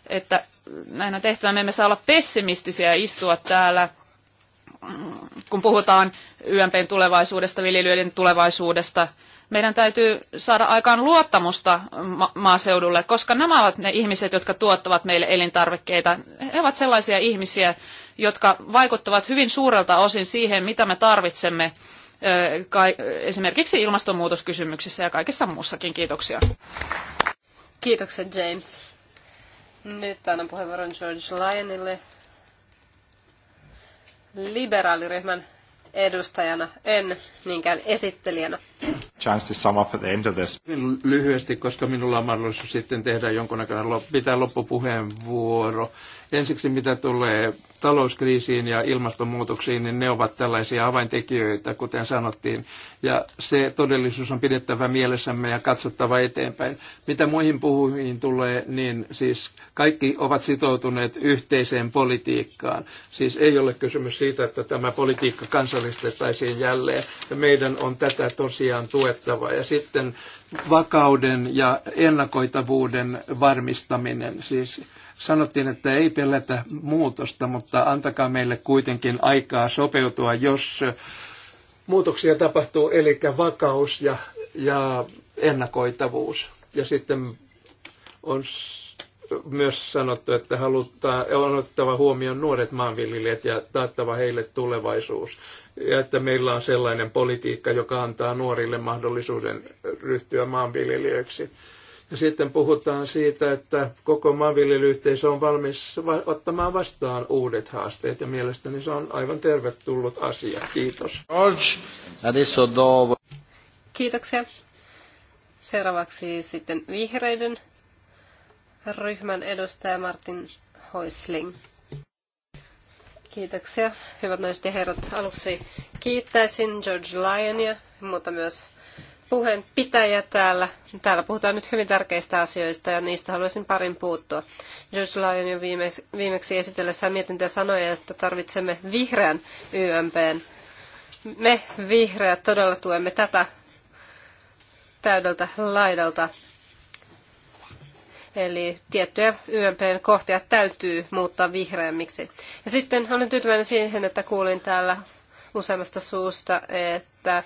D: että näin on tehtävä. Me emme saa olla pessimistisiä ja istua täällä, kun puhutaan YMPn tulevaisuudesta, viljelijöiden tulevaisuudesta – meidän täytyy saada aikaan luottamusta ma- maaseudulle, koska nämä ovat ne ihmiset, jotka tuottavat meille elintarvikkeita. He ovat sellaisia ihmisiä, jotka vaikuttavat hyvin suurelta osin siihen, mitä me tarvitsemme esimerkiksi ilmastonmuutoskysymyksissä ja kaikessa muussakin. Kiitoksia. Kiitokset
A: James. Nyt annan puheenvuoron George Lyonille liberaaliryhmän edustajana, en niinkään esittelijänä.
C: Chance to sum up at the end of this. Lyhyesti, koska minulla on mahdollisuus sitten tehdä jonkunnäköinen pitää loppupuheenvuoro. Ensiksi mitä tulee talouskriisiin ja ilmastonmuutoksiin, niin ne ovat tällaisia avaintekijöitä, kuten sanottiin. Ja se todellisuus on pidettävä mielessämme ja katsottava eteenpäin. Mitä muihin puhuihin tulee, niin siis kaikki ovat sitoutuneet yhteiseen politiikkaan. Siis ei ole kysymys siitä, että tämä politiikka kansallistettaisiin jälleen. Ja meidän on tätä tosiaan tuettava. Ja sitten vakauden ja ennakoitavuuden varmistaminen. Siis Sanottiin, että ei pelätä muutosta, mutta antakaa meille kuitenkin aikaa sopeutua, jos muutoksia tapahtuu, eli vakaus ja, ja ennakoitavuus. Ja sitten on myös sanottu, että halutaan on otettava huomioon nuoret maanviljelijät ja taattava heille tulevaisuus. Ja että meillä on sellainen politiikka, joka antaa nuorille mahdollisuuden ryhtyä maanviljelijöiksi. Ja sitten puhutaan siitä, että koko maanviljelyyhteisö on valmis ottamaan vastaan uudet haasteet, ja mielestäni se on aivan tervetullut asia. Kiitos.
A: Kiitoksia. Seuraavaksi sitten vihreiden ryhmän edustaja Martin Hoisling. Kiitoksia. Hyvät naiset ja herrat, aluksi kiittäisin George Lyonia, mutta myös puheenpitäjä täällä. Täällä puhutaan nyt hyvin tärkeistä asioista ja niistä haluaisin parin puuttua. George Lyon jo viimeksi, viimeksi esitellessään mietintöä sanoi, että tarvitsemme vihreän YMPn. Me vihreät todella tuemme tätä täydeltä laidalta. Eli tiettyjä YMPn kohtia täytyy muuttaa vihreämmiksi. Ja sitten olen tyytyväinen siihen, että kuulin täällä useammasta suusta, että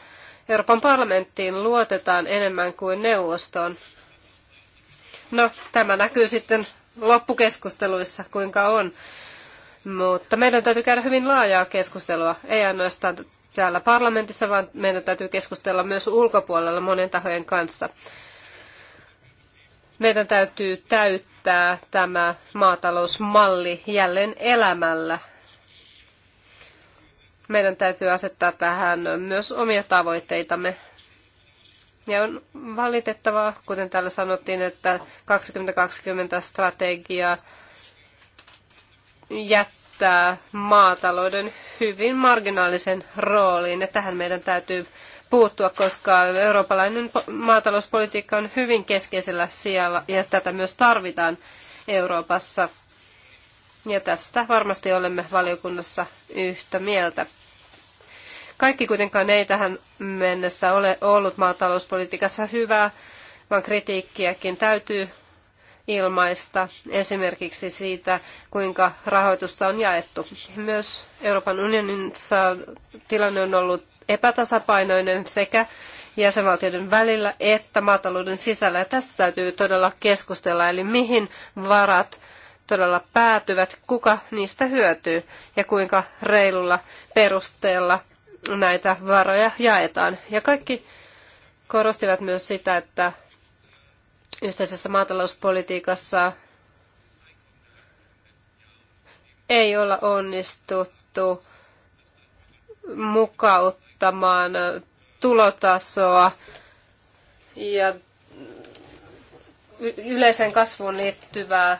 A: Euroopan parlamenttiin luotetaan enemmän kuin neuvostoon. No, tämä näkyy sitten loppukeskusteluissa, kuinka on. Mutta meidän täytyy käydä hyvin laajaa keskustelua, ei ainoastaan täällä parlamentissa, vaan meidän täytyy keskustella myös ulkopuolella monen tahojen kanssa. Meidän täytyy täyttää tämä maatalousmalli jälleen elämällä meidän täytyy asettaa tähän myös omia tavoitteitamme. Ja on valitettavaa, kuten täällä sanottiin, että 2020-strategia jättää maatalouden hyvin marginaalisen rooliin. Ja tähän meidän täytyy puuttua, koska eurooppalainen maatalouspolitiikka on hyvin keskeisellä sijalla ja tätä myös tarvitaan Euroopassa. Ja tästä varmasti olemme valiokunnassa yhtä mieltä. Kaikki kuitenkaan ei tähän mennessä ole ollut maatalouspolitiikassa hyvää, vaan kritiikkiäkin täytyy ilmaista, esimerkiksi siitä, kuinka rahoitusta on jaettu. Myös Euroopan unionissa tilanne on ollut epätasapainoinen sekä jäsenvaltioiden välillä että maatalouden sisällä. Ja tästä täytyy todella keskustella, eli mihin varat todella päätyvät, kuka niistä hyötyy ja kuinka reilulla perusteella näitä varoja jaetaan. Ja kaikki korostivat myös sitä, että yhteisessä maatalouspolitiikassa ei olla onnistuttu mukauttamaan tulotasoa ja yleiseen kasvuun liittyvää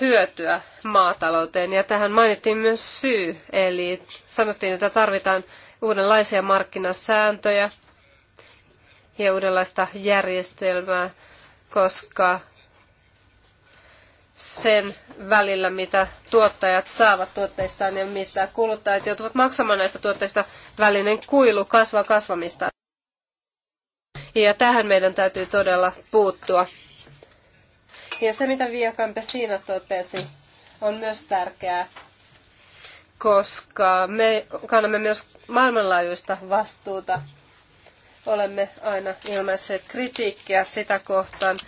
A: hyötyä maatalouteen. Ja tähän mainittiin myös syy, eli sanottiin, että tarvitaan uudenlaisia markkinasääntöjä ja uudenlaista järjestelmää, koska sen välillä, mitä tuottajat saavat tuotteistaan ja mitä kuluttajat joutuvat maksamaan näistä tuotteista, välinen kuilu kasvaa kasvamista. Ja tähän meidän täytyy todella puuttua. Ja se, mitä viakampi siinä totesi, on myös tärkeää, koska me kannamme myös maailmanlaajuista vastuuta. Olemme aina ilmaisseet kritiikkiä sitä kohtaan,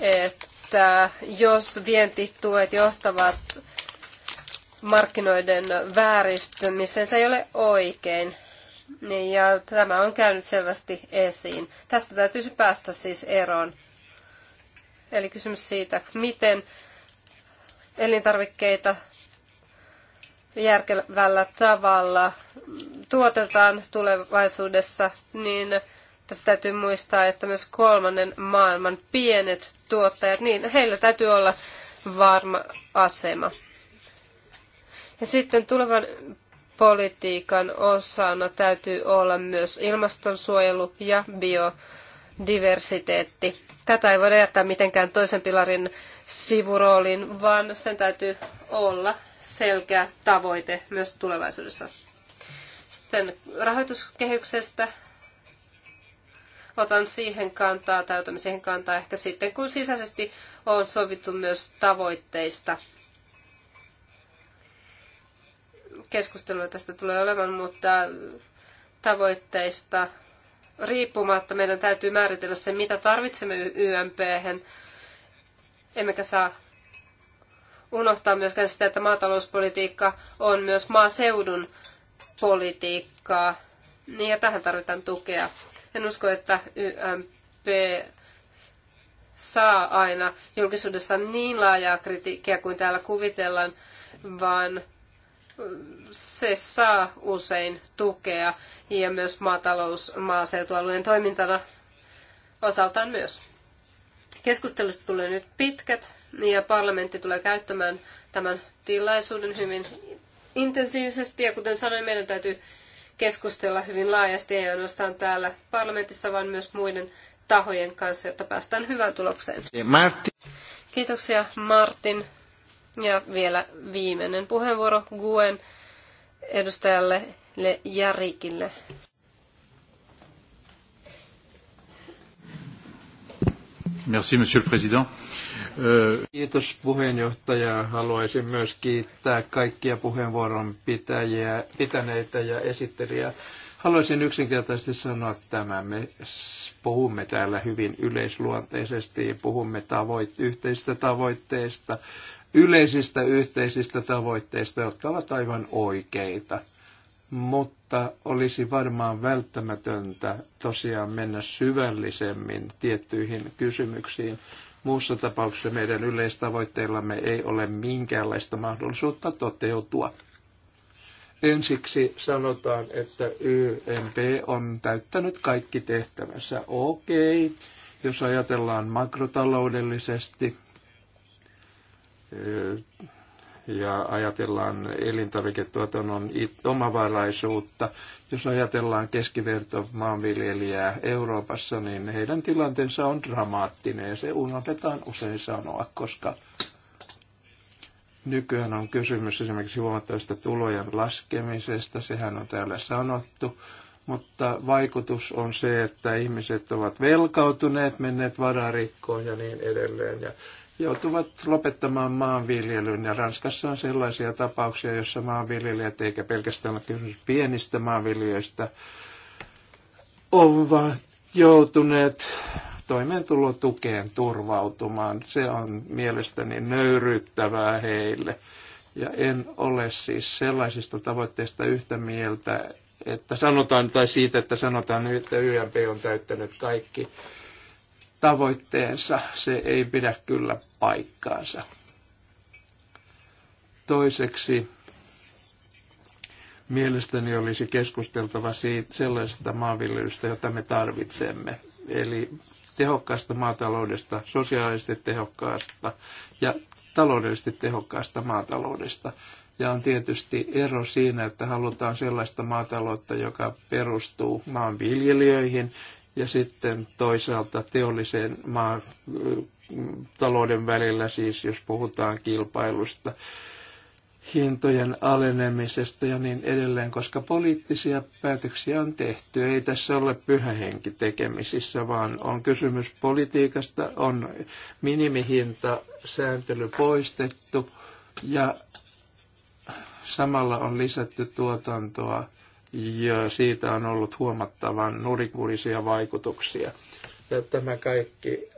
A: että jos vientituet johtavat markkinoiden vääristymiseen, se ei ole oikein. Ja tämä on käynyt selvästi esiin. Tästä täytyisi päästä siis eroon. Eli kysymys siitä, miten elintarvikkeita järkevällä tavalla tuotetaan tulevaisuudessa, niin tässä täytyy muistaa, että myös kolmannen maailman pienet tuottajat, niin heillä täytyy olla varma asema. Ja sitten tulevan politiikan osana täytyy olla myös ilmastonsuojelu ja bio- diversiteetti. Tätä ei voida jättää mitenkään toisen pilarin sivuroolin, vaan sen täytyy olla selkeä tavoite myös tulevaisuudessa. Sitten rahoituskehyksestä otan siihen kantaa tai otamme siihen kantaa ehkä sitten, kun sisäisesti on sovittu myös tavoitteista. Keskustelua tästä tulee olemaan, mutta tavoitteista riippumatta meidän täytyy määritellä se, mitä tarvitsemme ymp -hän. Emmekä saa unohtaa myöskään sitä, että maatalouspolitiikka on myös maaseudun politiikkaa. Niin, ja tähän tarvitaan tukea. En usko, että YMP saa aina julkisuudessa niin laajaa kritiikkiä kuin täällä kuvitellaan, vaan se saa usein tukea ja myös maatalous maaseutualueen toimintana osaltaan myös. Keskustelusta tulee nyt pitkät ja parlamentti tulee käyttämään tämän tilaisuuden hyvin intensiivisesti ja kuten sanoin, meidän täytyy keskustella hyvin laajasti, ei ainoastaan täällä parlamentissa, vaan myös muiden tahojen kanssa, jotta päästään hyvään tulokseen. Martin. Kiitoksia Martin. Ja vielä viimeinen puheenvuoro Guen edustajalle Le Jarikille.
C: Merci, monsieur le président. Euh, Kiitos puheenjohtaja. Haluaisin myös kiittää kaikkia puheenvuoron pitäjiä, pitäneitä ja esittelijä. Haluaisin yksinkertaisesti sanoa tämän. Me puhumme täällä hyvin yleisluonteisesti, puhumme tavoit- yhteisistä tavoitteista, yleisistä yhteisistä tavoitteista, jotka ovat aivan oikeita. Mutta olisi varmaan välttämätöntä tosiaan mennä syvällisemmin tiettyihin kysymyksiin. Muussa tapauksessa meidän yleistavoitteillamme ei ole minkäänlaista mahdollisuutta toteutua. Ensiksi sanotaan, että YMP on täyttänyt kaikki tehtävänsä. Okei, okay. jos ajatellaan makrotaloudellisesti, ja ajatellaan elintarviketuotannon omavaraisuutta. Jos ajatellaan keskiverto maanviljelijää Euroopassa, niin heidän tilanteensa on dramaattinen ja se unohdetaan usein sanoa, koska nykyään on kysymys esimerkiksi huomattavasta tulojen laskemisesta, sehän on täällä sanottu, mutta vaikutus on se, että ihmiset ovat velkautuneet, menneet vararikkoon ja niin edelleen. Ja joutuvat lopettamaan maanviljelyn. Ja Ranskassa on sellaisia tapauksia, joissa maanviljelijät, eikä pelkästään ole kysymys pienistä maanviljelijöistä, ovat joutuneet toimeentulotukeen turvautumaan. Se on mielestäni nöyryyttävää heille. Ja en ole siis sellaisista tavoitteista yhtä mieltä, että sanotaan, tai siitä, että sanotaan, että YMP on täyttänyt kaikki tavoitteensa. Se ei pidä kyllä paikkaansa. Toiseksi mielestäni olisi keskusteltava siitä, sellaisesta maanviljelystä, jota me tarvitsemme. Eli tehokkaasta maataloudesta, sosiaalisesti tehokkaasta ja taloudellisesti tehokkaasta maataloudesta. Ja on tietysti ero siinä, että halutaan sellaista maataloutta, joka perustuu maanviljelijöihin ja sitten toisaalta teollisen maan talouden välillä, siis jos puhutaan kilpailusta, hintojen alenemisesta ja niin edelleen, koska poliittisia päätöksiä on tehty. Ei tässä ole pyhähenki tekemisissä, vaan on kysymys politiikasta, on minimihinta, sääntely poistettu ja samalla on lisätty tuotantoa ja siitä on ollut huomattavan nurikurisia vaikutuksia. Ja tämä kaikki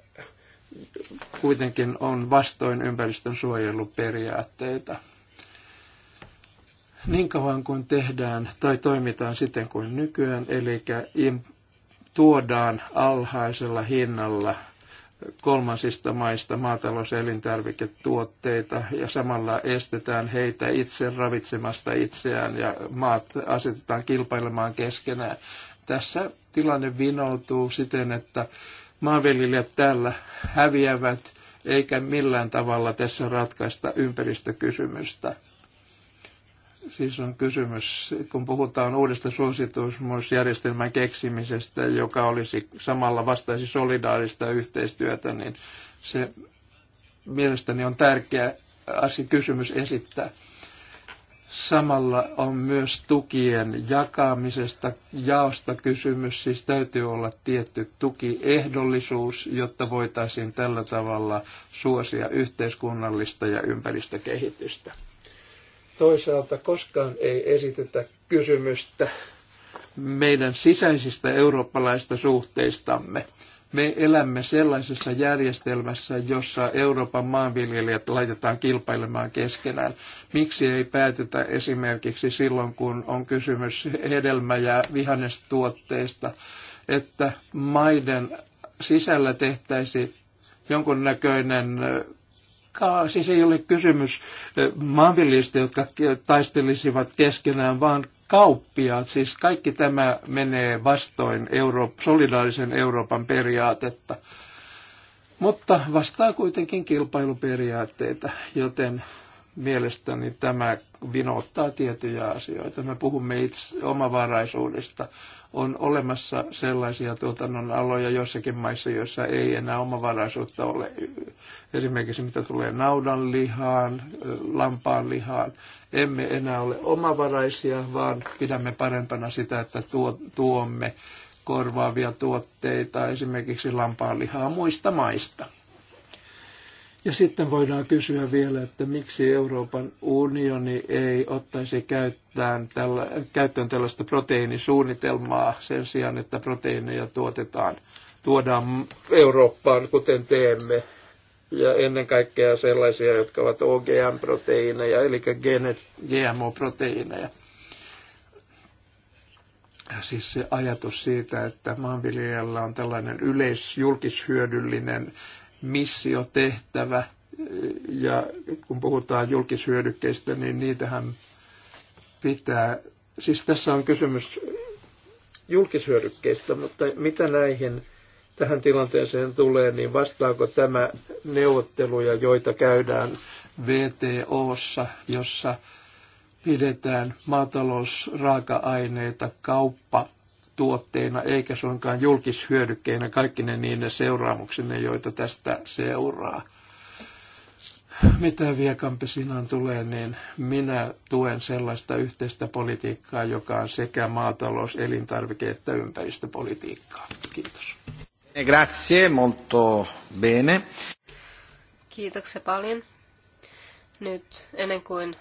C: kuitenkin on vastoin ympäristön suojeluperiaatteita. Niin kauan kuin tehdään tai toimitaan siten kuin nykyään, eli tuodaan alhaisella hinnalla kolmansista maista maatalous- ja elintarviketuotteita ja samalla estetään heitä itse ravitsemasta itseään ja maat asetetaan kilpailemaan keskenään. Tässä tilanne vinoutuu siten, että maanviljelijät täällä häviävät eikä millään tavalla tässä ratkaista ympäristökysymystä siis on kysymys, kun puhutaan uudesta suosituusmuusjärjestelmän keksimisestä, joka olisi samalla vastaisi solidaarista yhteistyötä, niin se mielestäni on tärkeä asia kysymys esittää. Samalla on myös tukien jakamisesta, jaosta kysymys, siis täytyy olla tietty tukiehdollisuus, jotta voitaisiin tällä tavalla suosia yhteiskunnallista ja ympäristökehitystä. Toisaalta koskaan ei esitetä kysymystä meidän sisäisistä eurooppalaista suhteistamme. Me elämme sellaisessa järjestelmässä, jossa Euroopan maanviljelijät laitetaan kilpailemaan keskenään. Miksi ei päätetä esimerkiksi silloin, kun on kysymys hedelmä- ja vihannestuotteista, että maiden sisällä tehtäisi jonkunnäköinen koskaan, siis ei ole kysymys maanviljelijöistä, jotka taistelisivat keskenään, vaan kauppiaat. Siis kaikki tämä menee vastoin Euro- solidaarisen Euroopan periaatetta. Mutta vastaa kuitenkin kilpailuperiaatteita, joten mielestäni tämä vinottaa tiettyjä asioita. Me puhumme itse omavaraisuudesta. On olemassa sellaisia tuotannon aloja joissakin maissa, joissa ei enää omavaraisuutta ole. Esimerkiksi mitä tulee naudanlihaan, lampaanlihaan. Emme enää ole omavaraisia, vaan pidämme parempana sitä, että tuo, tuomme korvaavia tuotteita, esimerkiksi lampaanlihaa muista maista ja sitten voidaan kysyä vielä, että miksi Euroopan unioni ei ottaisi käyttöön, tällä, käyttöön tällaista proteiinisuunnitelmaa sen sijaan, että proteiineja tuotetaan, tuodaan Eurooppaan, kuten teemme. Ja ennen kaikkea sellaisia, jotka ovat OGM-proteiineja, eli GMO-proteiineja. Siis se ajatus siitä, että maanviljelijällä on tällainen yleisjulkishyödyllinen missiotehtävä. Ja kun puhutaan julkishyödykkeistä, niin niitähän pitää... Siis tässä on kysymys julkishyödykkeistä, mutta mitä näihin tähän tilanteeseen tulee, niin vastaako tämä neuvotteluja, joita käydään VTOssa, jossa pidetään maatalousraaka-aineita kauppa tuotteina eikä suinkaan julkishyödykkeinä kaikki ne niiden seuraamuksine, joita tästä seuraa. Mitä Viekampesinan tulee, niin minä tuen sellaista yhteistä politiikkaa, joka on sekä maatalous, elintarvike että ympäristöpolitiikkaa. Kiitos.
B: Grazie, molto bene.
A: Kiitoksia paljon. Nyt ennen kuin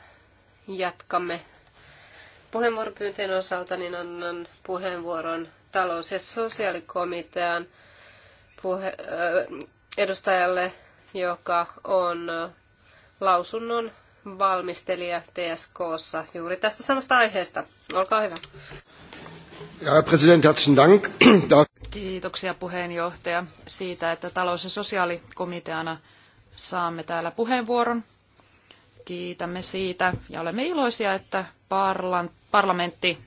A: jatkamme puheenvuoropyyntöjen osalta niin annan puheenvuoron talous- ja sosiaalikomitean puhe- edustajalle, joka on lausunnon valmistelija TSKssa juuri tästä samasta aiheesta. Olkaa hyvä.
B: Ja, president, herzlichen Dank.
D: Kiitoksia puheenjohtaja siitä, että talous- ja sosiaalikomiteana saamme täällä puheenvuoron. Kiitämme siitä ja olemme iloisia, että parlamentti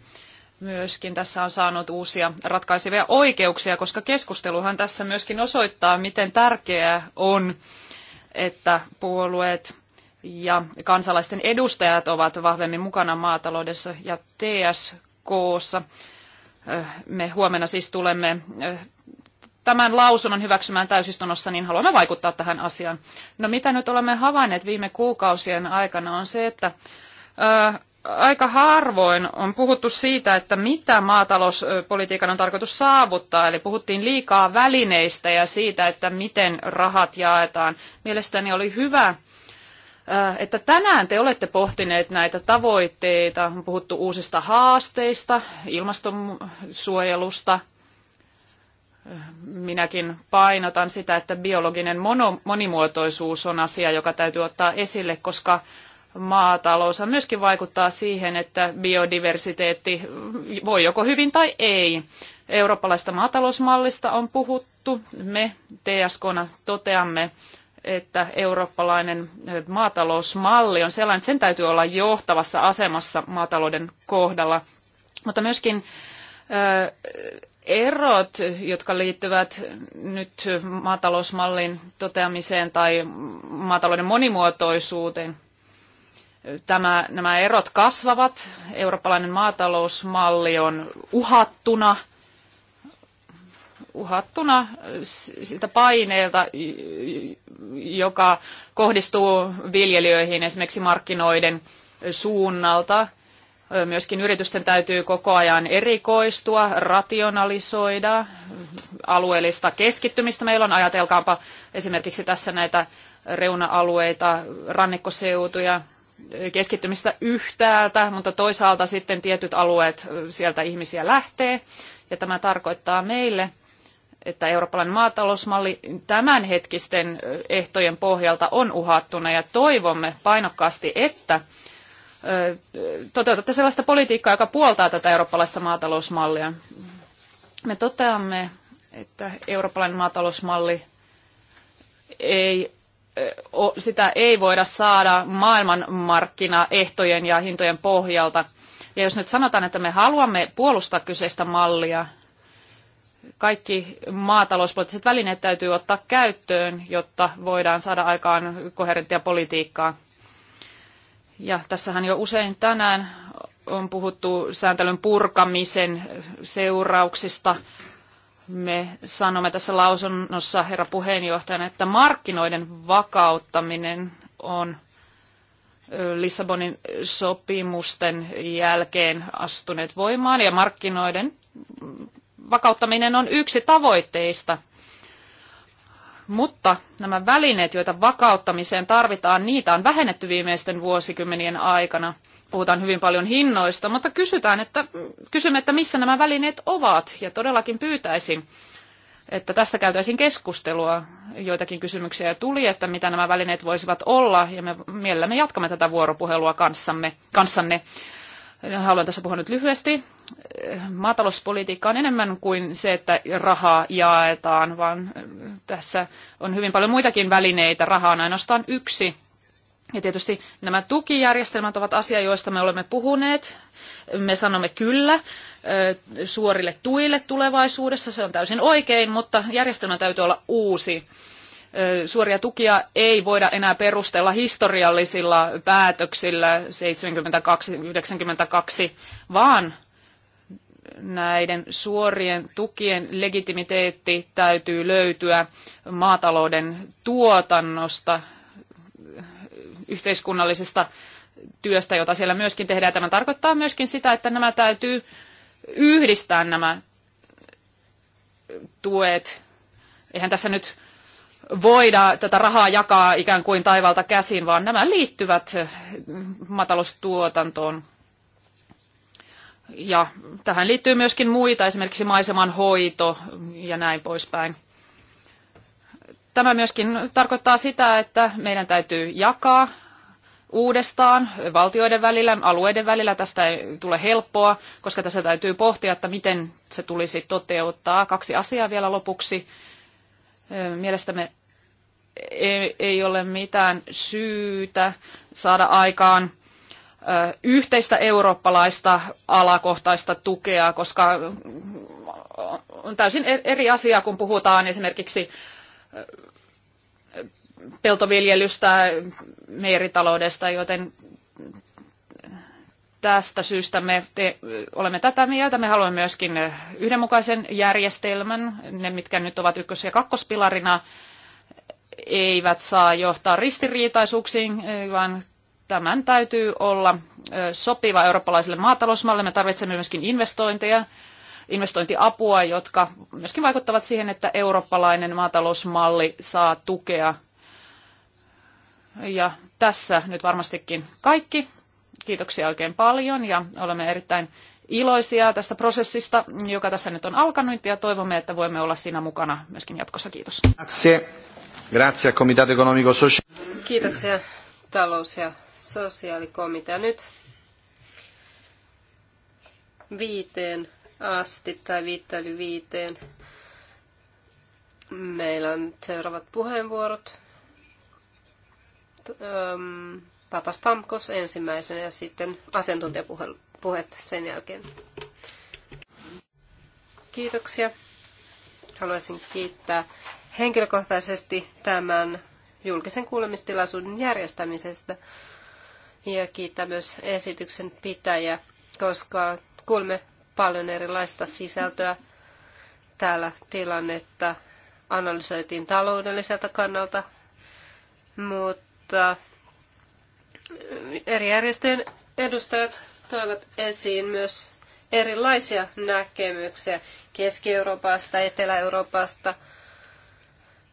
D: myöskin tässä on saanut uusia ratkaisevia oikeuksia, koska keskusteluhan tässä myöskin osoittaa, miten tärkeää on, että puolueet ja kansalaisten edustajat ovat vahvemmin mukana maataloudessa ja TSKssa. Me huomenna siis tulemme tämän lausunnon hyväksymään täysistunnossa, niin haluamme vaikuttaa tähän asiaan. No mitä nyt olemme havainneet viime kuukausien aikana on se, että aika harvoin on puhuttu siitä, että mitä maatalouspolitiikan on tarkoitus saavuttaa. Eli puhuttiin liikaa välineistä ja siitä, että miten rahat jaetaan. Mielestäni oli hyvä, että tänään te olette pohtineet näitä tavoitteita. On puhuttu uusista haasteista, ilmastonsuojelusta. Minäkin painotan sitä, että biologinen monimuotoisuus on asia, joka täytyy ottaa esille, koska ja myöskin vaikuttaa siihen, että biodiversiteetti voi joko hyvin tai ei. Eurooppalaista maatalousmallista on puhuttu. Me tsk toteamme, että eurooppalainen maatalousmalli on sellainen, että sen täytyy olla johtavassa asemassa maatalouden kohdalla. Mutta myöskin erot, jotka liittyvät nyt maatalousmallin toteamiseen tai maatalouden monimuotoisuuteen, tämä, nämä erot kasvavat. Eurooppalainen maatalousmalli on uhattuna, uhattuna siltä paineelta, joka kohdistuu viljelijöihin esimerkiksi markkinoiden suunnalta. Myöskin yritysten täytyy koko ajan erikoistua, rationalisoida, alueellista keskittymistä. Meillä on, ajatelkaapa esimerkiksi tässä näitä reuna-alueita, rannikkoseutuja, keskittymistä yhtäältä, mutta toisaalta sitten tietyt alueet sieltä ihmisiä lähtee. Ja tämä tarkoittaa meille, että eurooppalainen maatalousmalli tämänhetkisten ehtojen pohjalta on uhattuna ja toivomme painokkaasti, että toteutatte sellaista politiikkaa, joka puoltaa tätä eurooppalaista maatalousmallia. Me toteamme, että eurooppalainen maatalousmalli ei sitä ei voida saada maailmanmarkkinaehtojen ja hintojen pohjalta. Ja jos nyt sanotaan, että me haluamme puolustaa kyseistä mallia, kaikki maatalouspoliittiset välineet täytyy ottaa käyttöön, jotta voidaan saada aikaan koherenttia politiikkaa. Ja tässähän jo usein tänään on puhuttu sääntelyn purkamisen seurauksista me sanomme tässä lausunnossa, herra puheenjohtajana, että markkinoiden vakauttaminen on Lissabonin sopimusten jälkeen astuneet voimaan ja markkinoiden vakauttaminen on yksi tavoitteista. Mutta nämä välineet, joita vakauttamiseen tarvitaan, niitä on vähennetty viimeisten vuosikymmenien aikana – puhutaan hyvin paljon hinnoista, mutta kysytään, että, kysymme, että missä nämä välineet ovat. Ja todellakin pyytäisin, että tästä käytäisiin keskustelua. Joitakin kysymyksiä tuli, että mitä nämä välineet voisivat olla, ja me mielellämme jatkamme tätä vuoropuhelua kanssamme, kanssanne. Haluan tässä puhua nyt lyhyesti. Maatalouspolitiikka on enemmän kuin se, että rahaa jaetaan, vaan tässä on hyvin paljon muitakin välineitä. Raha on ainoastaan yksi ja tietysti nämä tukijärjestelmät ovat asia, joista me olemme puhuneet. Me sanomme kyllä suorille tuille tulevaisuudessa, se on täysin oikein, mutta järjestelmä täytyy olla uusi. Suoria tukia ei voida enää perustella historiallisilla päätöksillä 72-92, vaan näiden suorien tukien legitimiteetti täytyy löytyä maatalouden tuotannosta yhteiskunnallisesta työstä, jota siellä myöskin tehdään. Tämä tarkoittaa myöskin sitä, että nämä täytyy yhdistää nämä tuet. Eihän tässä nyt voida tätä rahaa jakaa ikään kuin taivalta käsin, vaan nämä liittyvät matalostuotantoon. Ja tähän liittyy myöskin muita, esimerkiksi maiseman hoito ja näin poispäin. Tämä myöskin tarkoittaa sitä, että meidän täytyy jakaa uudestaan valtioiden välillä, alueiden välillä. Tästä ei tule helppoa, koska tässä täytyy pohtia, että miten se tulisi toteuttaa. Kaksi asiaa vielä lopuksi. Mielestämme ei, ei ole mitään syytä saada aikaan yhteistä eurooppalaista alakohtaista tukea, koska on täysin e, eri asia, kun puhutaan esimerkiksi peltoviljelystä, meiritaloudesta, joten tästä syystä me te, olemme tätä mieltä. Me haluamme myöskin yhdenmukaisen järjestelmän. Ne, mitkä nyt ovat ykkös- ja kakkospilarina, eivät saa johtaa ristiriitaisuuksiin, vaan tämän täytyy olla sopiva eurooppalaiselle maatalousmalle. Me tarvitsemme myöskin investointeja investointiapua, jotka myöskin vaikuttavat siihen, että eurooppalainen maatalousmalli saa tukea. Ja tässä nyt varmastikin kaikki. Kiitoksia oikein paljon ja olemme erittäin iloisia tästä prosessista, joka tässä nyt on alkanut ja toivomme, että voimme olla siinä mukana myöskin jatkossa.
B: Kiitos. Grazie. Grazie Comitato Economico Sociale.
D: Kiitoksia talous-
A: ja sosiaalikomitea. Nyt viiteen asti tai viittailu viiteen. Meillä on seuraavat puheenvuorot. Stamkos ensimmäisenä ja sitten asiantuntijapuhet sen jälkeen. Kiitoksia. Haluaisin kiittää henkilökohtaisesti tämän julkisen kuulemistilaisuuden järjestämisestä ja kiittää myös esityksen pitäjä, koska kuulemme paljon erilaista sisältöä. Täällä tilannetta analysoitiin taloudelliselta kannalta, mutta eri järjestöjen edustajat toivat esiin myös erilaisia näkemyksiä Keski-Euroopasta, Etelä-Euroopasta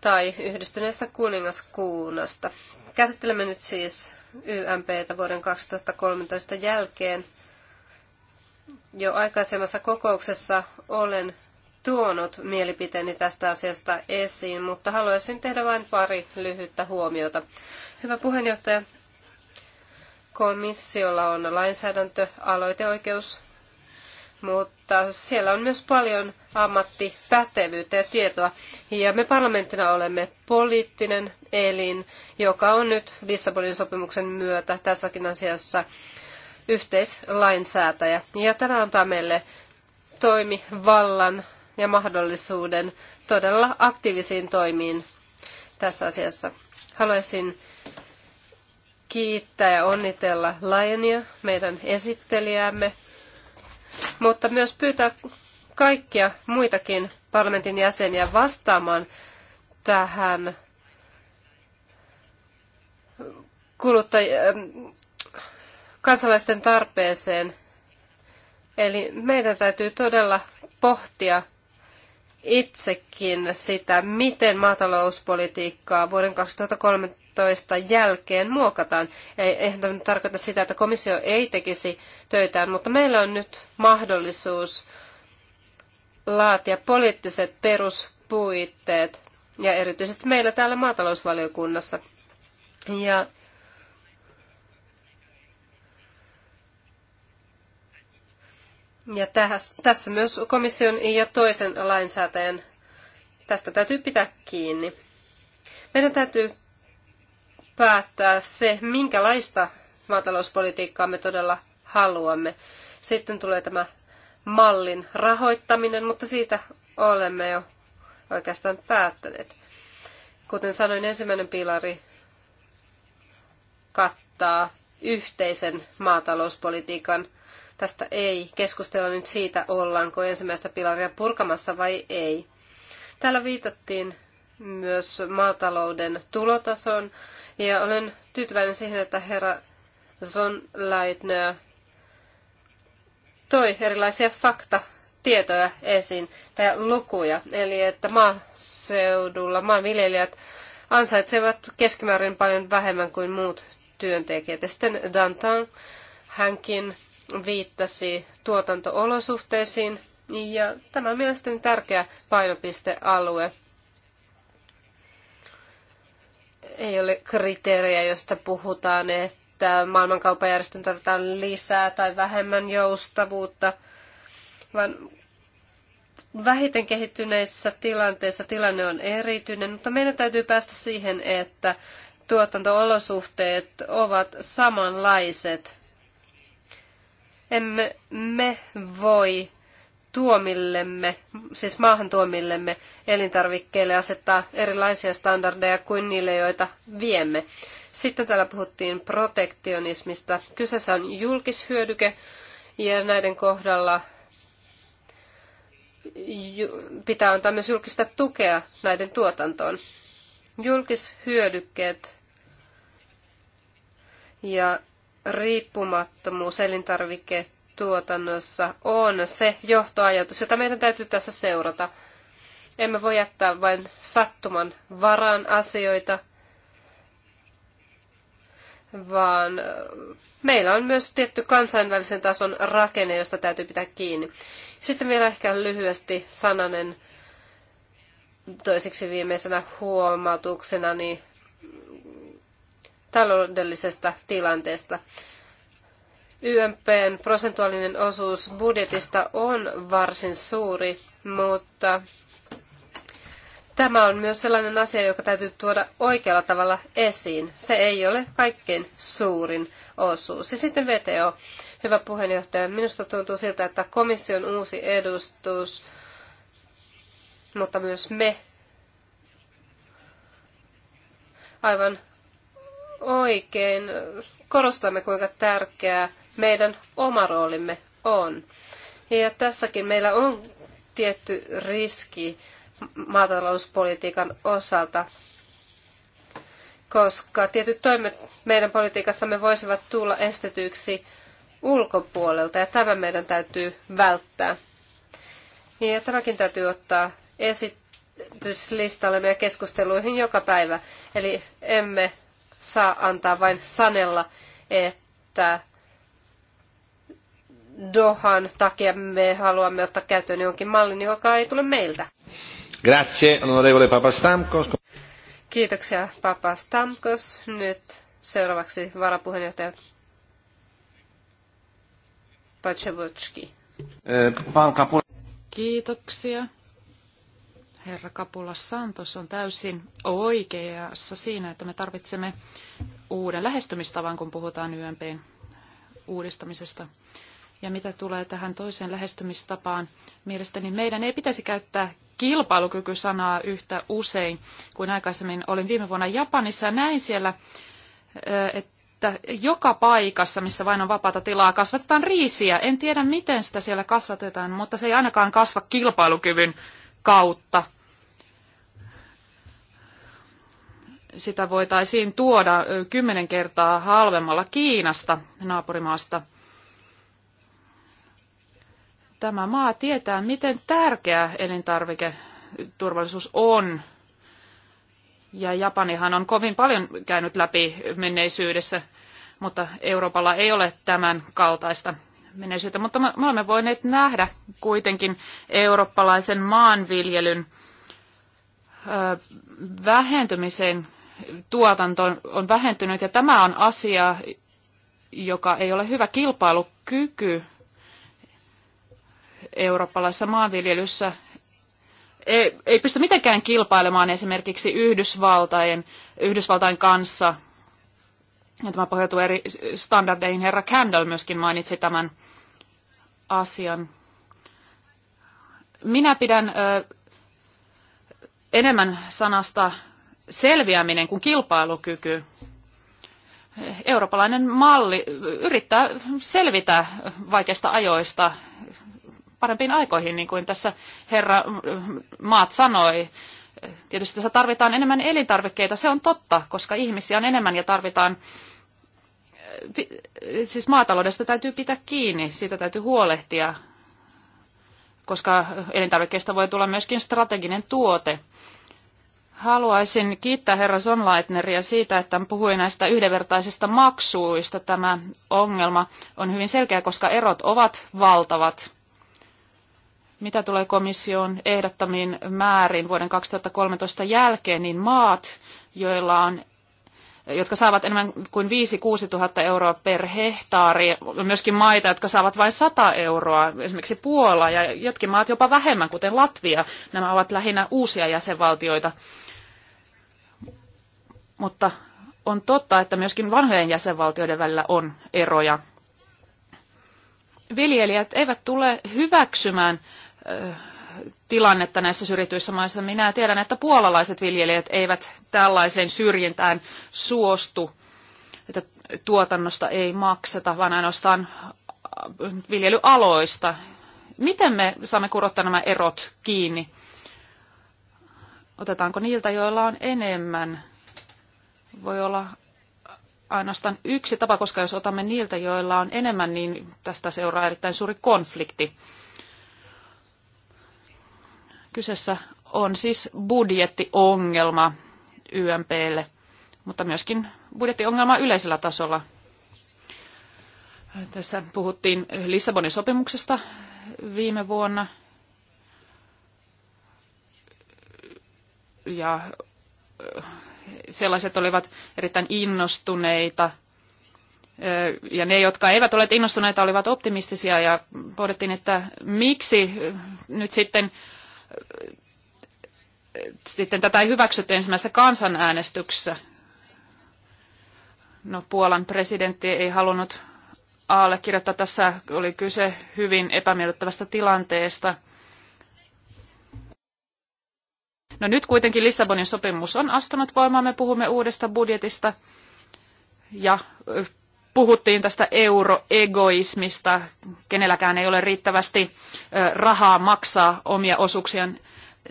A: tai yhdistyneestä kuningaskuunnasta. Käsittelemme nyt siis YMPtä vuoden 2013 jälkeen jo aikaisemmassa kokouksessa olen tuonut mielipiteeni tästä asiasta esiin, mutta haluaisin tehdä vain pari lyhyttä huomiota. Hyvä puheenjohtaja, komissiolla on lainsäädäntöaloiteoikeus, mutta siellä on myös paljon ammattipätevyyttä ja tietoa. Ja me parlamenttina olemme poliittinen elin, joka on nyt Lissabonin sopimuksen myötä tässäkin asiassa yhteislainsäätäjä. Ja tämä antaa meille toimivallan ja mahdollisuuden todella aktiivisiin toimiin tässä asiassa. Haluaisin kiittää ja onnitella Lionia, meidän esittelijäämme, mutta myös pyytää kaikkia muitakin parlamentin jäseniä vastaamaan tähän kuluttaj- kansalaisten tarpeeseen. Eli meidän täytyy todella pohtia itsekin sitä, miten maatalouspolitiikkaa vuoden 2013 jälkeen muokataan. Eihän tämä tarkoita sitä, että komissio ei tekisi töitään, mutta meillä on nyt mahdollisuus laatia poliittiset peruspuitteet ja erityisesti meillä täällä maatalousvaliokunnassa. Ja Ja tässä myös komission ja toisen lainsäätäjän tästä täytyy pitää kiinni. Meidän täytyy päättää se, minkälaista maatalouspolitiikkaa me todella haluamme. Sitten tulee tämä mallin rahoittaminen, mutta siitä olemme jo oikeastaan päättäneet. Kuten sanoin, ensimmäinen pilari kattaa yhteisen maatalouspolitiikan – Tästä ei keskustella nyt siitä, ollaanko ensimmäistä pilaria purkamassa vai ei. Täällä viitattiin myös maatalouden tulotason ja olen tyytyväinen siihen, että herra Son Leitner toi erilaisia fakta tietoja esiin tai lukuja. Eli että maaseudulla maanviljelijät ansaitsevat keskimäärin paljon vähemmän kuin muut työntekijät. Ja sitten Dantan, hänkin viittasi tuotantoolosuhteisiin, ja tämä on mielestäni tärkeä painopistealue. Ei ole kriteerejä, josta puhutaan, että maailmankaupajärjestön tarvitaan lisää tai vähemmän joustavuutta, vaan vähiten kehittyneissä tilanteissa tilanne on erityinen, mutta meidän täytyy päästä siihen, että tuotantoolosuhteet ovat samanlaiset – emme me voi tuomillemme, siis maahan tuomillemme elintarvikkeille asettaa erilaisia standardeja kuin niille, joita viemme. Sitten täällä puhuttiin protektionismista. Kyseessä on julkishyödyke ja näiden kohdalla pitää antaa myös julkista tukea näiden tuotantoon. Julkishyödykkeet ja riippumattomuus elintarviketuotannossa on se johtoajatus, jota meidän täytyy tässä seurata. Emme voi jättää vain sattuman varaan asioita, vaan meillä on myös tietty kansainvälisen tason rakenne, josta täytyy pitää kiinni. Sitten vielä ehkä lyhyesti sananen toiseksi viimeisenä huomautuksena, niin taloudellisesta tilanteesta. YMPn prosentuaalinen osuus budjetista on varsin suuri, mutta tämä on myös sellainen asia, joka täytyy tuoda oikealla tavalla esiin. Se ei ole kaikkein suurin osuus. Ja sitten VTO, hyvä puheenjohtaja. Minusta tuntuu siltä, että komission uusi edustus, mutta myös me aivan oikein korostamme, kuinka tärkeää meidän oma roolimme on. Ja tässäkin meillä on tietty riski maatalouspolitiikan osalta, koska tietyt toimet meidän politiikassamme voisivat tulla estetyiksi ulkopuolelta, ja tämä meidän täytyy välttää. Ja tämäkin täytyy ottaa esityslistalle meidän keskusteluihin joka päivä, eli emme saa antaa vain sanella, että Dohan takia me haluamme ottaa käyttöön jonkin mallin, joka ei tule meiltä.
B: Grazie, onorevole Stamkos.
A: Kiitoksia, Stamkos. Nyt seuraavaksi varapuheenjohtaja
D: Pacevutski. Eh, Kiitoksia herra Kapula Santos on täysin oikeassa siinä, että me tarvitsemme uuden lähestymistavan, kun puhutaan YMPn uudistamisesta. Ja mitä tulee tähän toiseen lähestymistapaan, mielestäni meidän ei pitäisi käyttää kilpailukyky-sanaa yhtä usein kuin aikaisemmin. Olin viime vuonna Japanissa ja näin siellä, että joka paikassa, missä vain on vapaata tilaa, kasvatetaan riisiä. En tiedä, miten sitä siellä kasvatetaan, mutta se ei ainakaan kasva kilpailukyvyn kautta. Sitä voitaisiin tuoda kymmenen kertaa halvemmalla Kiinasta, naapurimaasta. Tämä maa tietää, miten tärkeä elintarviketurvallisuus on. Ja Japanihan on kovin paljon käynyt läpi menneisyydessä, mutta Euroopalla ei ole tämän kaltaista menneisyyttä, mutta me olemme voineet nähdä kuitenkin eurooppalaisen maanviljelyn vähentymiseen tuotanto on vähentynyt ja tämä on asia, joka ei ole hyvä kilpailukyky eurooppalaisessa maanviljelyssä. Ei, ei pysty mitenkään kilpailemaan esimerkiksi Yhdysvaltain, Yhdysvaltain kanssa – ja tämä pohjautuu eri standardeihin. Herra Candle myöskin mainitsi tämän asian. Minä pidän ö, enemmän sanasta selviäminen kuin kilpailukyky. Eurooppalainen malli yrittää selvitä vaikeista ajoista parempiin aikoihin, niin kuin tässä herra Maat sanoi. Tietysti tässä tarvitaan enemmän elintarvikkeita, se on totta, koska ihmisiä on enemmän ja tarvitaan, eh, siis maataloudesta täytyy pitää kiinni, siitä täytyy huolehtia, koska elintarvikkeista voi tulla myöskin strateginen tuote. Haluaisin kiittää herra Sonlaitneria siitä, että hän puhui näistä yhdenvertaisista maksuista. Tämä ongelma on hyvin selkeä, koska erot ovat valtavat mitä tulee komission ehdottamiin määrin vuoden 2013 jälkeen, niin maat, joilla on jotka saavat enemmän kuin 5 6000 euroa per hehtaari, on myöskin maita, jotka saavat vain 100 euroa, esimerkiksi Puola ja jotkin maat jopa vähemmän, kuten Latvia. Nämä ovat lähinnä uusia jäsenvaltioita. Mutta on totta, että myöskin vanhojen jäsenvaltioiden välillä on eroja. Viljelijät eivät tule hyväksymään tilannetta näissä syrjityissä maissa. Minä tiedän, että puolalaiset viljelijät eivät tällaiseen syrjintään suostu, että tuotannosta ei makseta, vaan ainoastaan äh, viljelyaloista. Miten me saamme kurottaa nämä erot kiinni? Otetaanko niiltä, joilla on enemmän? Voi olla ainoastaan yksi tapa, koska jos otamme niiltä, joilla on enemmän, niin tästä seuraa erittäin suuri konflikti. Kyseessä on siis budjettiongelma YMPlle, mutta myöskin budjettiongelma yleisellä tasolla. Tässä puhuttiin Lissabonin sopimuksesta viime vuonna ja sellaiset olivat erittäin innostuneita. Ja ne, jotka eivät ole innostuneita, olivat optimistisia ja pohdittiin, että miksi nyt sitten sitten tätä ei hyväksytty ensimmäisessä kansanäänestyksessä. No, Puolan presidentti ei halunnut allekirjoittaa. Tässä oli kyse hyvin epämiellyttävästä tilanteesta. No nyt kuitenkin Lissabonin sopimus on astunut voimaan. Me puhumme uudesta budjetista ja puhuttiin tästä euroegoismista, kenelläkään ei ole riittävästi rahaa maksaa omia osuuksiaan.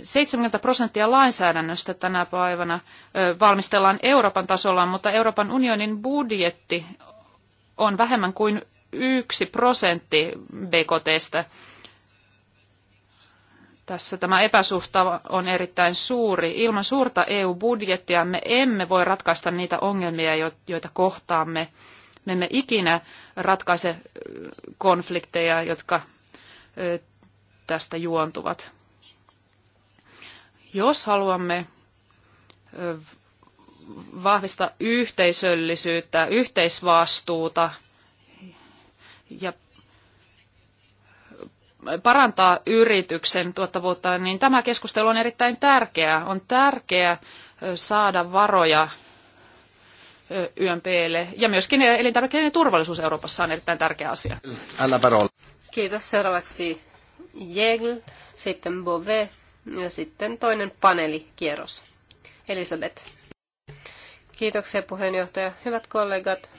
D: 70 prosenttia lainsäädännöstä tänä päivänä valmistellaan Euroopan tasolla, mutta Euroopan unionin budjetti on vähemmän kuin yksi prosentti BKTstä. Tässä tämä epäsuhta on erittäin suuri. Ilman suurta EU-budjettia me emme voi ratkaista niitä ongelmia, joita kohtaamme me emme ikinä ratkaise konflikteja, jotka tästä juontuvat. Jos haluamme vahvistaa yhteisöllisyyttä, yhteisvastuuta ja parantaa yrityksen tuottavuutta, niin tämä keskustelu on erittäin tärkeää. On tärkeää saada varoja YMPlle ja myöskin elintarvikkeiden turvallisuus Euroopassa on erittäin tärkeä asia. Anna Parol. Kiitos. Seuraavaksi
A: Jegl, sitten Bove ja sitten toinen paneelikierros. Elisabeth. Kiitoksia puheenjohtaja. Hyvät kollegat,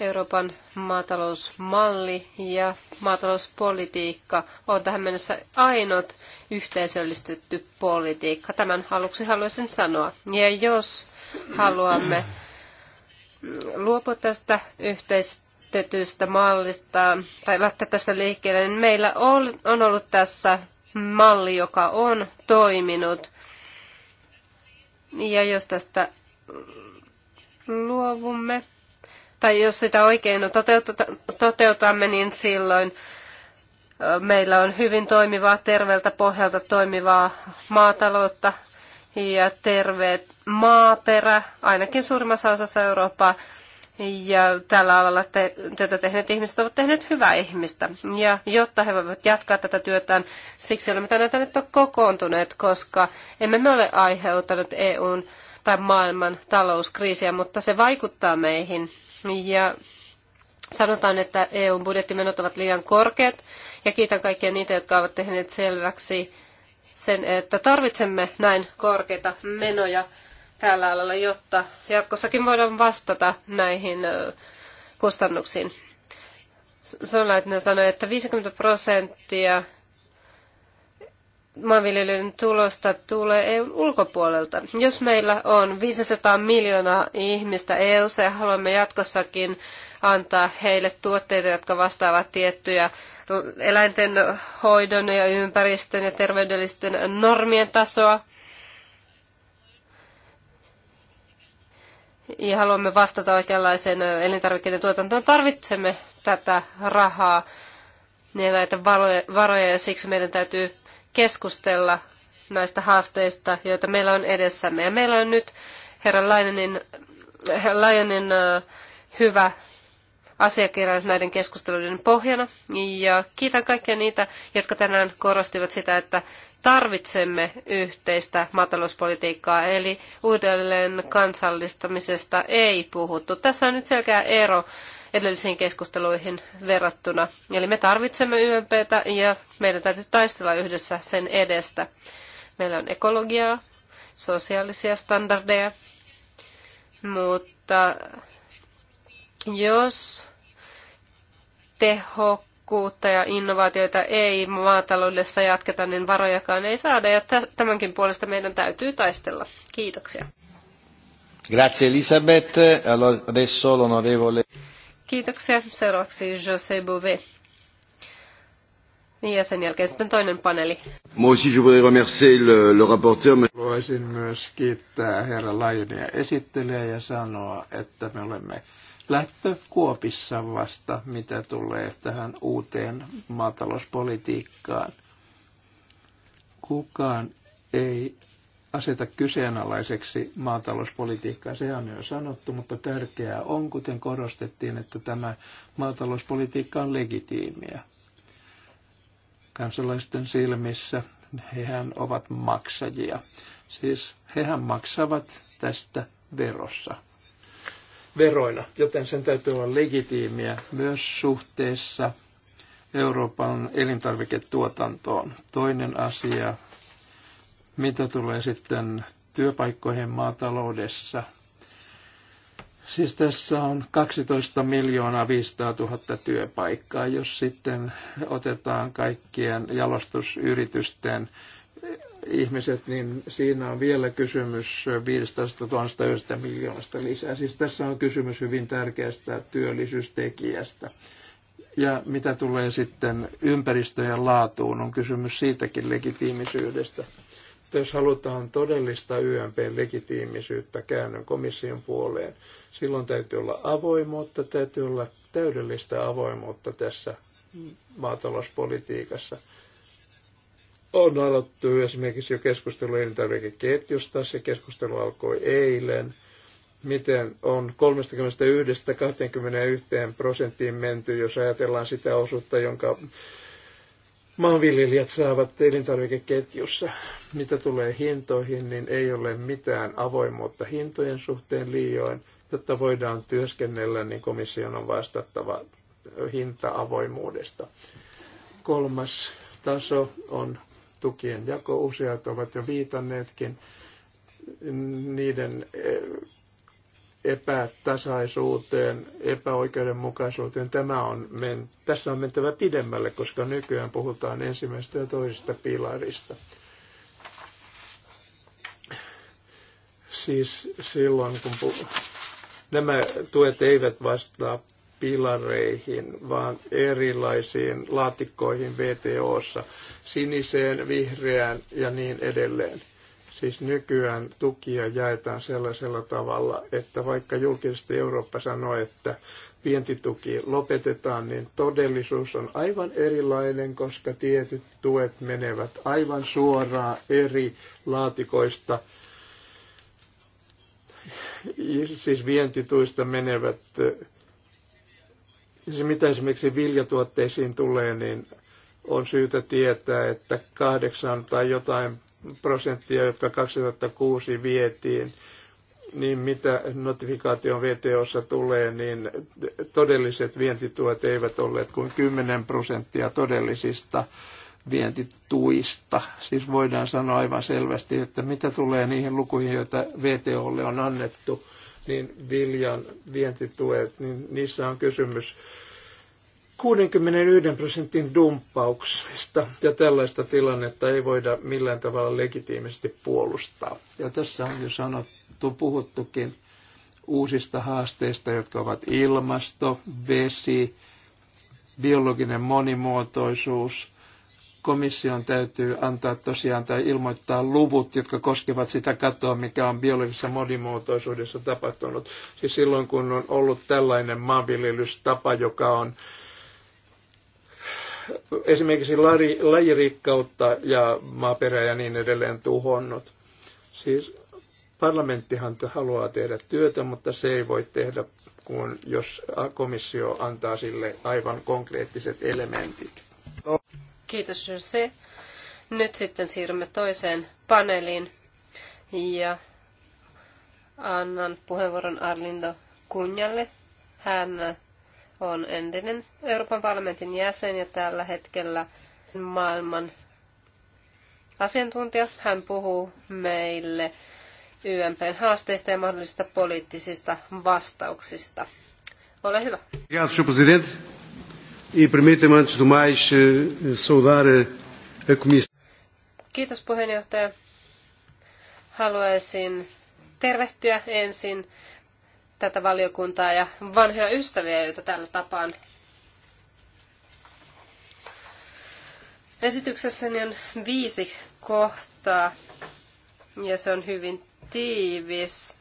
A: Euroopan maatalousmalli ja maatalouspolitiikka on tähän mennessä ainut yhteisöllistetty politiikka. Tämän aluksi haluaisin sanoa. Ja jos haluamme luopua tästä yhteistetystä mallista tai lähteä tästä liikkeelle, niin meillä on ollut tässä malli, joka on toiminut. Ja jos tästä luovumme, tai jos sitä oikein toteutamme, niin silloin meillä on hyvin toimivaa, terveeltä pohjalta toimivaa maataloutta, ja terveet maaperä, ainakin suurimmassa osassa Eurooppaa. Ja tällä alalla te, tätä tehneet ihmiset ovat tehneet hyvää ihmistä. Ja jotta he voivat jatkaa tätä työtään, siksi olemme tänään tänne kokoontuneet, koska emme me ole aiheuttaneet EUn tai maailman talouskriisiä, mutta se vaikuttaa meihin. Ja sanotaan, että EUn budjettimenot ovat liian korkeat. Ja kiitän kaikkia niitä, jotka ovat tehneet selväksi, sen, että tarvitsemme näin korkeita menoja tällä alalla, jotta jatkossakin voidaan vastata näihin kustannuksiin. Sonlaitinen sanoi, että 50 prosenttia maanviljelyn tulosta tulee EUn ulkopuolelta. Jos meillä on 500 miljoonaa ihmistä EUssa ja haluamme jatkossakin antaa heille tuotteita, jotka vastaavat tiettyjä eläinten hoidon ja ympäristön ja terveydellisten normien tasoa. Ja haluamme vastata oikeanlaiseen elintarvikkeiden tuotantoon. Tarvitsemme tätä rahaa ja näitä varoja ja siksi meidän täytyy keskustella näistä haasteista, joita meillä on edessämme. Ja meillä on nyt herra hyvä asiakirjan näiden keskusteluiden pohjana. Ja kiitän kaikkia niitä, jotka tänään korostivat sitä, että tarvitsemme yhteistä maatalouspolitiikkaa, eli uudelleen kansallistamisesta ei puhuttu. Tässä on nyt selkeä ero edellisiin keskusteluihin verrattuna. Eli me tarvitsemme YMPtä ja meidän täytyy taistella yhdessä sen edestä. Meillä on ekologiaa, sosiaalisia standardeja, mutta jos tehokkuutta ja innovaatioita ei maataloudessa jatketa, niin varojakaan ei saada ja tämänkin puolesta meidän täytyy taistella. Kiitoksia.
B: Grazie Elisabeth. Adesso l'onorevole.
A: Kiitoksia. Seuraavaksi José Bouvet. Niin ja sen jälkeen sitten toinen paneeli.
C: Moi aussi je voudrais remercier le, le rapporteur. Voisin myös kiittää herra Lajonia esittelijä ja sanoa, että me olemme kuopissa vasta, mitä tulee tähän uuteen maatalouspolitiikkaan. Kukaan ei aseta kyseenalaiseksi maatalouspolitiikkaa, se on jo sanottu, mutta tärkeää on, kuten korostettiin, että tämä maatalouspolitiikka on legitiimiä kansalaisten silmissä. Hehän ovat maksajia. Siis hehän maksavat tästä verossa veroina, joten sen täytyy olla legitiimiä myös suhteessa Euroopan elintarviketuotantoon. Toinen asia, mitä tulee sitten työpaikkoihin maataloudessa. Siis tässä on 12 miljoonaa 500 000 työpaikkaa, jos sitten otetaan kaikkien jalostusyritysten ihmiset, niin siinä on vielä kysymys 15 000 miljoonasta lisää. Siis tässä on kysymys hyvin tärkeästä työllisyystekijästä. Ja mitä tulee sitten ympäristöjen laatuun, on kysymys siitäkin legitiimisyydestä. Jos halutaan todellista YMP-legitiimisyyttä käännön komission puoleen, silloin täytyy olla avoimuutta, täytyy olla täydellistä avoimuutta tässä maatalouspolitiikassa – on aloittu esimerkiksi jo keskustelu elintarvikeketjusta. Se keskustelu alkoi eilen. Miten on 31-21 prosenttiin menty, jos ajatellaan sitä osuutta, jonka maanviljelijät saavat elintarvikeketjussa. Mitä tulee hintoihin, niin ei ole mitään avoimuutta hintojen suhteen liioin. Jotta voidaan työskennellä, niin komission on vastattava hinta-avoimuudesta. Kolmas taso on tukien jako. Useat ovat jo viitanneetkin niiden eh, epätasaisuuteen, epäoikeudenmukaisuuteen. Tämä on men, tässä on mentävä pidemmälle, koska nykyään puhutaan ensimmäisestä ja toisesta pilarista. Siis silloin, kun puh- nämä tuet eivät vastaa pilareihin, vaan erilaisiin laatikkoihin VTOssa, siniseen, vihreään ja niin edelleen. Siis nykyään tukia jaetaan sellaisella tavalla, että vaikka julkisesti Eurooppa sanoo, että vientituki lopetetaan, niin todellisuus on aivan erilainen, koska tietyt tuet menevät aivan suoraan eri laatikoista siis vientituista menevät se mitä esimerkiksi viljatuotteisiin tulee, niin on syytä tietää, että kahdeksan tai jotain prosenttia, jotka 2006 vietiin, niin mitä notifikaation VTOssa tulee, niin todelliset vientituet eivät olleet kuin 10 prosenttia todellisista vientituista. Siis voidaan sanoa aivan selvästi, että mitä tulee niihin lukuihin, joita VTOlle on annettu – niin viljan vientituet, niin niissä on kysymys 61 prosentin dumppauksista, ja tällaista tilannetta ei voida millään tavalla legitiimisesti puolustaa. Ja tässä on jo sanottu, puhuttukin uusista haasteista, jotka ovat ilmasto, vesi, biologinen monimuotoisuus – komission täytyy antaa tosiaan tai ilmoittaa luvut, jotka koskevat sitä katoa, mikä on biologisessa monimuotoisuudessa tapahtunut. Siis silloin, kun on ollut tällainen maanviljelystapa, joka on esimerkiksi lari, lajirikkautta ja maaperää ja niin edelleen tuhonnut. Siis parlamenttihan haluaa tehdä työtä, mutta se ei voi tehdä, kun jos komissio antaa sille aivan konkreettiset elementit.
A: Kiitos Jose. Nyt sitten siirrymme toiseen paneeliin ja annan puheenvuoron Arlindo Kunjalle. Hän on entinen Euroopan parlamentin jäsen ja tällä hetkellä maailman asiantuntija. Hän puhuu meille YMPn haasteista ja mahdollisista poliittisista vastauksista. Ole hyvä.
B: Kiitos, E permita-me, antes mais, eh, saudar a comissão.
A: Kiitos puheenjohtaja. Haluaisin tervehtyä ensin tätä valiokuntaa ja vanhoja ystäviä, joita täällä tapaan. Esityksessäni on viisi kohtaa ja se on hyvin tiivis,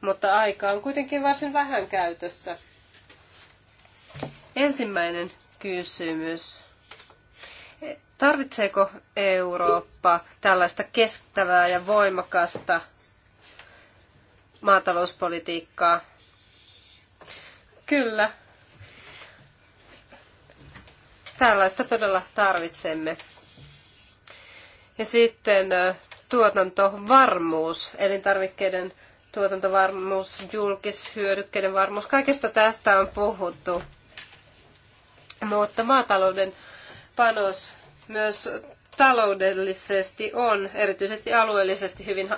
A: mutta aika on kuitenkin varsin vähän käytössä. Ensimmäinen kysymys. Tarvitseeko Eurooppa tällaista kestävää ja voimakasta maatalouspolitiikkaa? Kyllä. Tällaista todella tarvitsemme. Ja sitten tuotantovarmuus, elintarvikkeiden tuotantovarmuus, julkishyödykkeiden varmuus, kaikesta tästä on puhuttu. Mutta maatalouden panos myös taloudellisesti on, erityisesti alueellisesti, hyvin,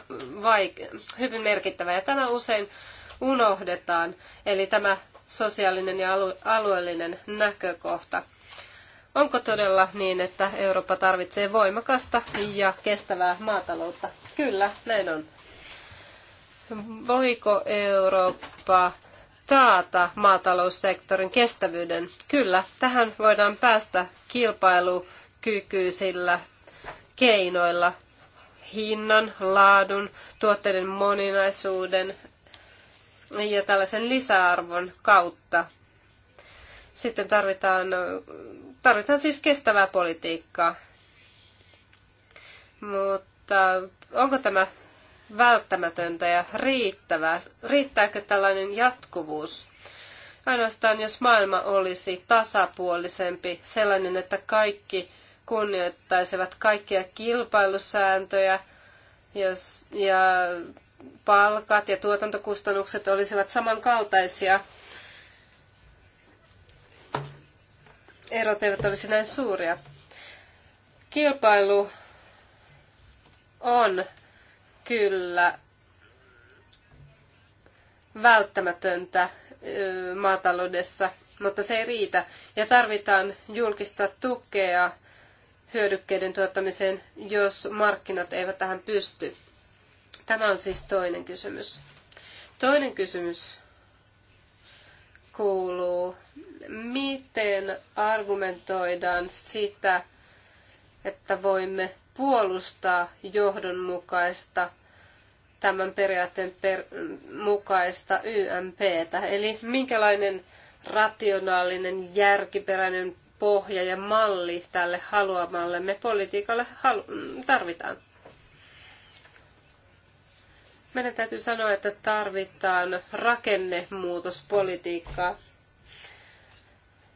A: vaike- hyvin merkittävä. Ja tämä usein unohdetaan, eli tämä sosiaalinen ja alueellinen näkökohta. Onko todella niin, että Eurooppa tarvitsee voimakasta ja kestävää maataloutta? Kyllä, näin on. Voiko Eurooppa taata maataloussektorin kestävyyden. Kyllä, tähän voidaan päästä kilpailukykyisillä keinoilla, hinnan, laadun, tuotteiden moninaisuuden ja tällaisen lisäarvon kautta. Sitten tarvitaan, tarvitaan siis kestävää politiikkaa. Mutta onko tämä välttämätöntä ja riittävää? Riittääkö tällainen jatkuvuus? Ainoastaan jos maailma olisi tasapuolisempi, sellainen, että kaikki kunnioittaisivat kaikkia kilpailusääntöjä jos, ja palkat ja tuotantokustannukset olisivat samankaltaisia, erot eivät olisi näin suuria. Kilpailu on kyllä välttämätöntä maataloudessa, mutta se ei riitä. Ja tarvitaan julkista tukea hyödykkeiden tuottamiseen, jos markkinat eivät tähän pysty. Tämä on siis toinen kysymys. Toinen kysymys kuuluu, miten argumentoidaan sitä, että voimme puolustaa johdonmukaista tämän periaatteen per, mukaista YMPtä. Eli minkälainen rationaalinen, järkiperäinen pohja ja malli tälle haluamallemme politiikalle halu- tarvitaan. Meidän täytyy sanoa, että tarvitaan rakennemuutospolitiikkaa,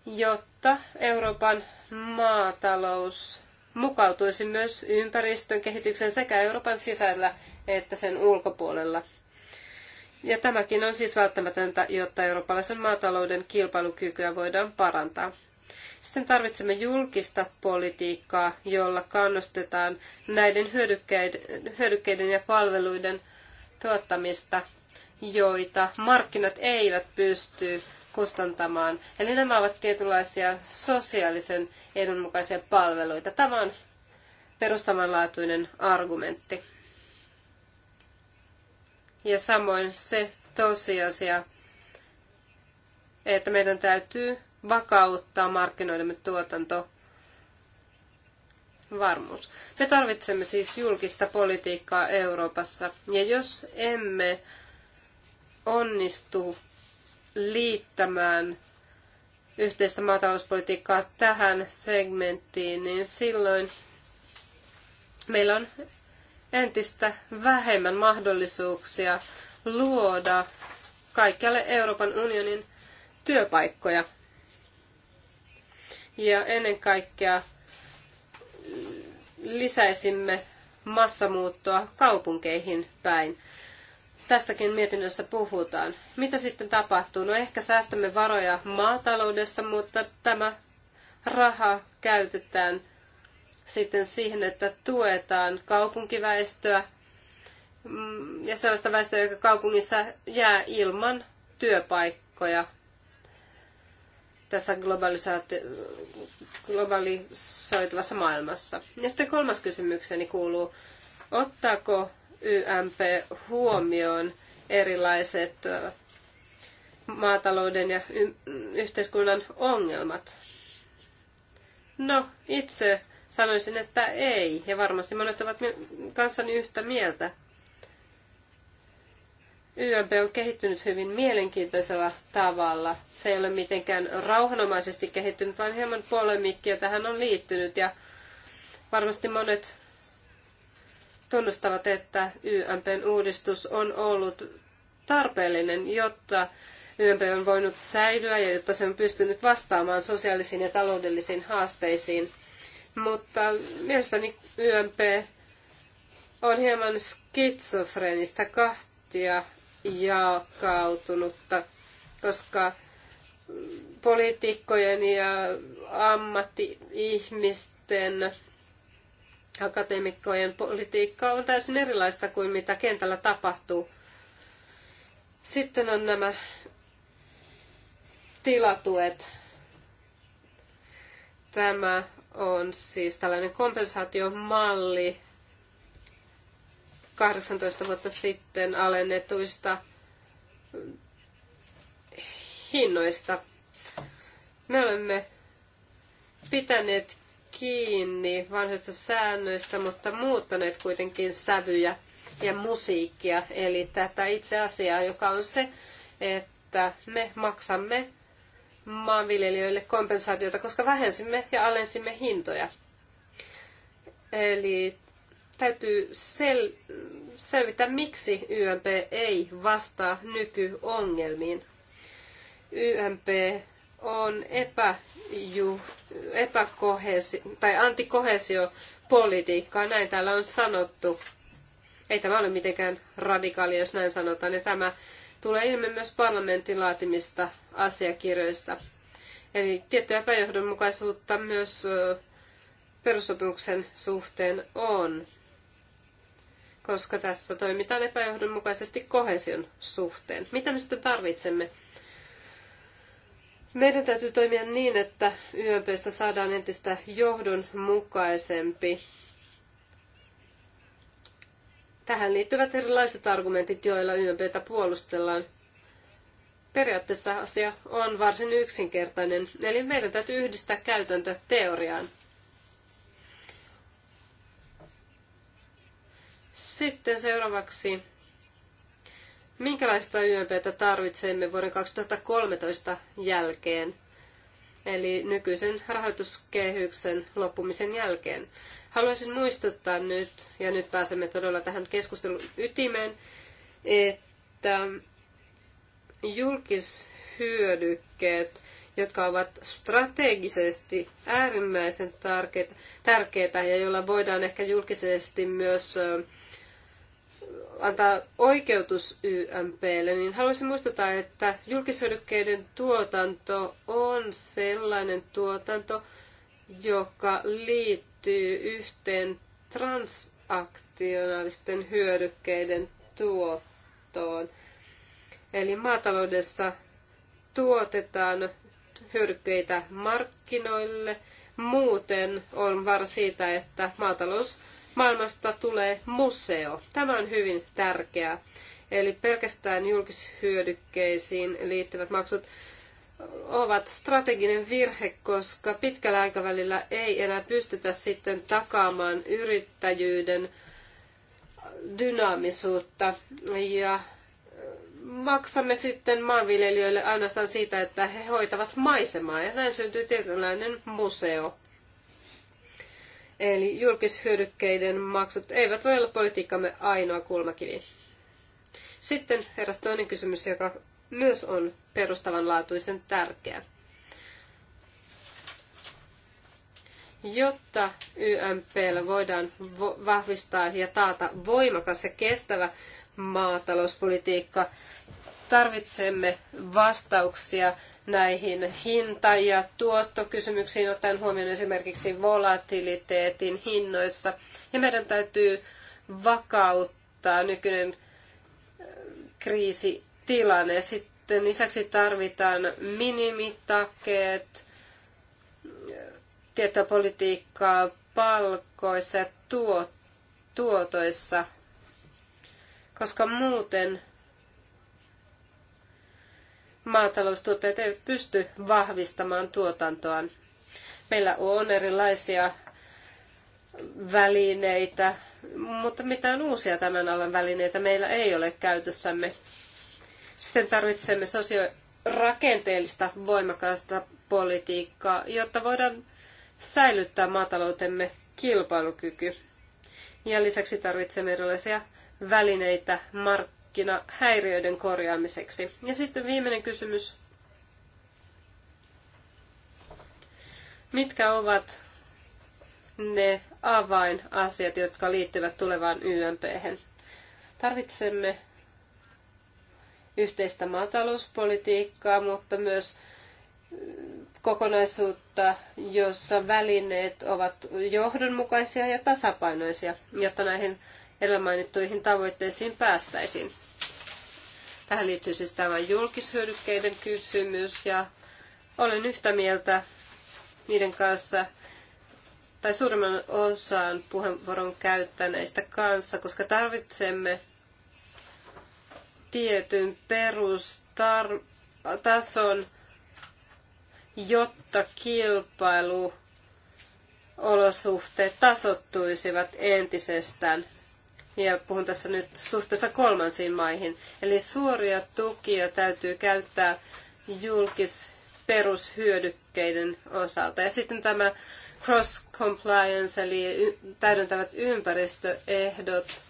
A: jotta Euroopan maatalous mukautuisi myös ympäristön kehityksen sekä Euroopan sisällä että sen ulkopuolella. Ja tämäkin on siis välttämätöntä, jotta eurooppalaisen maatalouden kilpailukykyä voidaan parantaa. Sitten tarvitsemme julkista politiikkaa, jolla kannustetaan näiden hyödykkeiden ja palveluiden tuottamista, joita markkinat eivät pysty kustantamaan. Eli nämä ovat tietynlaisia sosiaalisen edunmukaisia palveluita. Tämä on perustavanlaatuinen argumentti. Ja samoin se tosiasia, että meidän täytyy vakauttaa markkinoidemme tuotanto varmuus. Me tarvitsemme siis julkista politiikkaa Euroopassa. Ja jos emme onnistu liittämään yhteistä maatalouspolitiikkaa tähän segmenttiin, niin silloin meillä on entistä vähemmän mahdollisuuksia luoda kaikkialle Euroopan unionin työpaikkoja. Ja ennen kaikkea lisäisimme massamuuttoa kaupunkeihin päin. Tästäkin mietinnössä puhutaan. Mitä sitten tapahtuu? No ehkä säästämme varoja maataloudessa, mutta tämä raha käytetään sitten siihen, että tuetaan kaupunkiväestöä mm, ja sellaista väestöä, joka kaupungissa jää ilman työpaikkoja tässä globalisoituvassa maailmassa. Ja sitten kolmas kysymykseni kuuluu, ottaako YMP huomioon erilaiset maatalouden ja yhteiskunnan ongelmat? No, itse sanoisin, että ei. Ja varmasti monet ovat kanssani yhtä mieltä. YMP on kehittynyt hyvin mielenkiintoisella tavalla. Se ei ole mitenkään rauhanomaisesti kehittynyt, vaan hieman polemikkia tähän on liittynyt. Ja varmasti monet tunnustavat, että YMPn uudistus on ollut tarpeellinen, jotta YMP on voinut säilyä ja jotta se on pystynyt vastaamaan sosiaalisiin ja taloudellisiin haasteisiin. Mutta mielestäni YMP on hieman skitsofrenista kahtia jakautunutta, koska poliitikkojen ja ammattiihmisten akateemikkojen politiikka on täysin erilaista kuin mitä kentällä tapahtuu. Sitten on nämä tilatuet. Tämä on siis tällainen kompensaatiomalli 18 vuotta sitten alennetuista hinnoista. Me olemme pitäneet kiinni vanhoista säännöistä, mutta muuttaneet kuitenkin sävyjä ja musiikkia. Eli tätä itse asiaa, joka on se, että me maksamme maanviljelijöille kompensaatiota, koska vähensimme ja alensimme hintoja. Eli täytyy sel- selvittää, miksi YMP ei vastaa nykyongelmiin. YMP on epäju, epäkohesio, tai antikohesiopolitiikkaa, näin täällä on sanottu. Ei tämä ole mitenkään radikaalia, jos näin sanotaan, ja tämä tulee ilmi myös parlamentin laatimista asiakirjoista. Eli tiettyä epäjohdonmukaisuutta myös perussopimuksen suhteen on, koska tässä toimitaan epäjohdonmukaisesti kohesion suhteen. Mitä me sitten tarvitsemme? Meidän täytyy toimia niin, että YMPstä saadaan entistä johdonmukaisempi. Tähän liittyvät erilaiset argumentit, joilla YMPtä puolustellaan. Periaatteessa asia on varsin yksinkertainen, eli meidän täytyy yhdistää käytäntö teoriaan. Sitten seuraavaksi minkälaista YMPtä tarvitsemme vuoden 2013 jälkeen, eli nykyisen rahoituskehyksen loppumisen jälkeen. Haluaisin muistuttaa nyt, ja nyt pääsemme todella tähän keskustelun ytimeen, että julkishyödykkeet, jotka ovat strategisesti äärimmäisen tärkeitä, tärkeitä ja joilla voidaan ehkä julkisesti myös antaa oikeutus YMPlle, niin haluaisin muistuttaa, että julkishyödykkeiden tuotanto on sellainen tuotanto, joka liittyy yhteen transaktionaalisten hyödykkeiden tuottoon. Eli maataloudessa tuotetaan hyödykkeitä markkinoille, muuten on var siitä, että maatalous maailmasta tulee museo. Tämä on hyvin tärkeää. Eli pelkästään julkishyödykkeisiin liittyvät maksut ovat strateginen virhe, koska pitkällä aikavälillä ei enää pystytä sitten takaamaan yrittäjyyden dynaamisuutta. Ja maksamme sitten maanviljelijöille ainoastaan siitä, että he hoitavat maisemaa ja näin syntyy tietynlainen museo. Eli julkishyödykkeiden maksut eivät voi olla politiikkamme ainoa kulmakivi. Sitten heräsi toinen kysymys, joka myös on perustavanlaatuisen tärkeä. Jotta YMPllä voidaan vahvistaa ja taata voimakas ja kestävä maatalouspolitiikka, tarvitsemme vastauksia näihin hinta- ja tuottokysymyksiin, ottaen huomioon esimerkiksi volatiliteetin hinnoissa. Ja meidän täytyy vakauttaa nykyinen äh, kriisitilanne. Sitten lisäksi tarvitaan minimitakeet, tietopolitiikkaa palkoissa ja tuotoissa, koska muuten maataloustuottajat eivät pysty vahvistamaan tuotantoaan. Meillä on erilaisia välineitä, mutta mitään uusia tämän alan välineitä meillä ei ole käytössämme. Sitten tarvitsemme sosiorakenteellista voimakasta politiikkaa, jotta voidaan säilyttää maataloutemme kilpailukyky. Ja lisäksi tarvitsemme erilaisia välineitä markkinoille häiriöiden korjaamiseksi? Ja sitten viimeinen kysymys. Mitkä ovat ne avainasiat, jotka liittyvät tulevaan ymp -hän? Tarvitsemme yhteistä maatalouspolitiikkaa, mutta myös kokonaisuutta, jossa välineet ovat johdonmukaisia ja tasapainoisia, jotta näihin edellä mainittuihin tavoitteisiin päästäisiin. Tähän liittyy siis tämä julkishyödykkeiden kysymys ja olen yhtä mieltä niiden kanssa, tai suurimman osan puheenvuoron käyttäneistä kanssa, koska tarvitsemme tietyn perustason, jotta kilpailuolosuhteet tasottuisivat entisestään ja puhun tässä nyt suhteessa kolmansiin maihin. Eli suoria tukia täytyy käyttää julkisperushyödykkeiden osalta. Ja sitten tämä cross-compliance, eli täydentävät ympäristöehdot.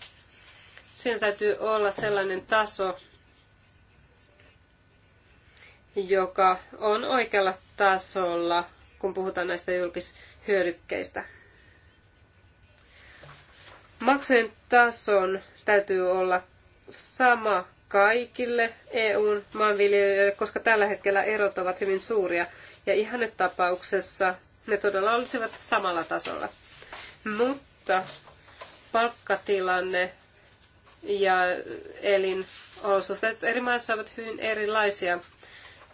A: Siinä täytyy olla sellainen taso, joka on oikealla tasolla, kun puhutaan näistä julkishyödykkeistä. Maksujen tason täytyy olla sama kaikille EUn maanviljelijöille, koska tällä hetkellä erot ovat hyvin suuria. Ja ihannetapauksessa ne todella olisivat samalla tasolla. Mutta palkkatilanne ja elinolosuhteet eri maissa ovat hyvin erilaisia.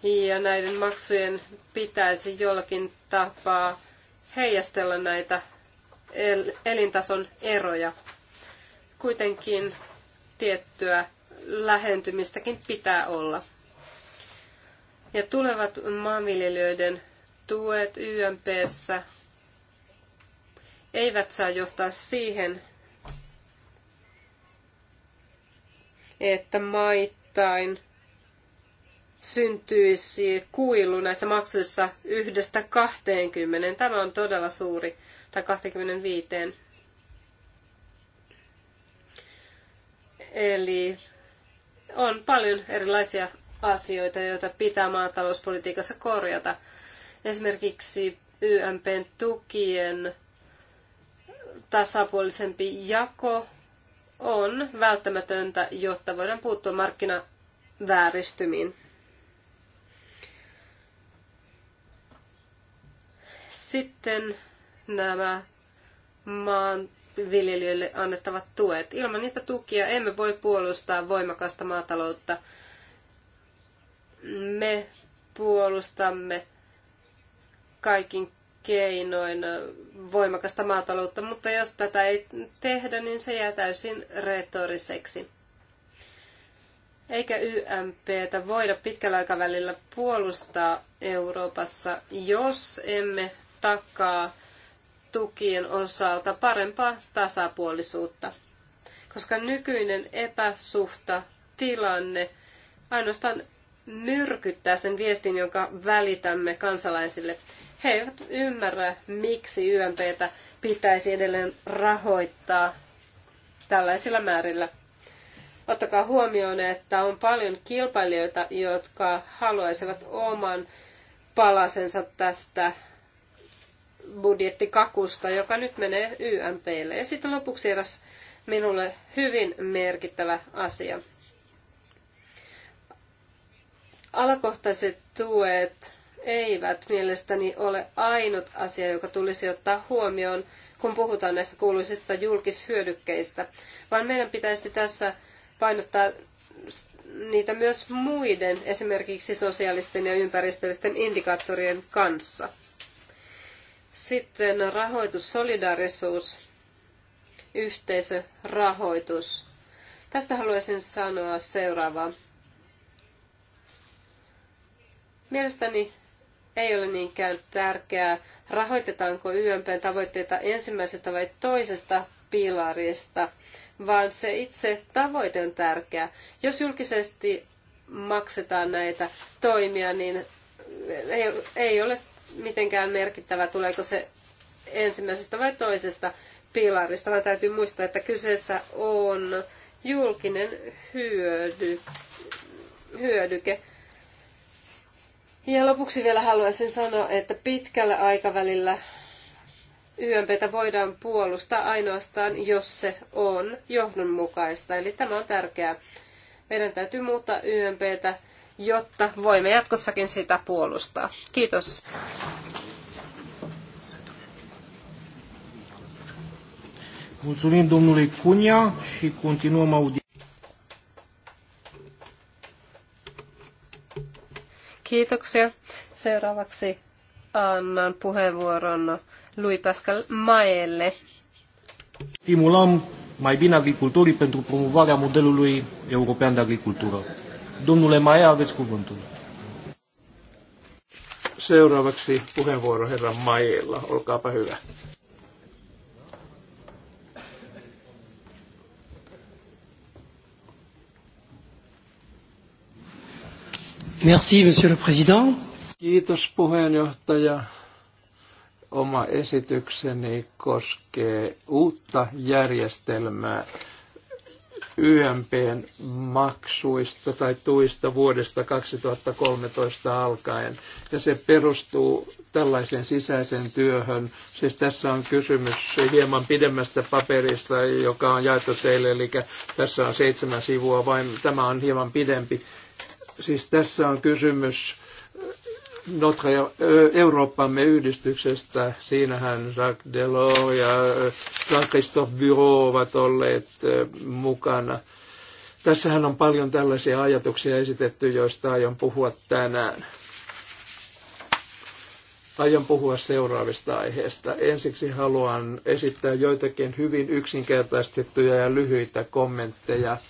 A: Ja näiden maksujen pitäisi jollakin tapaa heijastella näitä elintason eroja. Kuitenkin tiettyä lähentymistäkin pitää olla. Ja tulevat maanviljelijöiden tuet YMPssä eivät saa johtaa siihen, että maittain syntyisi kuilu näissä maksuissa yhdestä 20. Tämä on todella suuri tai 25. Eli on paljon erilaisia asioita, joita pitää maatalouspolitiikassa korjata. Esimerkiksi YMPn tukien tasapuolisempi jako on välttämätöntä, jotta voidaan puuttua markkinavääristymiin. Sitten nämä maanviljelijöille annettavat tuet. Ilman niitä tukia emme voi puolustaa voimakasta maataloutta. Me puolustamme kaikin keinoin voimakasta maataloutta, mutta jos tätä ei tehdä, niin se jää täysin retoriseksi. Eikä YMPtä voida pitkällä aikavälillä puolustaa Euroopassa, jos emme takaa tukien osalta parempaa tasapuolisuutta, koska nykyinen epäsuhta tilanne ainoastaan myrkyttää sen viestin, jonka välitämme kansalaisille. He eivät ymmärrä, miksi YMPtä pitäisi edelleen rahoittaa tällaisilla määrillä. Ottakaa huomioon, että on paljon kilpailijoita, jotka haluaisivat oman palasensa tästä budjettikakusta, joka nyt menee YMPlle. Ja sitten lopuksi eräs minulle hyvin merkittävä asia. Alakohtaiset tuet eivät mielestäni ole ainut asia, joka tulisi ottaa huomioon, kun puhutaan näistä kuuluisista julkishyödykkeistä, vaan meidän pitäisi tässä painottaa niitä myös muiden, esimerkiksi sosiaalisten ja ympäristöllisten indikaattorien kanssa. Sitten rahoitus, solidarisuus, yhteisörahoitus. Tästä haluaisin sanoa seuraavaa. Mielestäni ei ole niinkään tärkeää, rahoitetaanko YMPn tavoitteita ensimmäisestä vai toisesta pilarista, vaan se itse tavoite on tärkeä. Jos julkisesti maksetaan näitä toimia, niin ei, ei ole mitenkään merkittävä, tuleeko se ensimmäisestä vai toisesta pilarista, vaan täytyy muistaa, että kyseessä on julkinen hyödy, hyödyke. Ja lopuksi vielä haluaisin sanoa, että pitkällä aikavälillä YMPtä voidaan puolustaa ainoastaan, jos se on johdonmukaista. Eli tämä on tärkeää. Meidän täytyy muuttaa YMPtä jotta voimme jatkossakin sitä puolustaa. Kiitos.
B: Mulțumim domnului Cunia și continuăm
A: Kiitoksia. Seuraavaksi annan puheenvuoron lui Pascal Maelle.
C: Stimulăm mai bine agricultorii pentru promovarea modelului european de agricultură. Domnule Maia, aveți cuvântul. Seuraavaksi puheenvuoro Herra Maijella. Olkaapa hyvä. Merci, monsieur le président. Kiitos puheenjohtaja. Oma esitykseni koskee uutta järjestelmää YMPn maksuista tai tuista vuodesta 2013 alkaen. Ja se perustuu tällaiseen sisäiseen työhön. Siis tässä on kysymys hieman pidemmästä paperista, joka on jaettu teille, eli tässä on seitsemän sivua, vain tämä on hieman pidempi. Siis tässä on kysymys Notre Eurooppamme yhdistyksestä. Siinähän Jacques Delors ja Jean-Christophe Bureau ovat olleet mukana. Tässähän on paljon tällaisia ajatuksia esitetty, joista aion puhua tänään. Aion puhua seuraavista aiheista. Ensiksi haluan esittää joitakin hyvin yksinkertaistettuja ja lyhyitä kommentteja –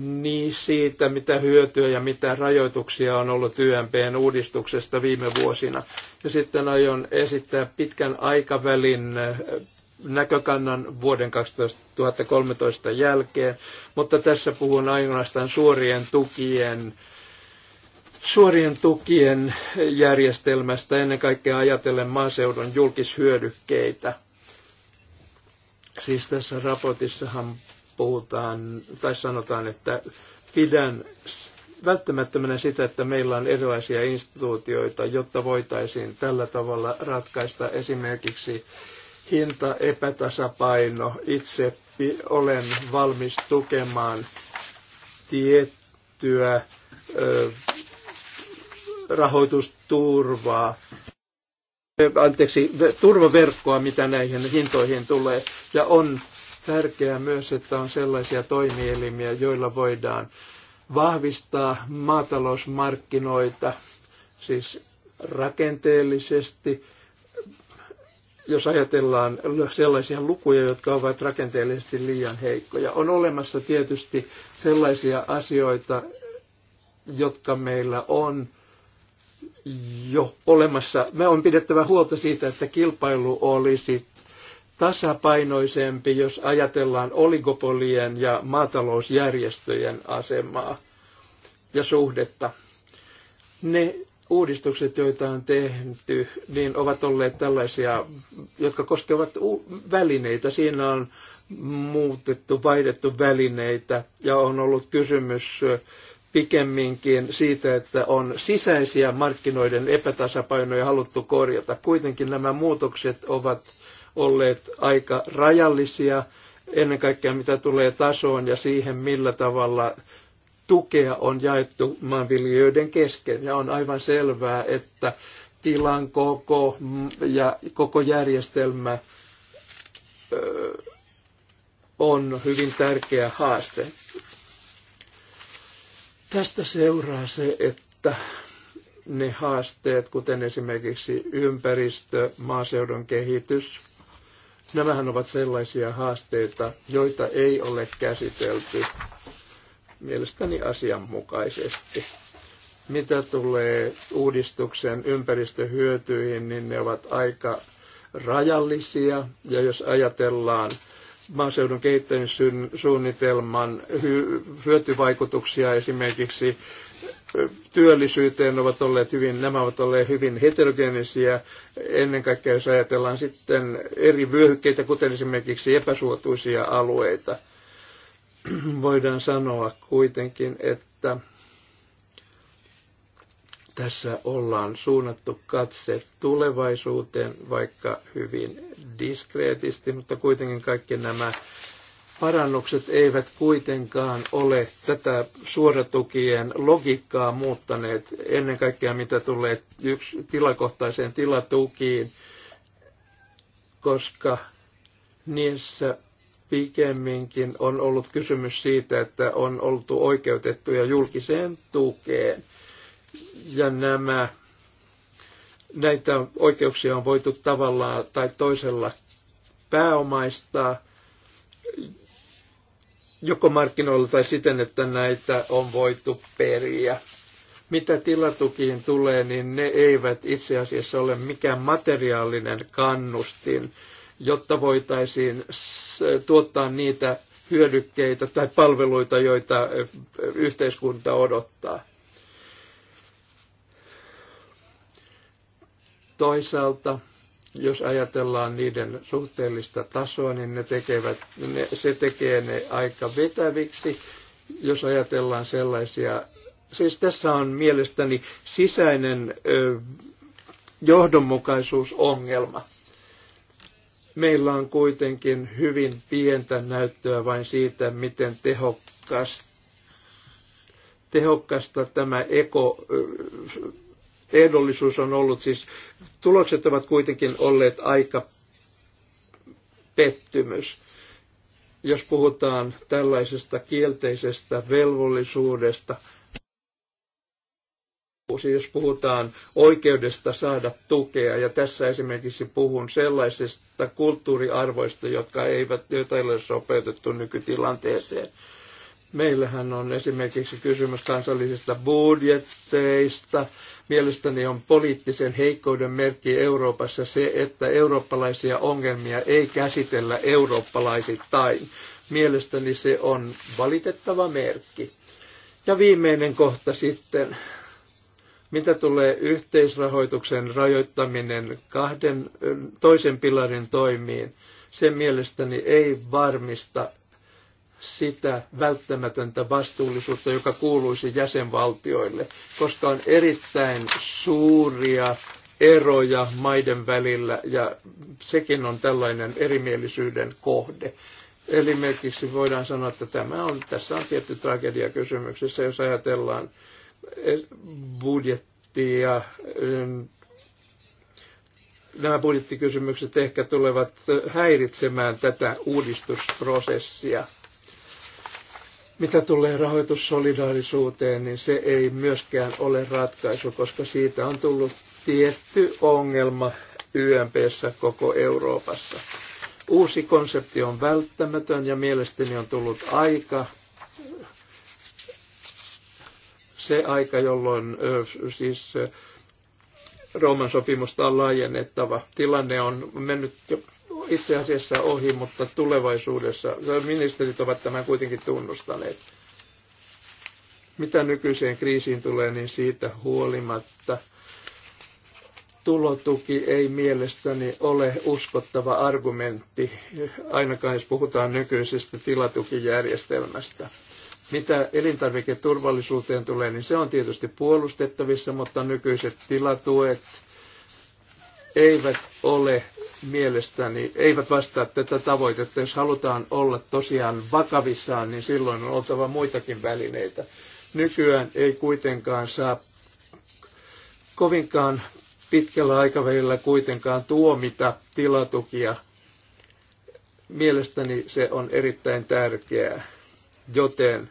C: niin siitä, mitä hyötyä ja mitä rajoituksia on ollut YMPn uudistuksesta viime vuosina. Ja sitten aion esittää pitkän aikavälin näkökannan vuoden 2013 jälkeen, mutta tässä puhun ainoastaan suorien tukien suorien tukien järjestelmästä, ennen kaikkea ajatellen maaseudun julkishyödykkeitä. Siis tässä raportissahan puhutaan tai sanotaan, että pidän välttämättömänä sitä, että meillä on erilaisia instituutioita, jotta voitaisiin tällä tavalla ratkaista esimerkiksi hinta, epätasapaino. Itse olen valmis tukemaan tiettyä ö, rahoitusturvaa, anteeksi, turvaverkkoa, mitä näihin hintoihin tulee, ja on tärkeää myös, että on sellaisia toimielimiä, joilla voidaan vahvistaa maatalousmarkkinoita, siis rakenteellisesti, jos ajatellaan sellaisia lukuja, jotka ovat rakenteellisesti liian heikkoja. On olemassa tietysti sellaisia asioita, jotka meillä on jo olemassa. Me on pidettävä huolta siitä, että kilpailu olisi tasapainoisempi, jos ajatellaan oligopolien ja maatalousjärjestöjen asemaa ja suhdetta. Ne uudistukset, joita on tehty, niin ovat olleet tällaisia, jotka koskevat välineitä. Siinä on muutettu, vaihdettu välineitä ja on ollut kysymys pikemminkin siitä, että on sisäisiä markkinoiden epätasapainoja haluttu korjata. Kuitenkin nämä muutokset ovat olleet aika rajallisia, ennen kaikkea mitä tulee tasoon ja siihen, millä tavalla tukea on jaettu maanviljelijöiden kesken. Ja on aivan selvää, että tilan koko ja koko järjestelmä on hyvin tärkeä haaste. Tästä seuraa se, että ne haasteet, kuten esimerkiksi ympäristö, maaseudun kehitys, Nämähän ovat sellaisia haasteita, joita ei ole käsitelty mielestäni asianmukaisesti. Mitä tulee uudistuksen ympäristöhyötyihin, niin ne ovat aika rajallisia. Ja jos ajatellaan maaseudun kehittämissuunnitelman hyötyvaikutuksia esimerkiksi työllisyyteen ovat olleet hyvin, nämä ovat olleet hyvin heterogeenisiä, ennen kaikkea jos ajatellaan sitten eri vyöhykkeitä, kuten esimerkiksi epäsuotuisia alueita. Voidaan sanoa kuitenkin, että tässä ollaan suunnattu katse tulevaisuuteen, vaikka hyvin diskreetisti, mutta kuitenkin kaikki nämä parannukset eivät kuitenkaan ole tätä suoratukien logiikkaa muuttaneet, ennen kaikkea mitä tulee yksi tilakohtaiseen tilatukiin, koska niissä pikemminkin on ollut kysymys siitä, että on oltu oikeutettuja julkiseen tukeen. Ja nämä, näitä oikeuksia on voitu tavallaan tai toisella pääomaistaa – joko markkinoilla tai siten, että näitä on voitu periä. Mitä tilatukiin tulee, niin ne eivät itse asiassa ole mikään materiaalinen kannustin, jotta voitaisiin tuottaa niitä hyödykkeitä tai palveluita, joita yhteiskunta odottaa. Toisaalta jos ajatellaan niiden suhteellista tasoa, niin ne tekevät, ne, se tekee ne aika vetäviksi. Jos ajatellaan sellaisia, siis tässä on mielestäni sisäinen ö, johdonmukaisuusongelma. Meillä on kuitenkin hyvin pientä näyttöä vain siitä, miten tehokkaasti tehokkaasta tämä eko ehdollisuus on ollut, siis tulokset ovat kuitenkin olleet aika pettymys. Jos puhutaan tällaisesta kielteisestä velvollisuudesta, siis jos puhutaan oikeudesta saada tukea, ja tässä esimerkiksi puhun sellaisista kulttuuriarvoista, jotka eivät, joita ei ole sopeutettu nykytilanteeseen, Meillähän on esimerkiksi kysymys kansallisista budjetteista. Mielestäni on poliittisen heikkouden merkki Euroopassa se, että eurooppalaisia ongelmia ei käsitellä eurooppalaisittain. Mielestäni se on valitettava merkki. Ja viimeinen kohta sitten. Mitä tulee yhteisrahoituksen rajoittaminen kahden, toisen pilarin toimiin, se mielestäni ei varmista sitä välttämätöntä vastuullisuutta, joka kuuluisi jäsenvaltioille, koska on erittäin suuria eroja maiden välillä ja sekin on tällainen erimielisyyden kohde. Eli merkiksi voidaan sanoa, että tämä on, tässä on tietty tragedia kysymyksessä, jos ajatellaan eh, budjettia. Eh, nämä budjettikysymykset ehkä tulevat häiritsemään tätä uudistusprosessia mitä tulee rahoitussolidaarisuuteen, niin se ei myöskään ole ratkaisu, koska siitä on tullut tietty ongelma YMPssä koko Euroopassa. Uusi konsepti on välttämätön ja mielestäni on tullut aika se aika, jolloin siis Rooman sopimusta on laajennettava. Tilanne on mennyt jo itse asiassa ohi, mutta tulevaisuudessa ministerit ovat tämän kuitenkin tunnustaneet. Mitä nykyiseen kriisiin tulee, niin siitä huolimatta tulotuki ei mielestäni ole uskottava argumentti, ainakaan jos puhutaan nykyisestä tilatukijärjestelmästä mitä elintarviketurvallisuuteen tulee, niin se on tietysti puolustettavissa, mutta nykyiset tilatuet eivät ole mielestäni, eivät vastaa tätä tavoitetta. Jos halutaan olla tosiaan vakavissaan, niin silloin on oltava muitakin välineitä. Nykyään ei kuitenkaan saa kovinkaan pitkällä aikavälillä kuitenkaan tuomita tilatukia. Mielestäni se on erittäin tärkeää, joten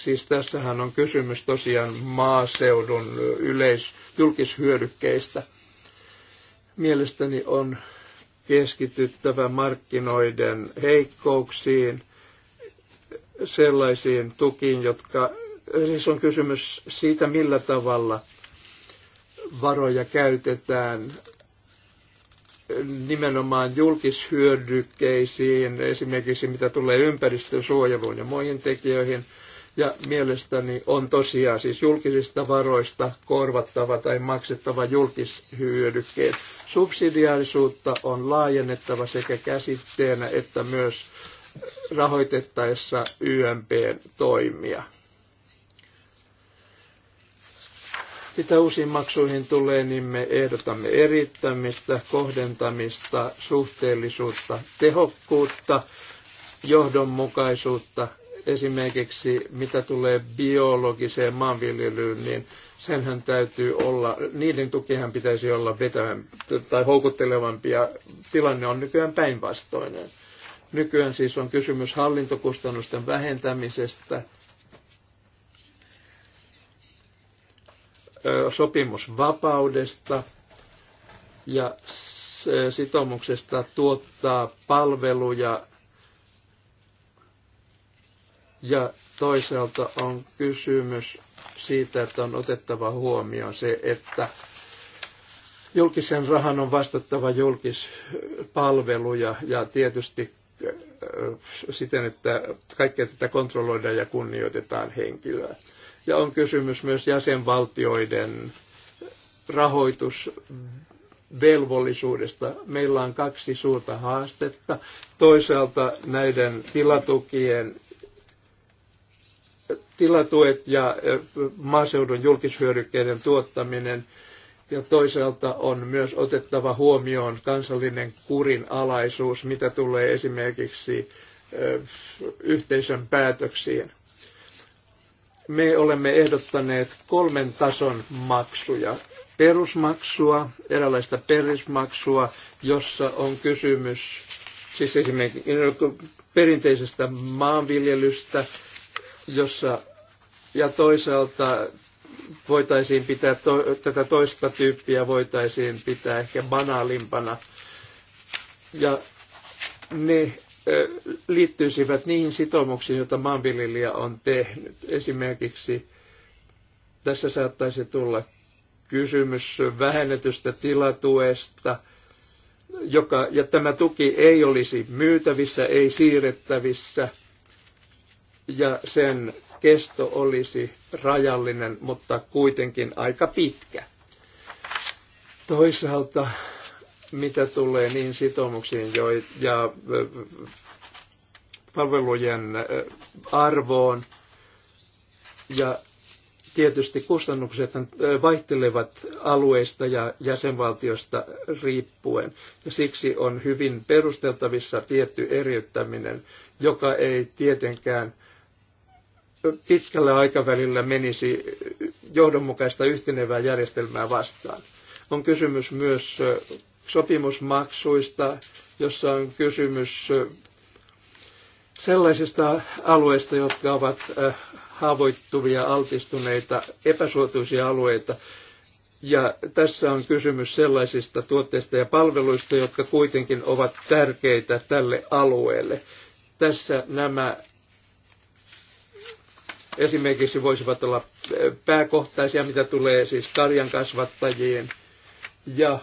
C: Siis tässähän on kysymys tosiaan maaseudun yleis, julkishyödykkeistä. Mielestäni on keskityttävä markkinoiden heikkouksiin, sellaisiin tukiin, jotka, siis on kysymys siitä, millä tavalla varoja käytetään nimenomaan julkishyödykkeisiin, esimerkiksi mitä tulee ympäristösuojeluun ja muihin tekijöihin – ja mielestäni on tosiaan siis julkisista varoista korvattava tai maksettava julkishyödykkeet. Subsidiaarisuutta on laajennettava sekä käsitteenä että myös rahoitettaessa YMPn toimia. Mitä uusiin maksuihin tulee, niin me ehdotamme erittämistä, kohdentamista, suhteellisuutta, tehokkuutta, johdonmukaisuutta esimerkiksi mitä tulee biologiseen maanviljelyyn, niin senhän täytyy olla, niiden tukihan pitäisi olla vetävämpi tai houkuttelevampi ja tilanne on nykyään päinvastoinen. Nykyään siis on kysymys hallintokustannusten vähentämisestä, sopimusvapaudesta ja sitoumuksesta tuottaa palveluja ja toisaalta on kysymys siitä, että on otettava huomioon se, että julkisen rahan on vastattava julkispalveluja ja tietysti äh, siten, että kaikkea tätä kontrolloidaan ja kunnioitetaan henkilöä. Ja on kysymys myös jäsenvaltioiden rahoitusvelvollisuudesta. Meillä on kaksi suurta haastetta. Toisaalta näiden tilatukien tilatuet ja äh, maaseudun julkishyödykkeiden tuottaminen. Ja toisaalta on myös otettava huomioon kansallinen kurinalaisuus, mitä tulee esimerkiksi äh, yhteisön päätöksiin. Me olemme ehdottaneet kolmen tason maksuja. Perusmaksua, erilaista perusmaksua, jossa on kysymys siis esimerkiksi perinteisestä maanviljelystä, jossa ja toisaalta voitaisiin pitää to, tätä toista tyyppiä voitaisiin pitää ehkä banaalimpana. Ja ne ö, liittyisivät niihin sitoumuksiin, joita maanviljelijä on tehnyt. Esimerkiksi tässä saattaisi tulla kysymys vähennetystä tilatuesta, joka, ja tämä tuki ei olisi myytävissä, ei siirrettävissä, ja sen kesto olisi rajallinen, mutta kuitenkin aika pitkä. Toisaalta, mitä tulee niin sitoumuksiin jo, ja palvelujen arvoon, ja tietysti kustannukset vaihtelevat alueista ja jäsenvaltiosta riippuen, ja siksi on hyvin perusteltavissa tietty eriyttäminen, joka ei tietenkään – pitkällä aikavälillä menisi johdonmukaista yhtenevää järjestelmää vastaan. On kysymys myös sopimusmaksuista, jossa on kysymys sellaisista alueista, jotka ovat haavoittuvia, altistuneita, epäsuotuisia alueita. Ja tässä on kysymys sellaisista tuotteista ja palveluista, jotka kuitenkin ovat tärkeitä tälle alueelle. Tässä nämä esimerkiksi voisivat olla eh, pääkohtaisia, mitä tulee siis karjan kasvattajiin ja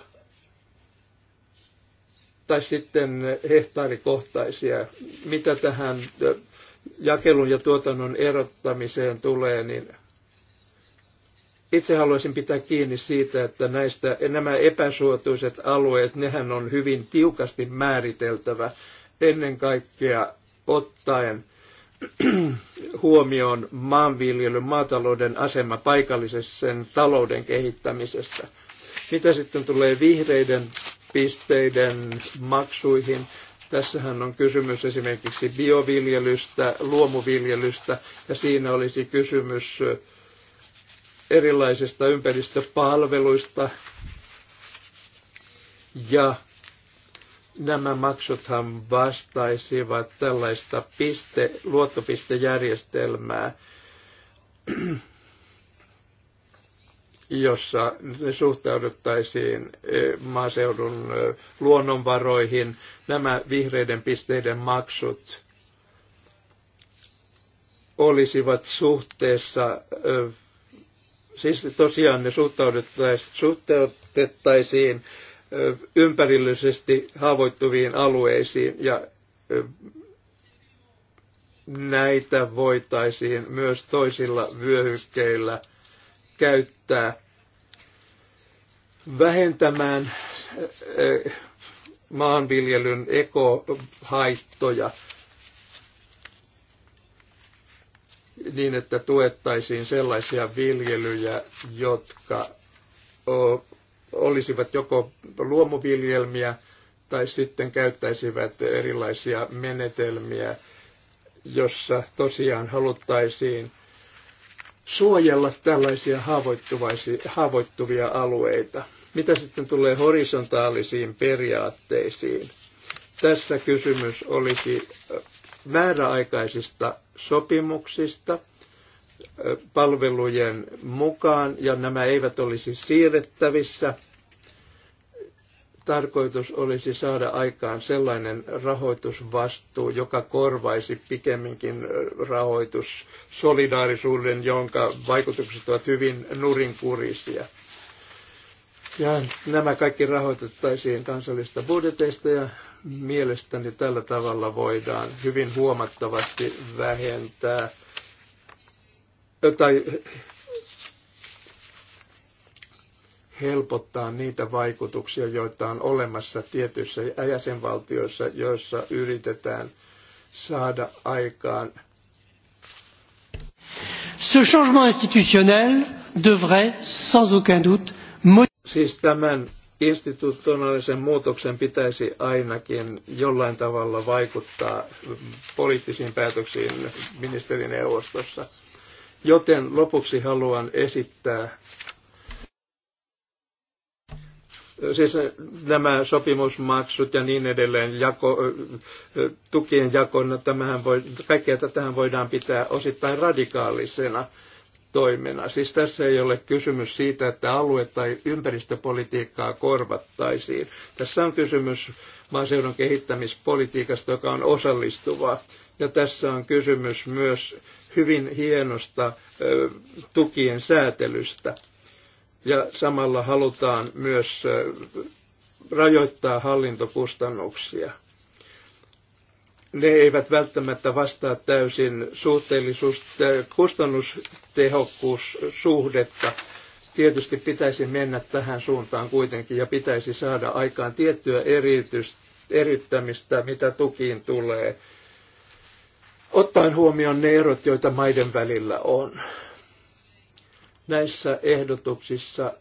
C: tai sitten hehtaarikohtaisia. Mitä tähän eh, jakelun ja tuotannon erottamiseen tulee, niin itse haluaisin pitää kiinni siitä, että näistä, nämä epäsuotuiset alueet, nehän on hyvin tiukasti määriteltävä ennen kaikkea ottaen huomioon maanviljelyn, maatalouden asema paikallisessa sen talouden kehittämisessä. Mitä sitten tulee vihreiden pisteiden maksuihin? Tässähän on kysymys esimerkiksi bioviljelystä, luomuviljelystä ja siinä olisi kysymys erilaisista ympäristöpalveluista ja nämä maksuthan vastaisivat tällaista piste, luottopistejärjestelmää, jossa ne suhtauduttaisiin maaseudun luonnonvaroihin. Nämä vihreiden pisteiden maksut olisivat suhteessa, siis tosiaan ne suhtautettaisiin ympärillisesti haavoittuviin alueisiin ja näitä voitaisiin myös toisilla vyöhykkeillä käyttää vähentämään maanviljelyn ekohaittoja niin, että tuettaisiin sellaisia viljelyjä, jotka olisivat joko luomuviljelmiä tai sitten käyttäisivät erilaisia menetelmiä, jossa tosiaan haluttaisiin suojella tällaisia haavoittuvia alueita. Mitä sitten tulee horisontaalisiin periaatteisiin? Tässä kysymys olisi määräaikaisista sopimuksista palvelujen mukaan, ja nämä eivät olisi siirrettävissä – tarkoitus olisi saada aikaan sellainen rahoitusvastuu, joka korvaisi pikemminkin rahoitussolidaarisuuden, jonka vaikutukset ovat hyvin nurinkurisia. Ja nämä kaikki rahoitettaisiin kansallista budjeteista ja mielestäni tällä tavalla voidaan hyvin huomattavasti vähentää tai helpottaa niitä vaikutuksia, joita on olemassa tietyissä jäsenvaltioissa, joissa yritetään saada aikaan. Ce changement institutionnel devrait sans aucun doute Siis tämän institutionaalisen muutoksen pitäisi ainakin jollain tavalla vaikuttaa poliittisiin päätöksiin ministerineuvostossa. Joten lopuksi haluan esittää siis nämä sopimusmaksut ja niin edelleen, jako, tukien no tämähän voi, kaikkea tätä voidaan pitää osittain radikaalisena toimena. Siis tässä ei ole kysymys siitä, että alue- tai ympäristöpolitiikkaa korvattaisiin. Tässä on kysymys maaseudun kehittämispolitiikasta, joka on osallistuva, Ja tässä on kysymys myös hyvin hienosta tukien säätelystä ja samalla halutaan myös rajoittaa hallintokustannuksia. Ne eivät välttämättä vastaa täysin suhteellisuus- kustannustehokkuussuhdetta. Tietysti pitäisi mennä tähän suuntaan kuitenkin ja pitäisi saada aikaan tiettyä erittämistä, mitä tukiin tulee, ottaen huomioon ne erot, joita maiden välillä on. Näissä ehdotuksissa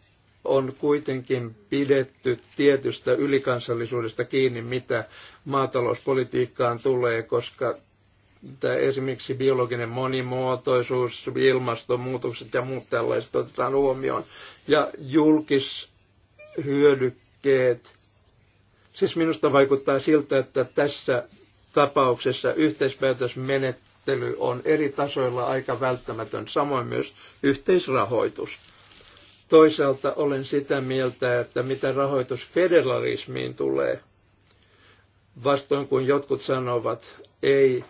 C: on kuitenkin pidetty tietystä ylikansallisuudesta kiinni, mitä maatalouspolitiikkaan tulee, koska tämä esimerkiksi biologinen monimuotoisuus, ilmastonmuutokset ja muut tällaiset otetaan huomioon. Ja julkishyödykkeet. Siis minusta vaikuttaa siltä, että tässä tapauksessa yhteispäätösmenettely sääntely on eri tasoilla aika välttämätön, samoin myös yhteisrahoitus. Toisaalta olen sitä mieltä, että mitä rahoitus federalismiin tulee, vastoin kuin jotkut sanovat, ei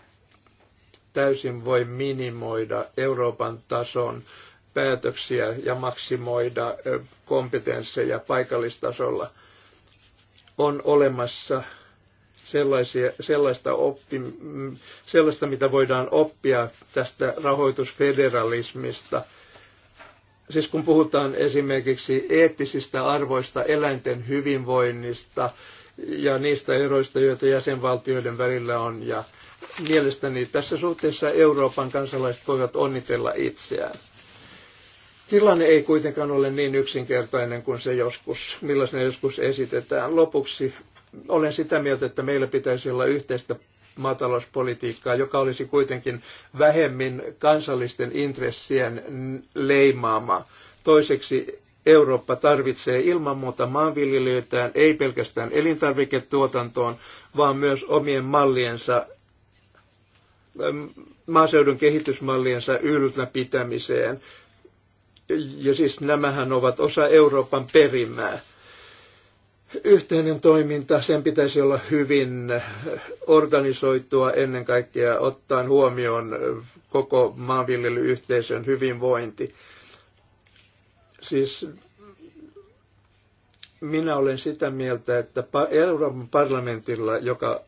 C: täysin voi minimoida Euroopan tason päätöksiä ja maksimoida kompetensseja paikallistasolla. On olemassa sellaisia, sellaista, oppi, mm, sellaista, mitä voidaan oppia tästä rahoitusfederalismista. Siis kun puhutaan esimerkiksi eettisistä arvoista, eläinten hyvinvoinnista ja niistä eroista, joita jäsenvaltioiden välillä on. Ja mielestäni tässä suhteessa Euroopan kansalaiset voivat onnitella itseään. Tilanne ei kuitenkaan ole niin yksinkertainen kuin se joskus, millaisena joskus esitetään. Lopuksi olen sitä mieltä, että meillä pitäisi olla yhteistä maatalouspolitiikkaa, joka olisi kuitenkin vähemmin kansallisten intressien leimaama. Toiseksi Eurooppa tarvitsee ilman muuta maanviljelijöitään, ei pelkästään elintarviketuotantoon, vaan myös omien malliensa, maaseudun kehitysmalliensa ylläpitämiseen. Ja siis nämähän ovat osa Euroopan perimää yhteinen toiminta, sen pitäisi olla hyvin organisoitua ennen kaikkea ottaen huomioon koko maanviljelyyhteisön hyvinvointi. Siis minä olen sitä mieltä, että Euroopan parlamentilla, joka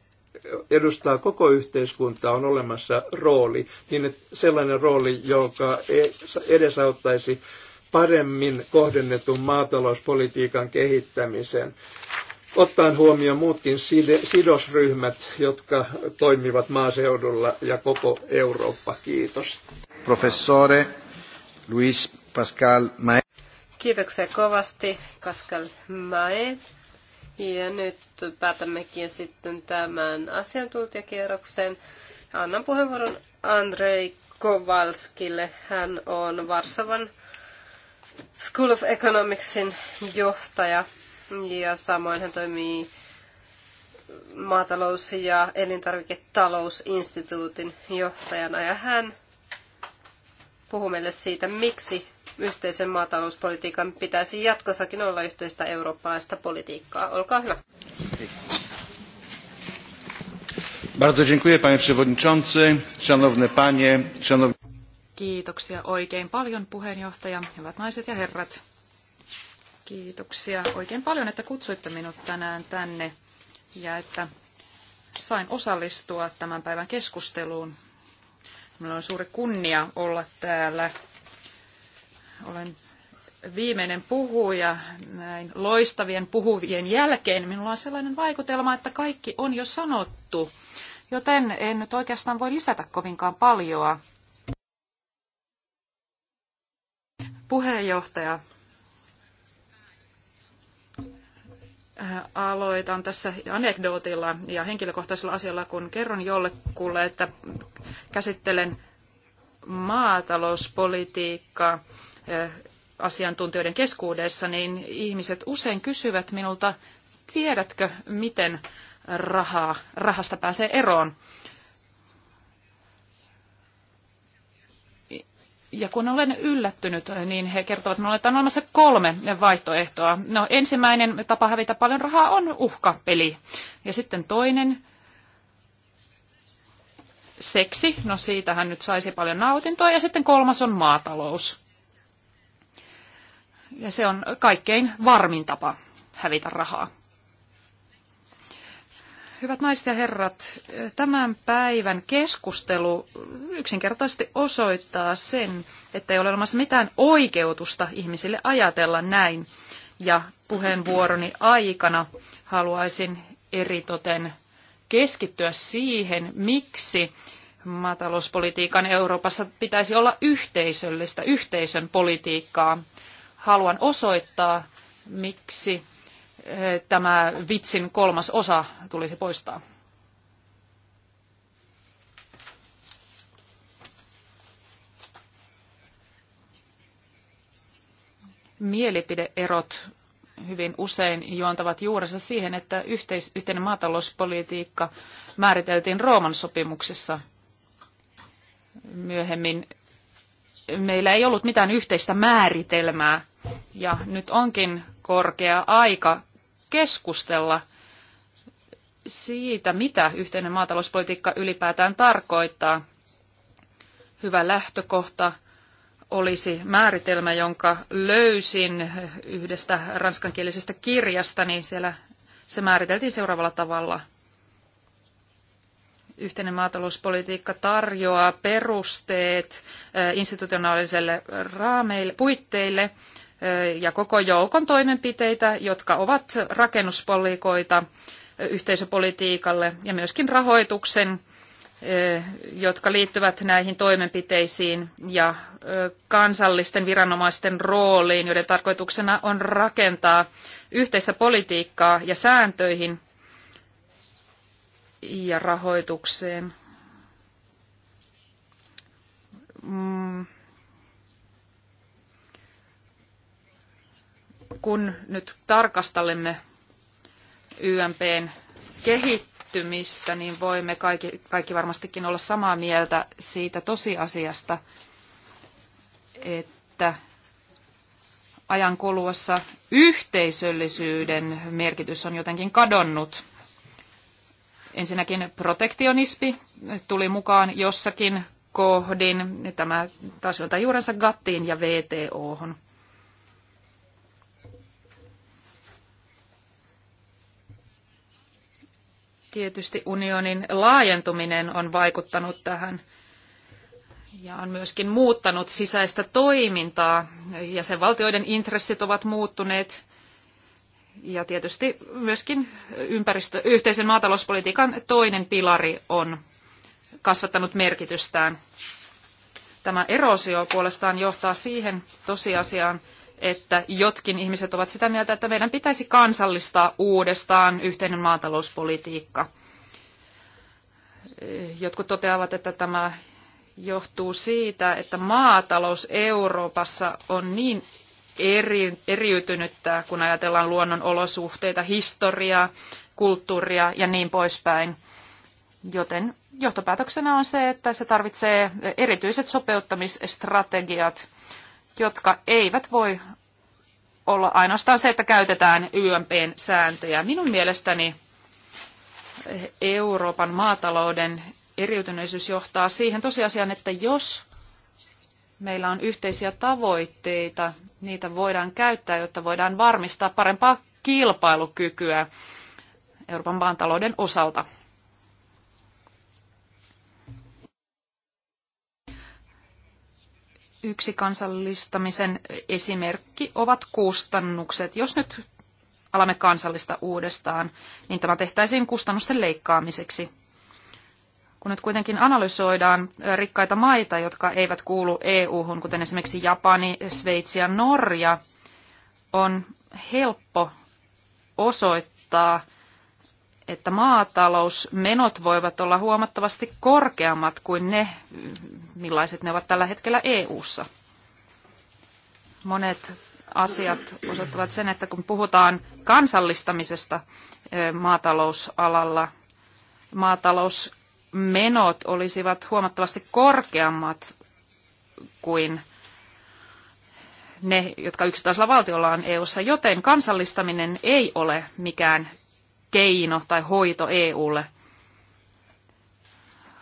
C: edustaa koko yhteiskuntaa, on olemassa rooli, niin sellainen rooli, joka e-, edesauttaisi paremmin kohdennetun maatalouspolitiikan kehittämisen, ottaen huomioon muutkin sidosryhmät, jotka toimivat maaseudulla ja koko Eurooppa. Kiitos.
B: Professore Luis Pascal Mae.
A: Kiitoksia kovasti, Pascal Mae. Ja nyt päätämmekin sitten tämän asiantuntijakierroksen. Annan puheenvuoron Andrei Kovalskille. Hän on Varsovan School of Economicsin johtaja ja samoin hän toimii maatalous- ja elintarviketalousinstituutin johtajana ja hän puhuu meille siitä, miksi yhteisen maatalouspolitiikan pitäisi jatkossakin olla yhteistä eurooppalaista politiikkaa. Olkaa hyvä.
B: Bardzo dziękuję panie przewodniczący, szanowne panie, szanowni
D: Kiitoksia oikein paljon puheenjohtaja, hyvät naiset ja herrat. Kiitoksia oikein paljon, että kutsuitte minut tänään tänne ja että sain osallistua tämän päivän keskusteluun. Minulla on suuri kunnia olla täällä. Olen viimeinen puhuja näin loistavien puhuvien jälkeen. Minulla on sellainen vaikutelma, että kaikki on jo sanottu, joten en nyt oikeastaan voi lisätä kovinkaan paljoa puheenjohtaja. Äh, aloitan tässä anekdootilla ja henkilökohtaisella asialla, kun kerron jollekulle, että käsittelen maatalouspolitiikkaa äh, asiantuntijoiden keskuudessa, niin ihmiset usein kysyvät minulta, tiedätkö, miten rahaa, rahasta pääsee eroon. ja kun olen yllättynyt, niin he kertovat minulle, että on olemassa kolme vaihtoehtoa. No ensimmäinen tapa hävitä paljon rahaa on uhkapeli. Ja sitten toinen, seksi. No siitä hän nyt saisi paljon nautintoa. Ja sitten kolmas on maatalous. Ja se on kaikkein varmin tapa hävitä rahaa. Hyvät naiset ja herrat, tämän päivän keskustelu yksinkertaisesti osoittaa sen, että ei ole olemassa mitään oikeutusta ihmisille ajatella näin. Ja puheenvuoroni aikana haluaisin eritoten keskittyä siihen, miksi maatalouspolitiikan Euroopassa pitäisi olla yhteisöllistä, yhteisön politiikkaa. Haluan osoittaa, miksi Eh, tämä vitsin kolmas osa tulisi poistaa. Mielipideerot hyvin usein juontavat juurensa siihen, että yhteis- yhteinen maatalouspolitiikka määriteltiin Rooman sopimuksessa myöhemmin. Meillä ei ollut mitään yhteistä määritelmää ja nyt onkin korkea aika keskustella siitä, mitä yhteinen maatalouspolitiikka ylipäätään tarkoittaa. Hyvä lähtökohta olisi määritelmä, jonka löysin yhdestä ranskankielisestä kirjasta, niin siellä se määriteltiin seuraavalla tavalla. Yhteinen maatalouspolitiikka tarjoaa perusteet eh, institutionaaliselle raameille, puitteille, ja koko joukon toimenpiteitä, jotka ovat rakennuspolikoita yhteisöpolitiikalle ja myöskin rahoituksen, jotka liittyvät näihin toimenpiteisiin ja kansallisten viranomaisten rooliin, joiden tarkoituksena on rakentaa yhteistä politiikkaa ja sääntöihin ja rahoitukseen. Mm kun nyt tarkastelemme YMPn kehittymistä, niin voimme kaikki, kaikki varmastikin olla samaa mieltä siitä tosiasiasta, että ajan kuluessa yhteisöllisyyden merkitys on jotenkin kadonnut. Ensinnäkin protektionismi tuli mukaan jossakin kohdin. Tämä taas juurensa Gattiin ja VTOhon. Tietysti unionin laajentuminen on vaikuttanut tähän ja on myöskin muuttanut sisäistä toimintaa. Jäsenvaltioiden intressit ovat muuttuneet ja tietysti myöskin ympäristö, yhteisen maatalouspolitiikan toinen pilari on kasvattanut merkitystään. Tämä erosio puolestaan johtaa siihen tosiasiaan, että jotkin ihmiset ovat sitä mieltä, että meidän pitäisi kansallistaa uudestaan yhteinen maatalouspolitiikka. Jotkut toteavat, että tämä johtuu siitä, että maatalous Euroopassa on niin eri, eriytynyttä, kun ajatellaan luonnon olosuhteita, historiaa, kulttuuria ja niin poispäin. Joten johtopäätöksenä on se, että se tarvitsee erityiset sopeuttamisstrategiat – jotka eivät voi olla ainoastaan se, että käytetään YMPn sääntöjä. Minun mielestäni Euroopan maatalouden eriytyneisyys johtaa siihen tosiasiaan, että jos meillä on yhteisiä tavoitteita, niitä voidaan käyttää, jotta voidaan varmistaa parempaa kilpailukykyä Euroopan maatalouden osalta. Yksi kansallistamisen esimerkki ovat kustannukset. Jos nyt alamme kansallista uudestaan, niin tämä tehtäisiin kustannusten leikkaamiseksi. Kun nyt kuitenkin analysoidaan rikkaita maita, jotka eivät kuulu EU-hun, kuten esimerkiksi Japani, Sveitsi ja Norja, on helppo osoittaa, että maatalousmenot voivat olla huomattavasti korkeammat kuin ne, millaiset ne ovat tällä hetkellä EU:ssa. Monet asiat osoittavat sen, että kun puhutaan kansallistamisesta maatalousalalla, maatalousmenot olisivat huomattavasti korkeammat kuin ne, jotka yksittäisellä valtiolla on EU:ssa, joten kansallistaminen ei ole mikään keino tai hoito EUlle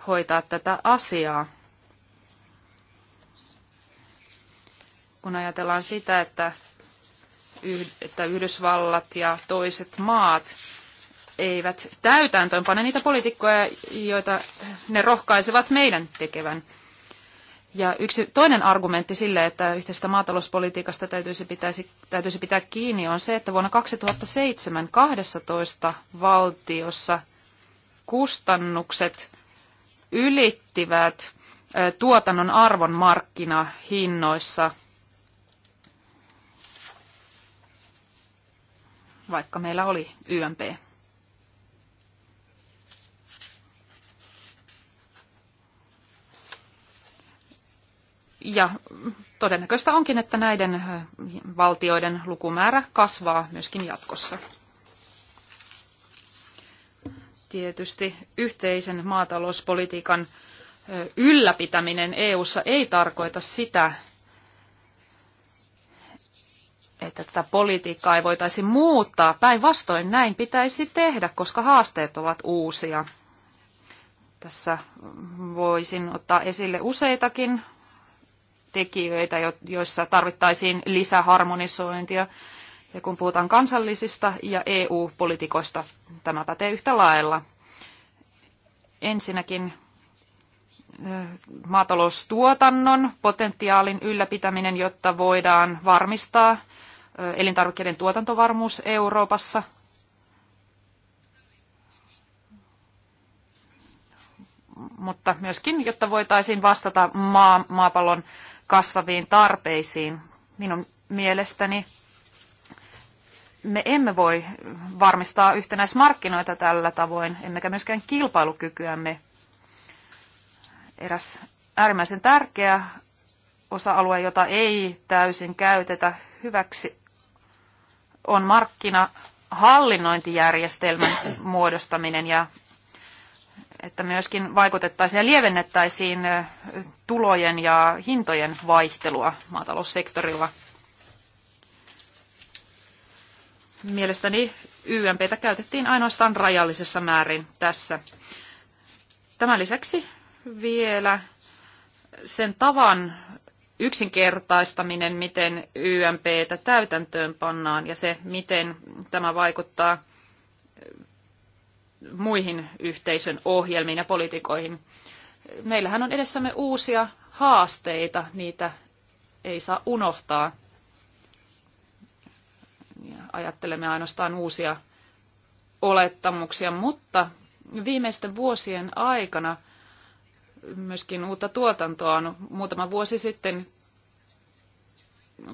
D: hoitaa tätä asiaa. Kun ajatellaan sitä, että, että Yhdysvallat ja toiset maat eivät täytäntöönpane niitä poliitikkoja, joita ne rohkaisevat meidän tekevän – ja yksi toinen argumentti sille, että yhteistä maatalouspolitiikasta täytyisi, pitäisi, täytyisi pitää kiinni, on se, että vuonna 2007 12 valtiossa kustannukset ylittivät tuotannon arvon markkinahinnoissa. Vaikka meillä oli YMP. Ja todennäköistä onkin, että näiden valtioiden lukumäärä kasvaa myöskin jatkossa. Tietysti yhteisen maatalouspolitiikan ylläpitäminen EU:ssa ei tarkoita sitä, että tätä politiikkaa ei voitaisi muuttaa. Päinvastoin näin pitäisi tehdä, koska haasteet ovat uusia. Tässä voisin ottaa esille useitakin tekijöitä, joissa tarvittaisiin lisäharmonisointia. Ja kun puhutaan kansallisista ja EU-politikoista, tämä pätee yhtä lailla. Ensinnäkin maataloustuotannon potentiaalin ylläpitäminen, jotta voidaan varmistaa elintarvikkeiden tuotantovarmuus Euroopassa. Mutta myöskin, jotta voitaisiin vastata maa, maapallon kasvaviin tarpeisiin. Minun mielestäni me emme voi varmistaa yhtenäismarkkinoita tällä tavoin, emmekä myöskään kilpailukykyämme. Eräs äärimmäisen tärkeä osa-alue, jota ei täysin käytetä hyväksi, on markkinahallinnointijärjestelmän muodostaminen ja että myöskin vaikutettaisiin ja lievennettäisiin tulojen ja hintojen vaihtelua maataloussektorilla. Mielestäni YMPtä käytettiin ainoastaan rajallisessa määrin tässä. Tämän lisäksi vielä sen tavan yksinkertaistaminen, miten YMPtä täytäntöön pannaan ja se, miten tämä vaikuttaa muihin yhteisön ohjelmiin ja politikoihin. Meillähän on edessämme uusia haasteita, niitä ei saa unohtaa. Ajattelemme ainoastaan uusia olettamuksia, mutta viimeisten vuosien aikana myöskin uutta tuotantoa on muutama vuosi sitten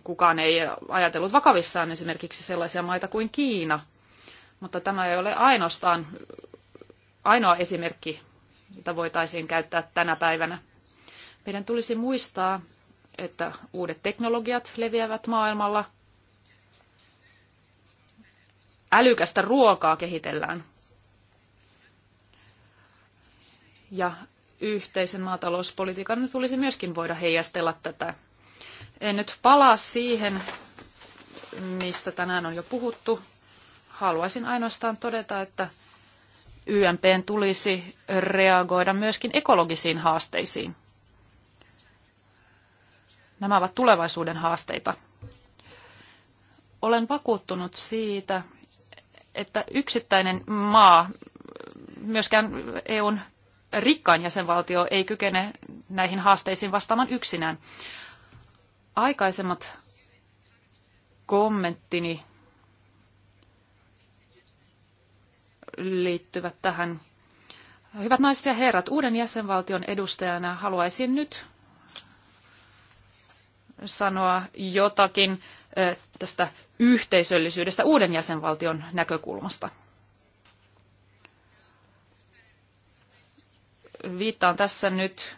D: kukaan ei ajatellut vakavissaan esimerkiksi sellaisia maita kuin Kiina – mutta tämä ei ole ainoastaan ainoa esimerkki, jota voitaisiin käyttää tänä päivänä. Meidän tulisi muistaa, että uudet teknologiat leviävät maailmalla. Älykästä ruokaa kehitellään. Ja yhteisen maatalouspolitiikan tulisi myöskin voida heijastella tätä. En nyt palaa siihen, mistä tänään on jo puhuttu haluaisin ainoastaan todeta, että YMPn tulisi reagoida myöskin ekologisiin haasteisiin. Nämä ovat tulevaisuuden haasteita. Olen vakuuttunut siitä, että yksittäinen maa, myöskään EUn rikkain jäsenvaltio, ei kykene näihin haasteisiin vastaamaan yksinään. Aikaisemmat kommenttini liittyvät tähän. Hyvät naiset ja herrat, uuden jäsenvaltion edustajana haluaisin nyt sanoa jotakin tästä yhteisöllisyydestä uuden jäsenvaltion näkökulmasta. Viittaan tässä nyt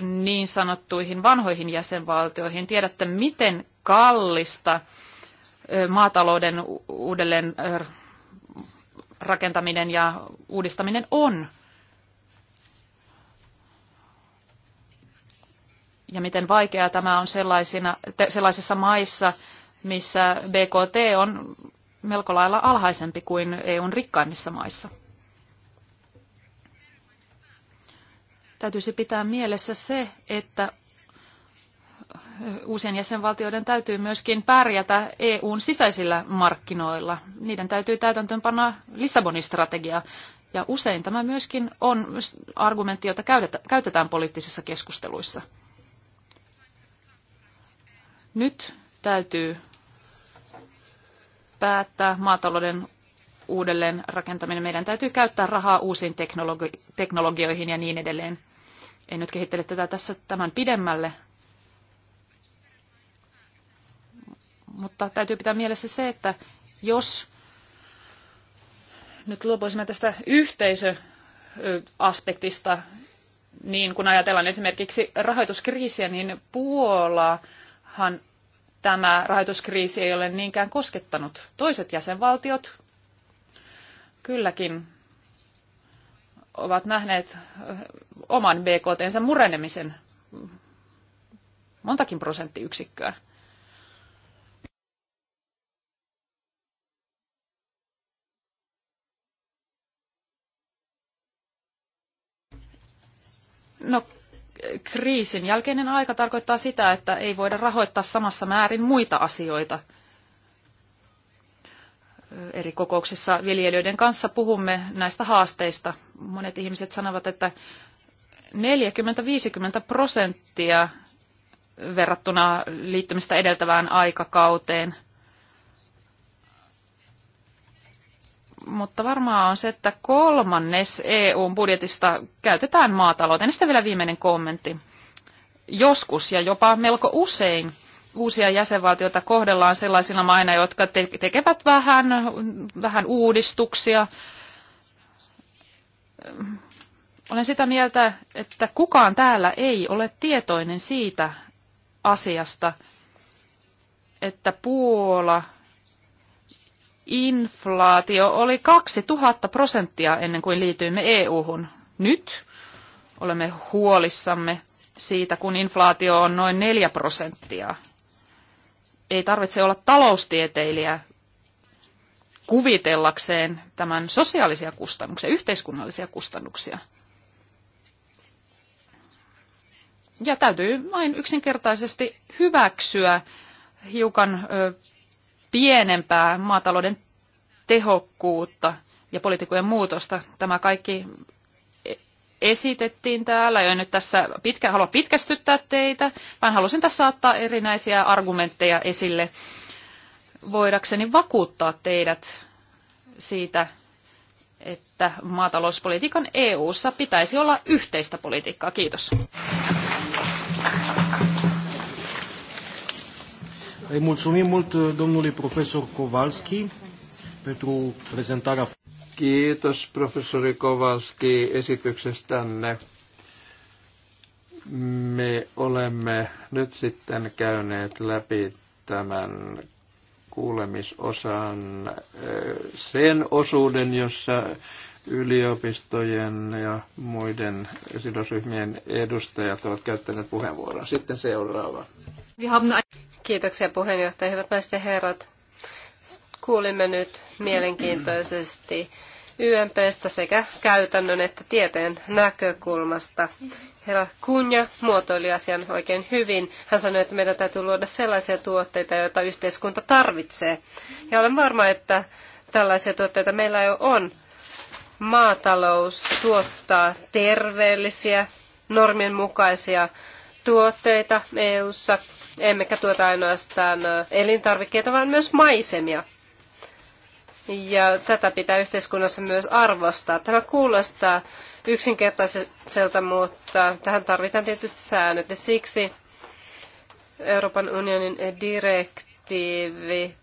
D: niin sanottuihin vanhoihin jäsenvaltioihin. Tiedätte, miten kallista maatalouden uudelleen rakentaminen ja uudistaminen on. Ja miten vaikeaa tämä on sellaisina, sellaisissa maissa, missä BKT on melko lailla alhaisempi kuin EUn rikkaimmissa maissa. Täytyisi pitää mielessä se, että uusien jäsenvaltioiden täytyy myöskin pärjätä EUn sisäisillä markkinoilla. Niiden täytyy täytäntöönpanna Lissabonin strategia. Ja usein tämä myöskin on argumentti, jota käytetään poliittisissa keskusteluissa. Nyt täytyy päättää maatalouden uudelleen rakentaminen. Meidän täytyy käyttää rahaa uusiin teknologi- teknologioihin ja niin edelleen. En nyt kehittele tätä tässä tämän pidemmälle, Mutta täytyy pitää mielessä se, että jos nyt luopuisimme tästä yhteisöaspektista, niin kun ajatellaan esimerkiksi rahoituskriisiä, niin Puolaahan tämä rahoituskriisi ei ole niinkään koskettanut. Toiset jäsenvaltiot kylläkin ovat nähneet oman BKTnsä murenemisen montakin prosenttiyksikköä. No, kriisin jälkeinen aika tarkoittaa sitä, että ei voida rahoittaa samassa määrin muita asioita. Eri kokouksissa viljelijöiden kanssa puhumme näistä haasteista. Monet ihmiset sanovat, että 40-50 prosenttia verrattuna liittymistä edeltävään aikakauteen – mutta varmaa on se, että kolmannes EUn budjetista käytetään maatalouteen. Ja sitten vielä viimeinen kommentti. Joskus ja jopa melko usein uusia jäsenvaltioita kohdellaan sellaisilla maina, jotka te- tekevät vähän, vähän uudistuksia. Olen sitä mieltä, että kukaan täällä ei ole tietoinen siitä asiasta, että Puola – inflaatio oli 2000 prosenttia ennen kuin liityimme EU-hun. Nyt olemme huolissamme siitä, kun inflaatio on noin 4 prosenttia. Ei tarvitse olla taloustieteilijä kuvitellakseen tämän sosiaalisia kustannuksia, yhteiskunnallisia kustannuksia. Ja täytyy vain yksinkertaisesti hyväksyä hiukan pienempää maatalouden tehokkuutta ja poliitikkojen muutosta. Tämä kaikki e- esitettiin täällä. En nyt tässä pitkä, halua pitkästyttää teitä, vaan halusin tässä ottaa erinäisiä argumentteja esille voidakseni vakuuttaa teidät siitä, että maatalouspolitiikan EU-ssa pitäisi olla yhteistä politiikkaa. Kiitos.
B: Îi mulțumim mult uh, domnului profesor Kowalski pentru prezentarea.
C: Kiitos professori Kowalski esityksestänne. Me olemme nyt sitten käyneet läpi tämän kuulemisosan äh, sen osuuden, jossa yliopistojen ja muiden sidosryhmien edustajat ovat käyttäneet puheenvuoroa. Sitten seuraava.
A: Kiitoksia puheenjohtaja. Hyvät naiset ja herrat, kuulimme nyt mielenkiintoisesti YMPstä sekä käytännön että tieteen näkökulmasta. Herra Kunja muotoili asian oikein hyvin. Hän sanoi, että meidän täytyy luoda sellaisia tuotteita, joita yhteiskunta tarvitsee. Ja olen varma, että tällaisia tuotteita meillä jo on. Maatalous tuottaa terveellisiä, normien mukaisia tuotteita EU:ssa Emmekä tuota ainoastaan elintarvikkeita, vaan myös maisemia. Ja tätä pitää yhteiskunnassa myös arvostaa. Tämä kuulostaa yksinkertaiselta, mutta tähän tarvitaan tietyt säännöt. Ja siksi Euroopan unionin direktiivit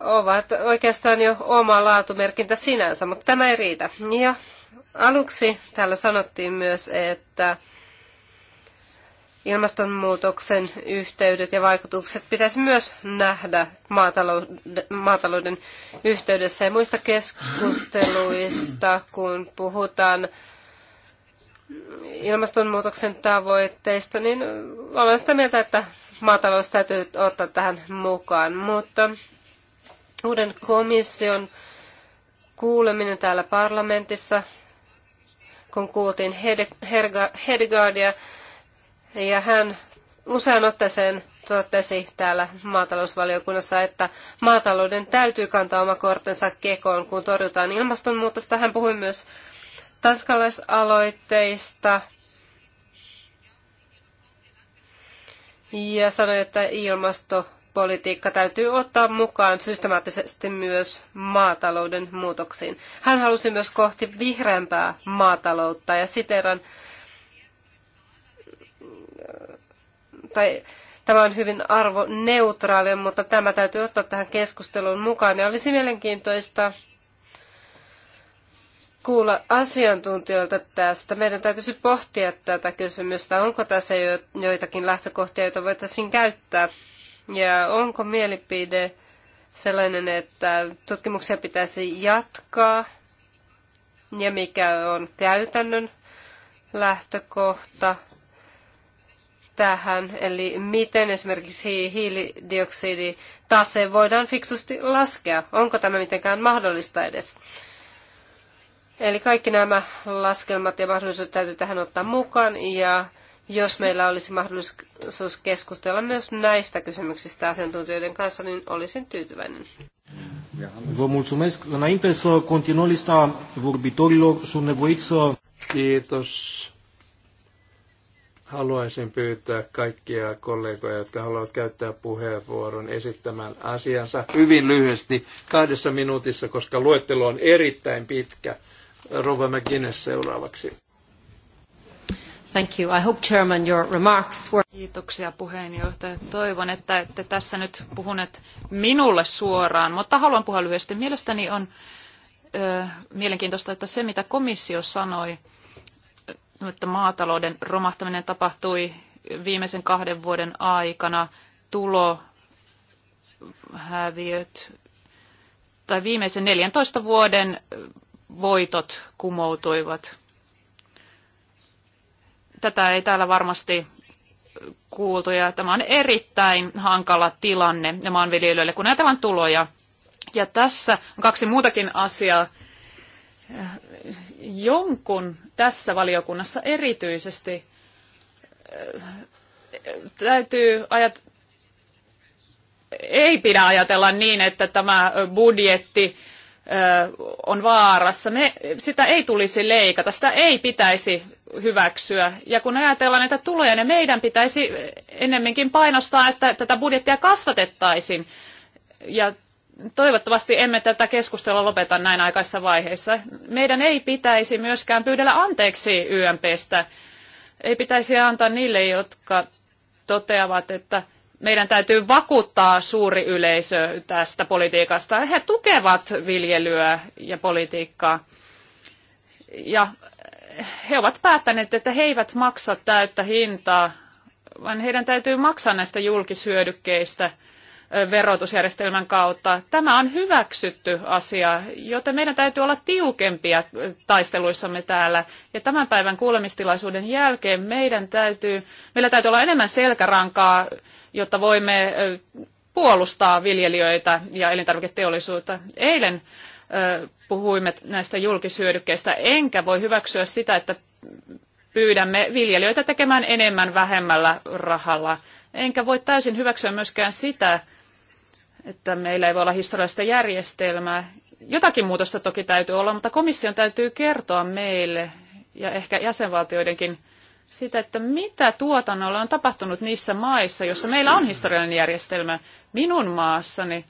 A: ovat oikeastaan jo oma laatumerkintä sinänsä, mutta tämä ei riitä. Ja aluksi täällä sanottiin myös, että ilmastonmuutoksen yhteydet ja vaikutukset pitäisi myös nähdä maatalouden, yhteydessä. Ja muista keskusteluista, kun puhutaan ilmastonmuutoksen tavoitteista, niin olen sitä mieltä, että maatalous täytyy ottaa tähän mukaan. Mutta uuden komission kuuleminen täällä parlamentissa, kun kuultiin Hedegaardia, ja hän usein otteeseen totesi täällä maatalousvaliokunnassa, että maatalouden täytyy kantaa oma kortensa kekoon, kun torjutaan ilmastonmuutosta. Hän puhui myös tanskalaisaloitteista ja sanoi, että ilmastopolitiikka täytyy ottaa mukaan systemaattisesti myös maatalouden muutoksiin. Hän halusi myös kohti vihreämpää maataloutta ja siteran tai tämä on hyvin arvoneutraali, mutta tämä täytyy ottaa tähän keskusteluun mukaan. Ja olisi mielenkiintoista kuulla asiantuntijoilta tästä. Meidän täytyisi pohtia tätä kysymystä. Onko tässä joitakin lähtökohtia, joita voitaisiin käyttää? Ja onko mielipide sellainen, että tutkimuksia pitäisi jatkaa? Ja mikä on käytännön lähtökohta? tähän, eli miten esimerkiksi hiilidioksiditase voidaan fiksusti laskea. Onko tämä mitenkään mahdollista edes? Eli kaikki nämä laskelmat ja mahdollisuudet täytyy tähän ottaa mukaan, ja jos meillä olisi mahdollisuus keskustella myös näistä kysymyksistä asiantuntijoiden kanssa, niin olisin tyytyväinen.
C: Vă mulțumesc. Înainte să continuăm lista vorbitorilor, sunt nevoit să... Kiitos haluaisin pyytää kaikkia kollegoja, jotka haluavat käyttää puheenvuoron esittämään asiansa hyvin lyhyesti kahdessa minuutissa, koska luettelo on erittäin pitkä. Rova McGuinness seuraavaksi.
D: Thank you. I hope, Chairman, your remarks were... Kiitoksia puheenjohtaja. Toivon, että ette tässä nyt puhuneet minulle suoraan, mutta haluan puhua lyhyesti. Mielestäni on ö, mielenkiintoista, että se mitä komissio sanoi – että maatalouden romahtaminen tapahtui viimeisen kahden vuoden aikana. Tulohäviöt tai viimeisen 14 vuoden voitot kumoutuivat. Tätä ei täällä varmasti kuultu ja tämä on erittäin hankala tilanne maanviljelijöille, kun ajatellaan tuloja. Ja tässä on kaksi muutakin asiaa. Jonkun tässä valiokunnassa erityisesti äh, täytyy ajat, ei pidä ajatella niin, että tämä budjetti äh, on vaarassa. Me, sitä ei tulisi leikata, sitä ei pitäisi hyväksyä. Ja kun ajatellaan näitä tuloja, niin meidän pitäisi ennemminkin painostaa, että tätä budjettia kasvatettaisiin. Ja toivottavasti emme tätä keskustelua lopeta näin aikaisessa vaiheessa. Meidän ei pitäisi myöskään pyydellä anteeksi YMPstä. Ei pitäisi antaa niille, jotka toteavat, että meidän täytyy vakuuttaa suuri yleisö tästä politiikasta. He tukevat viljelyä ja politiikkaa. Ja he ovat päättäneet, että he eivät maksa täyttä hintaa, vaan heidän täytyy maksaa näistä julkishyödykkeistä – verotusjärjestelmän kautta. Tämä on hyväksytty asia, joten meidän täytyy olla tiukempia taisteluissamme täällä. Ja tämän päivän kuulemistilaisuuden jälkeen meidän täytyy, meillä täytyy olla enemmän selkärankaa, jotta voimme puolustaa viljelijöitä ja elintarviketeollisuutta. Eilen puhuimme näistä julkishyödykkeistä, enkä voi hyväksyä sitä, että pyydämme viljelijöitä tekemään enemmän vähemmällä rahalla. Enkä voi täysin hyväksyä myöskään sitä, että meillä ei voi olla historiallista järjestelmää. Jotakin muutosta toki täytyy olla, mutta komission täytyy kertoa meille ja ehkä jäsenvaltioidenkin sitä, että mitä tuotannolla on tapahtunut niissä maissa, joissa meillä on historiallinen järjestelmä. Minun maassani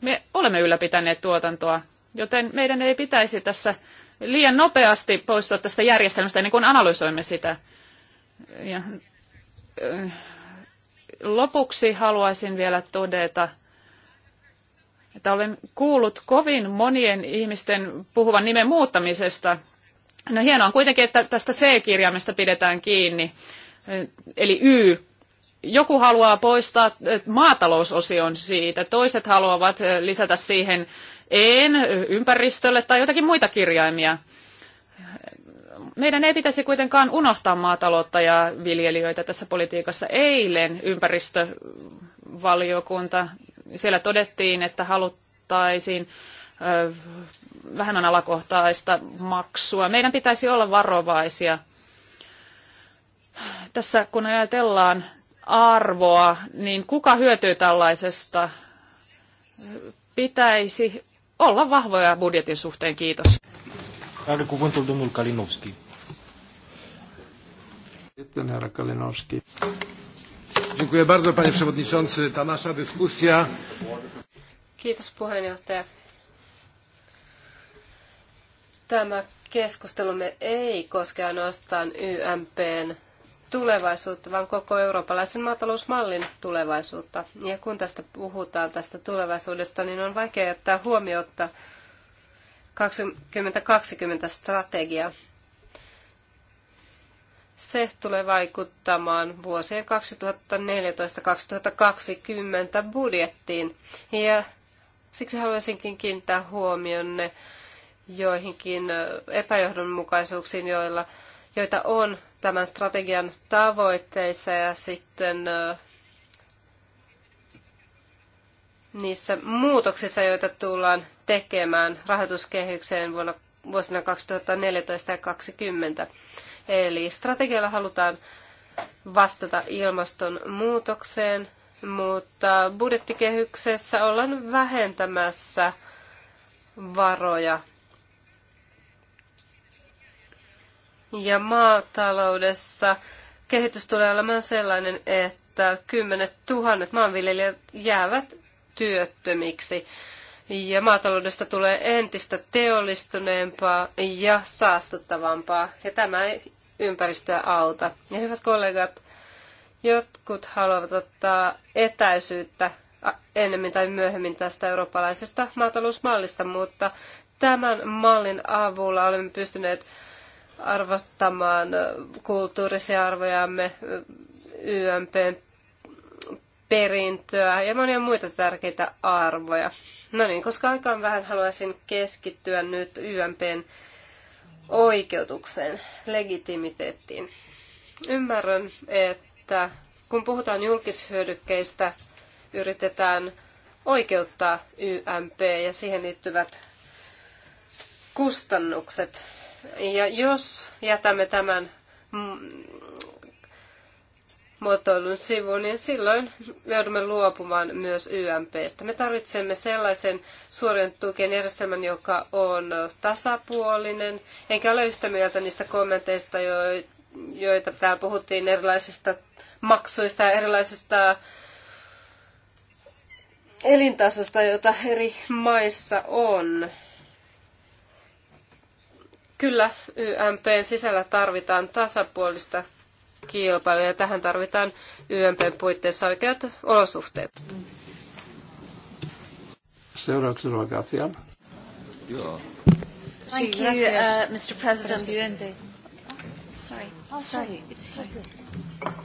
D: me olemme ylläpitäneet tuotantoa, joten meidän ei pitäisi tässä liian nopeasti poistua tästä järjestelmästä ennen kuin analysoimme sitä. Ja, lopuksi haluaisin vielä todeta, että olen kuullut kovin monien ihmisten puhuvan nimen muuttamisesta. No hienoa on kuitenkin, että tästä C-kirjaimesta pidetään kiinni, eli Y. Joku haluaa poistaa maatalousosion siitä, toiset haluavat lisätä siihen en ympäristölle tai jotakin muita kirjaimia. Meidän ei pitäisi kuitenkaan unohtaa maataloutta ja viljelijöitä tässä politiikassa. Eilen ympäristövaliokunta siellä todettiin, että haluttaisiin vähemmän alakohtaista maksua. Meidän pitäisi olla varovaisia. Tässä kun ajatellaan arvoa, niin kuka hyötyy tällaisesta? Pitäisi olla vahvoja budjetin suhteen. Kiitos.
C: Are cuvântul Kalinowski. Sitten herra Kalinowski. Dziękuję bardzo, panie przewodniczący. Ta nasza dyskusja...
A: Kiitos puheenjohtaja. Tämä keskustelumme ei koske ainoastaan YMPn tulevaisuutta, vaan koko eurooppalaisen maatalousmallin tulevaisuutta. Ja kun tästä puhutaan, tästä tulevaisuudesta, niin on vaikea jättää huomiota 2020 strategiaa. Se tulee vaikuttamaan vuosien 2014-2020 budjettiin. Ja siksi haluaisinkin kiinnittää huomionne joihinkin epäjohdonmukaisuuksiin, joilla, joita on tämän strategian tavoitteissa ja sitten niissä muutoksissa, joita tullaan tekemään rahoituskehykseen vuonna, vuosina 2014 ja 2020. Eli strategialla halutaan vastata ilmastonmuutokseen, mutta budjettikehyksessä ollaan vähentämässä varoja. Ja maataloudessa kehitys tulee olemaan sellainen, että kymmenet tuhannet maanviljelijät jäävät työttömiksi ja maataloudesta tulee entistä teollistuneempaa ja saastuttavampaa. Ja tämä ei ympäristöä auta. Ja hyvät kollegat, jotkut haluavat ottaa etäisyyttä ennemmin tai myöhemmin tästä eurooppalaisesta maatalousmallista, mutta tämän mallin avulla olemme pystyneet arvostamaan kulttuurisia arvojamme, YMPn perintöä ja monia muita tärkeitä arvoja. No niin, koska aikaan vähän haluaisin keskittyä nyt YMPn oikeutukseen, legitimiteettiin. Ymmärrän, että kun puhutaan julkishyödykkeistä, yritetään oikeuttaa YMP ja siihen liittyvät kustannukset. Ja jos jätämme tämän mm, muotoilun sivu, niin silloin joudumme luopumaan myös YMPstä. Me tarvitsemme sellaisen suorien tukien järjestelmän, joka on tasapuolinen. Enkä ole yhtä mieltä niistä kommenteista, joita täällä puhuttiin erilaisista maksuista ja erilaisista elintasosta, jota eri maissa on. Kyllä YMPn sisällä tarvitaan tasapuolista kilpailu ja tähän tarvitaan YMPn puitteissa oikeat olosuhteet.
C: Seuraavaksi Rogatia. Joo.
B: Thank you, uh, Mr. President. Sorry. Oh, sorry. sorry.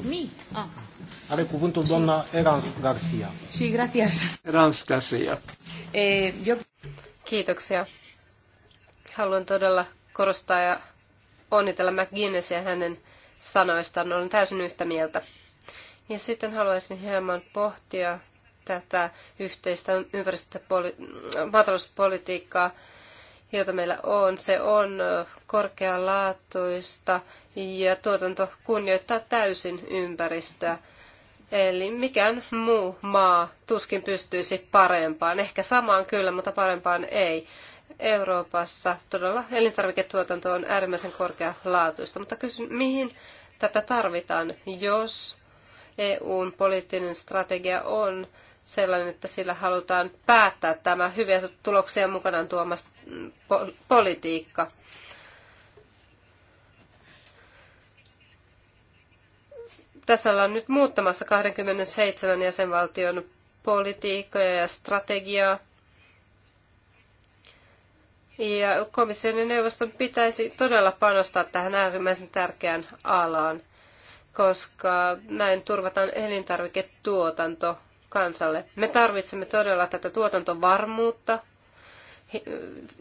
B: Me. Ah.
C: Are cuvântul doamna Erans Garcia.
D: Sí, gracias.
C: Erans Garcia.
A: Eh, yo... Kiitoksia. Haluan todella korostaa ja onnitella McGuinnessia hänen sanoista. No, olen täysin yhtä mieltä. Ja sitten haluaisin hieman pohtia tätä yhteistä ympäristöpolitiikkaa, jota meillä on. Se on korkealaatuista ja tuotanto kunnioittaa täysin ympäristöä. Eli mikään muu maa tuskin pystyisi parempaan. Ehkä samaan kyllä, mutta parempaan ei. Euroopassa todella elintarviketuotanto on äärimmäisen korkealaatuista, mutta kysyn, mihin tätä tarvitaan, jos EUn poliittinen strategia on sellainen, että sillä halutaan päättää tämä hyviä tuloksia mukanaan tuomasta politiikka. Tässä ollaan nyt muuttamassa 27 jäsenvaltion politiikkoja ja strategiaa. Ja komission ja neuvoston pitäisi todella panostaa tähän äärimmäisen tärkeään alaan, koska näin turvataan elintarviketuotanto kansalle. Me tarvitsemme todella tätä tuotantovarmuutta,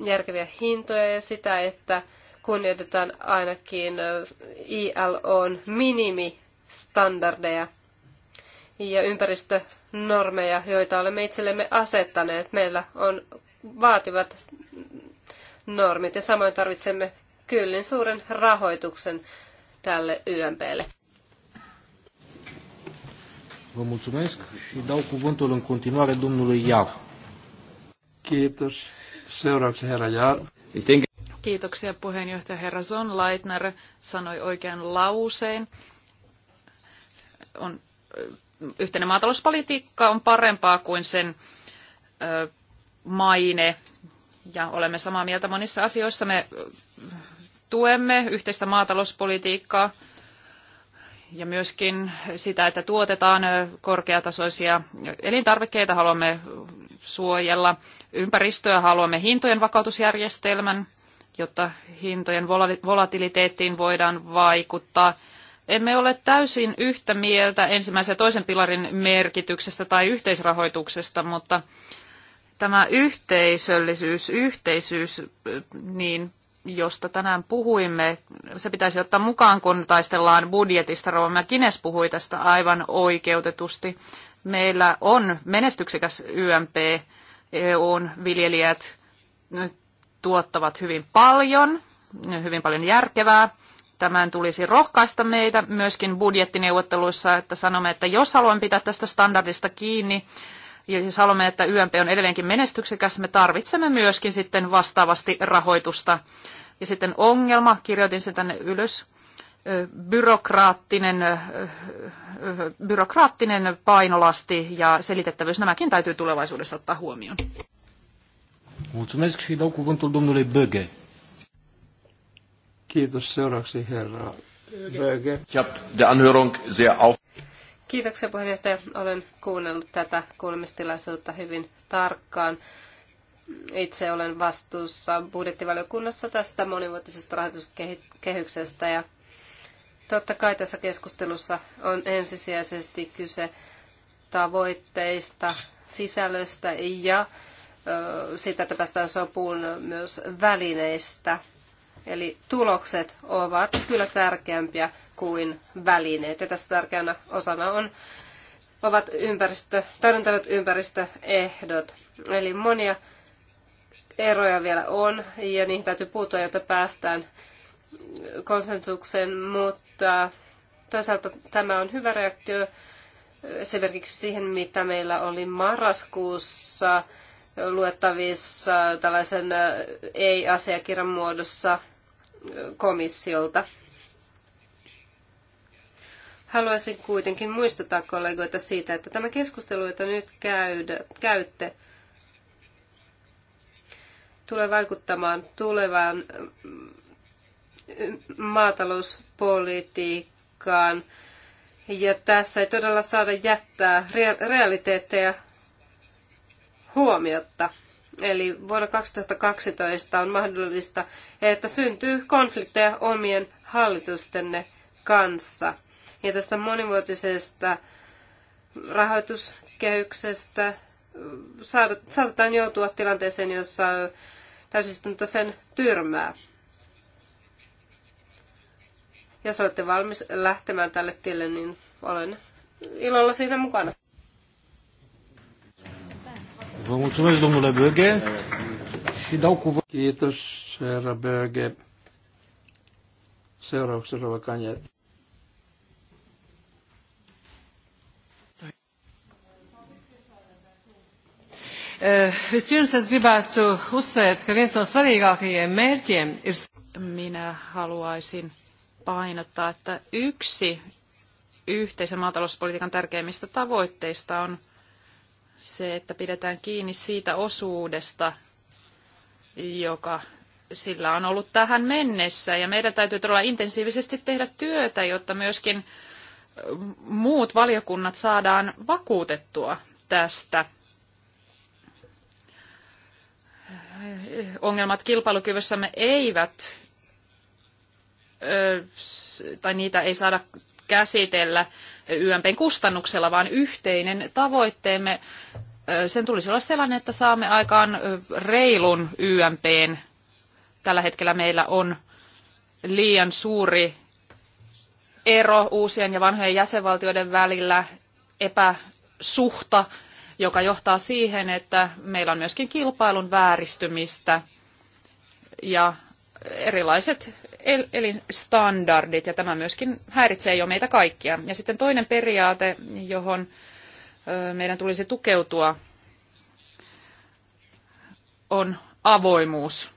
A: järkeviä hintoja ja sitä, että kunnioitetaan ainakin ILOn minimistandardeja ja ympäristönormeja, joita olemme itsellemme asettaneet. Meillä on vaativat normit ja samoin tarvitsemme kyllin suuren rahoituksen tälle YMPlle.
C: Vă mulțumesc și dau cuvântul în continuare domnului Iav. Kiitos. Seuraavaksi herra Jaar.
D: Kiitoksia puheenjohtaja herra Son Leitner sanoi oikean lauseen. On, yhteinen maatalouspolitiikka on parempaa kuin sen ö, maine ja olemme samaa mieltä monissa asioissa. Me tuemme yhteistä maatalouspolitiikkaa ja myöskin sitä, että tuotetaan korkeatasoisia elintarvikkeita. Haluamme suojella ympäristöä, haluamme hintojen vakautusjärjestelmän, jotta hintojen volatiliteettiin voidaan vaikuttaa. Emme ole täysin yhtä mieltä ensimmäisen ja toisen pilarin merkityksestä tai yhteisrahoituksesta, mutta Tämä yhteisöllisyys, yhteisyys, niin josta tänään puhuimme, se pitäisi ottaa mukaan, kun taistellaan budjetista. Rova Kines puhui tästä aivan oikeutetusti. Meillä on menestyksekäs YMP, EUn viljelijät tuottavat hyvin paljon, hyvin paljon järkevää. Tämän tulisi rohkaista meitä myöskin budjettineuvotteluissa, että sanomme, että jos haluan pitää tästä standardista kiinni, ja jos haluamme, että YMP on edelleenkin menestyksekäs, me tarvitsemme myöskin sitten vastaavasti rahoitusta. Ja sitten ongelma, kirjoitin sen tänne ylös, byrokraattinen, byrokraattinen painolasti ja selitettävyys, nämäkin täytyy tulevaisuudessa ottaa huomioon.
C: Böge. Kiitos seuraavaksi herra Böge. Ich habe der Anhörung sehr auf
A: Kiitoksia puheenjohtaja. Olen kuunnellut tätä kuulemistilaisuutta hyvin tarkkaan. Itse olen vastuussa budjettivaliokunnassa tästä monivuotisesta rahoituskehyksestä ja totta kai tässä keskustelussa on ensisijaisesti kyse tavoitteista, sisällöstä ja sitä, että päästään sopuun myös välineistä – Eli tulokset ovat kyllä tärkeämpiä kuin välineet. Ja tässä tärkeänä osana on, ovat ympäristö, täydentävät ympäristöehdot. Eli monia eroja vielä on ja niihin täytyy puuttua, jotta päästään konsensukseen, mutta toisaalta tämä on hyvä reaktio esimerkiksi siihen, mitä meillä oli marraskuussa luettavissa tällaisen ei-asiakirjan muodossa komissiolta. Haluaisin kuitenkin muistuttaa kollegoita siitä, että tämä keskustelu, jota nyt käydä, käytte, tulee vaikuttamaan tulevaan mm, maatalouspolitiikkaan. Ja tässä ei todella saada jättää realiteetteja huomiotta. Eli vuonna 2012 on mahdollista, että syntyy konflikteja omien hallitustenne kanssa. Ja tästä monivuotisesta rahoituskehyksestä saatetaan joutua tilanteeseen, jossa täysistunto sen tyrmää. Jos olette valmis lähtemään tälle tielle, niin olen ilolla siinä mukana.
C: Vă mulțumesc, domnule Böge, și dau cuvântul. Kiitos, herra Böge. Seuraavaksi rouva Kanje.
D: Vispirms es gribētu uzsvērt, ka viens no svarīgākajiem mērķiem ir... Minä haluaisin painottaa, että yksi yhteisen maatalouspolitiikan tärkeimmistä tavoitteista on se, että pidetään kiinni siitä osuudesta, joka sillä on ollut tähän mennessä. Ja meidän täytyy todella intensiivisesti tehdä työtä, jotta myöskin muut valiokunnat saadaan vakuutettua tästä. Ongelmat kilpailukyvyssämme eivät, tai niitä ei saada käsitellä YMPn kustannuksella, vaan yhteinen tavoitteemme, sen tulisi olla sellainen, että saamme aikaan reilun YMPn. Tällä hetkellä meillä on liian suuri ero uusien ja vanhojen jäsenvaltioiden välillä, epäsuhta, joka johtaa siihen, että meillä on myöskin kilpailun vääristymistä ja erilaiset elinstandardit ja tämä myöskin häiritsee jo meitä kaikkia. Ja sitten toinen periaate, johon meidän tulisi tukeutua, on avoimuus.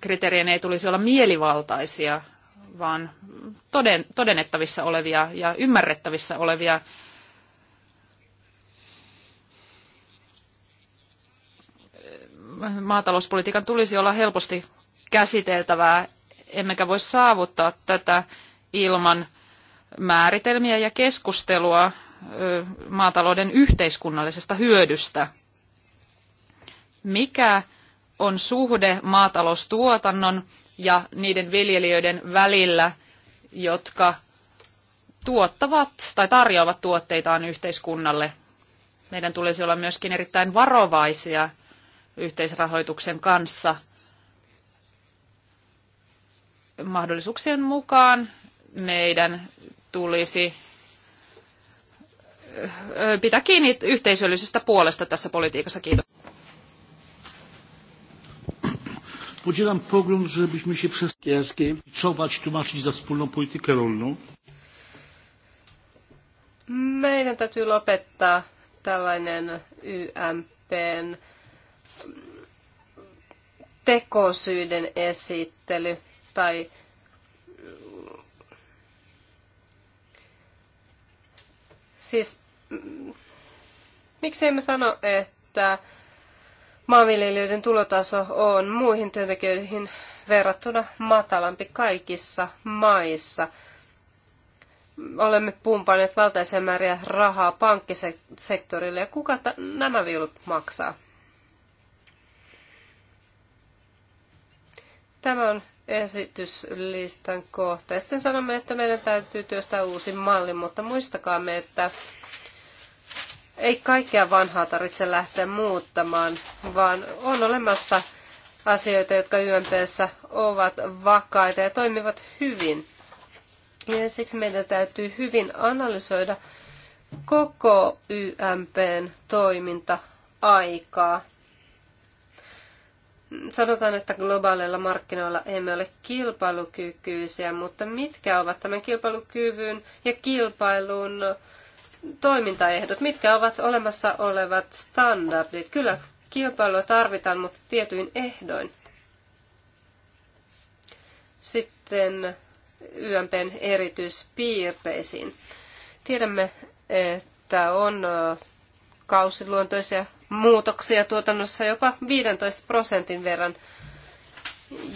D: Kriteerien ei tulisi olla mielivaltaisia, vaan toden, todennettavissa olevia ja ymmärrettävissä olevia maatalouspolitiikan tulisi olla helposti käsiteltävää, emmekä voi saavuttaa tätä ilman määritelmiä ja keskustelua maatalouden yhteiskunnallisesta hyödystä. Mikä on suhde maataloustuotannon ja niiden viljelijöiden välillä, jotka tuottavat tai tarjoavat tuotteitaan yhteiskunnalle? Meidän tulisi olla myöskin erittäin varovaisia – yhteisrahoituksen kanssa mahdollisuuksien mukaan meidän tulisi pitää kiinni yhteisöllisestä puolesta tässä politiikassa. Kiitos.
B: Podzielam pogląd, żebyśmy się przestali tłumaczyć za wspólną politykę rolną.
A: Meidän täytyy lopettaa tällainen YMPn tekosyyden esittely tai siis mm, miksi emme sano, että maanviljelijöiden tulotaso on muihin työntekijöihin verrattuna matalampi kaikissa maissa. Olemme pumpaneet valtaisia määriä rahaa pankkisektorille ja kuka nämä viulut maksaa? Tämä on esityslistan kohta. Ja sitten sanomme, että meidän täytyy työstää uusi malli, mutta me, että ei kaikkea vanhaa tarvitse lähteä muuttamaan, vaan on olemassa asioita, jotka YMPssä ovat vakaita ja toimivat hyvin. Ja siksi meidän täytyy hyvin analysoida koko YMPn toiminta-aikaa sanotaan, että globaaleilla markkinoilla emme ole kilpailukykyisiä, mutta mitkä ovat tämän kilpailukyvyn ja kilpailun toimintaehdot? Mitkä ovat olemassa olevat standardit? Kyllä kilpailua tarvitaan, mutta tietyin ehdoin. Sitten YMPn erityispiirteisiin. Tiedämme, että on äh, kausiluontoisia muutoksia tuotannossa jopa 15 prosentin verran.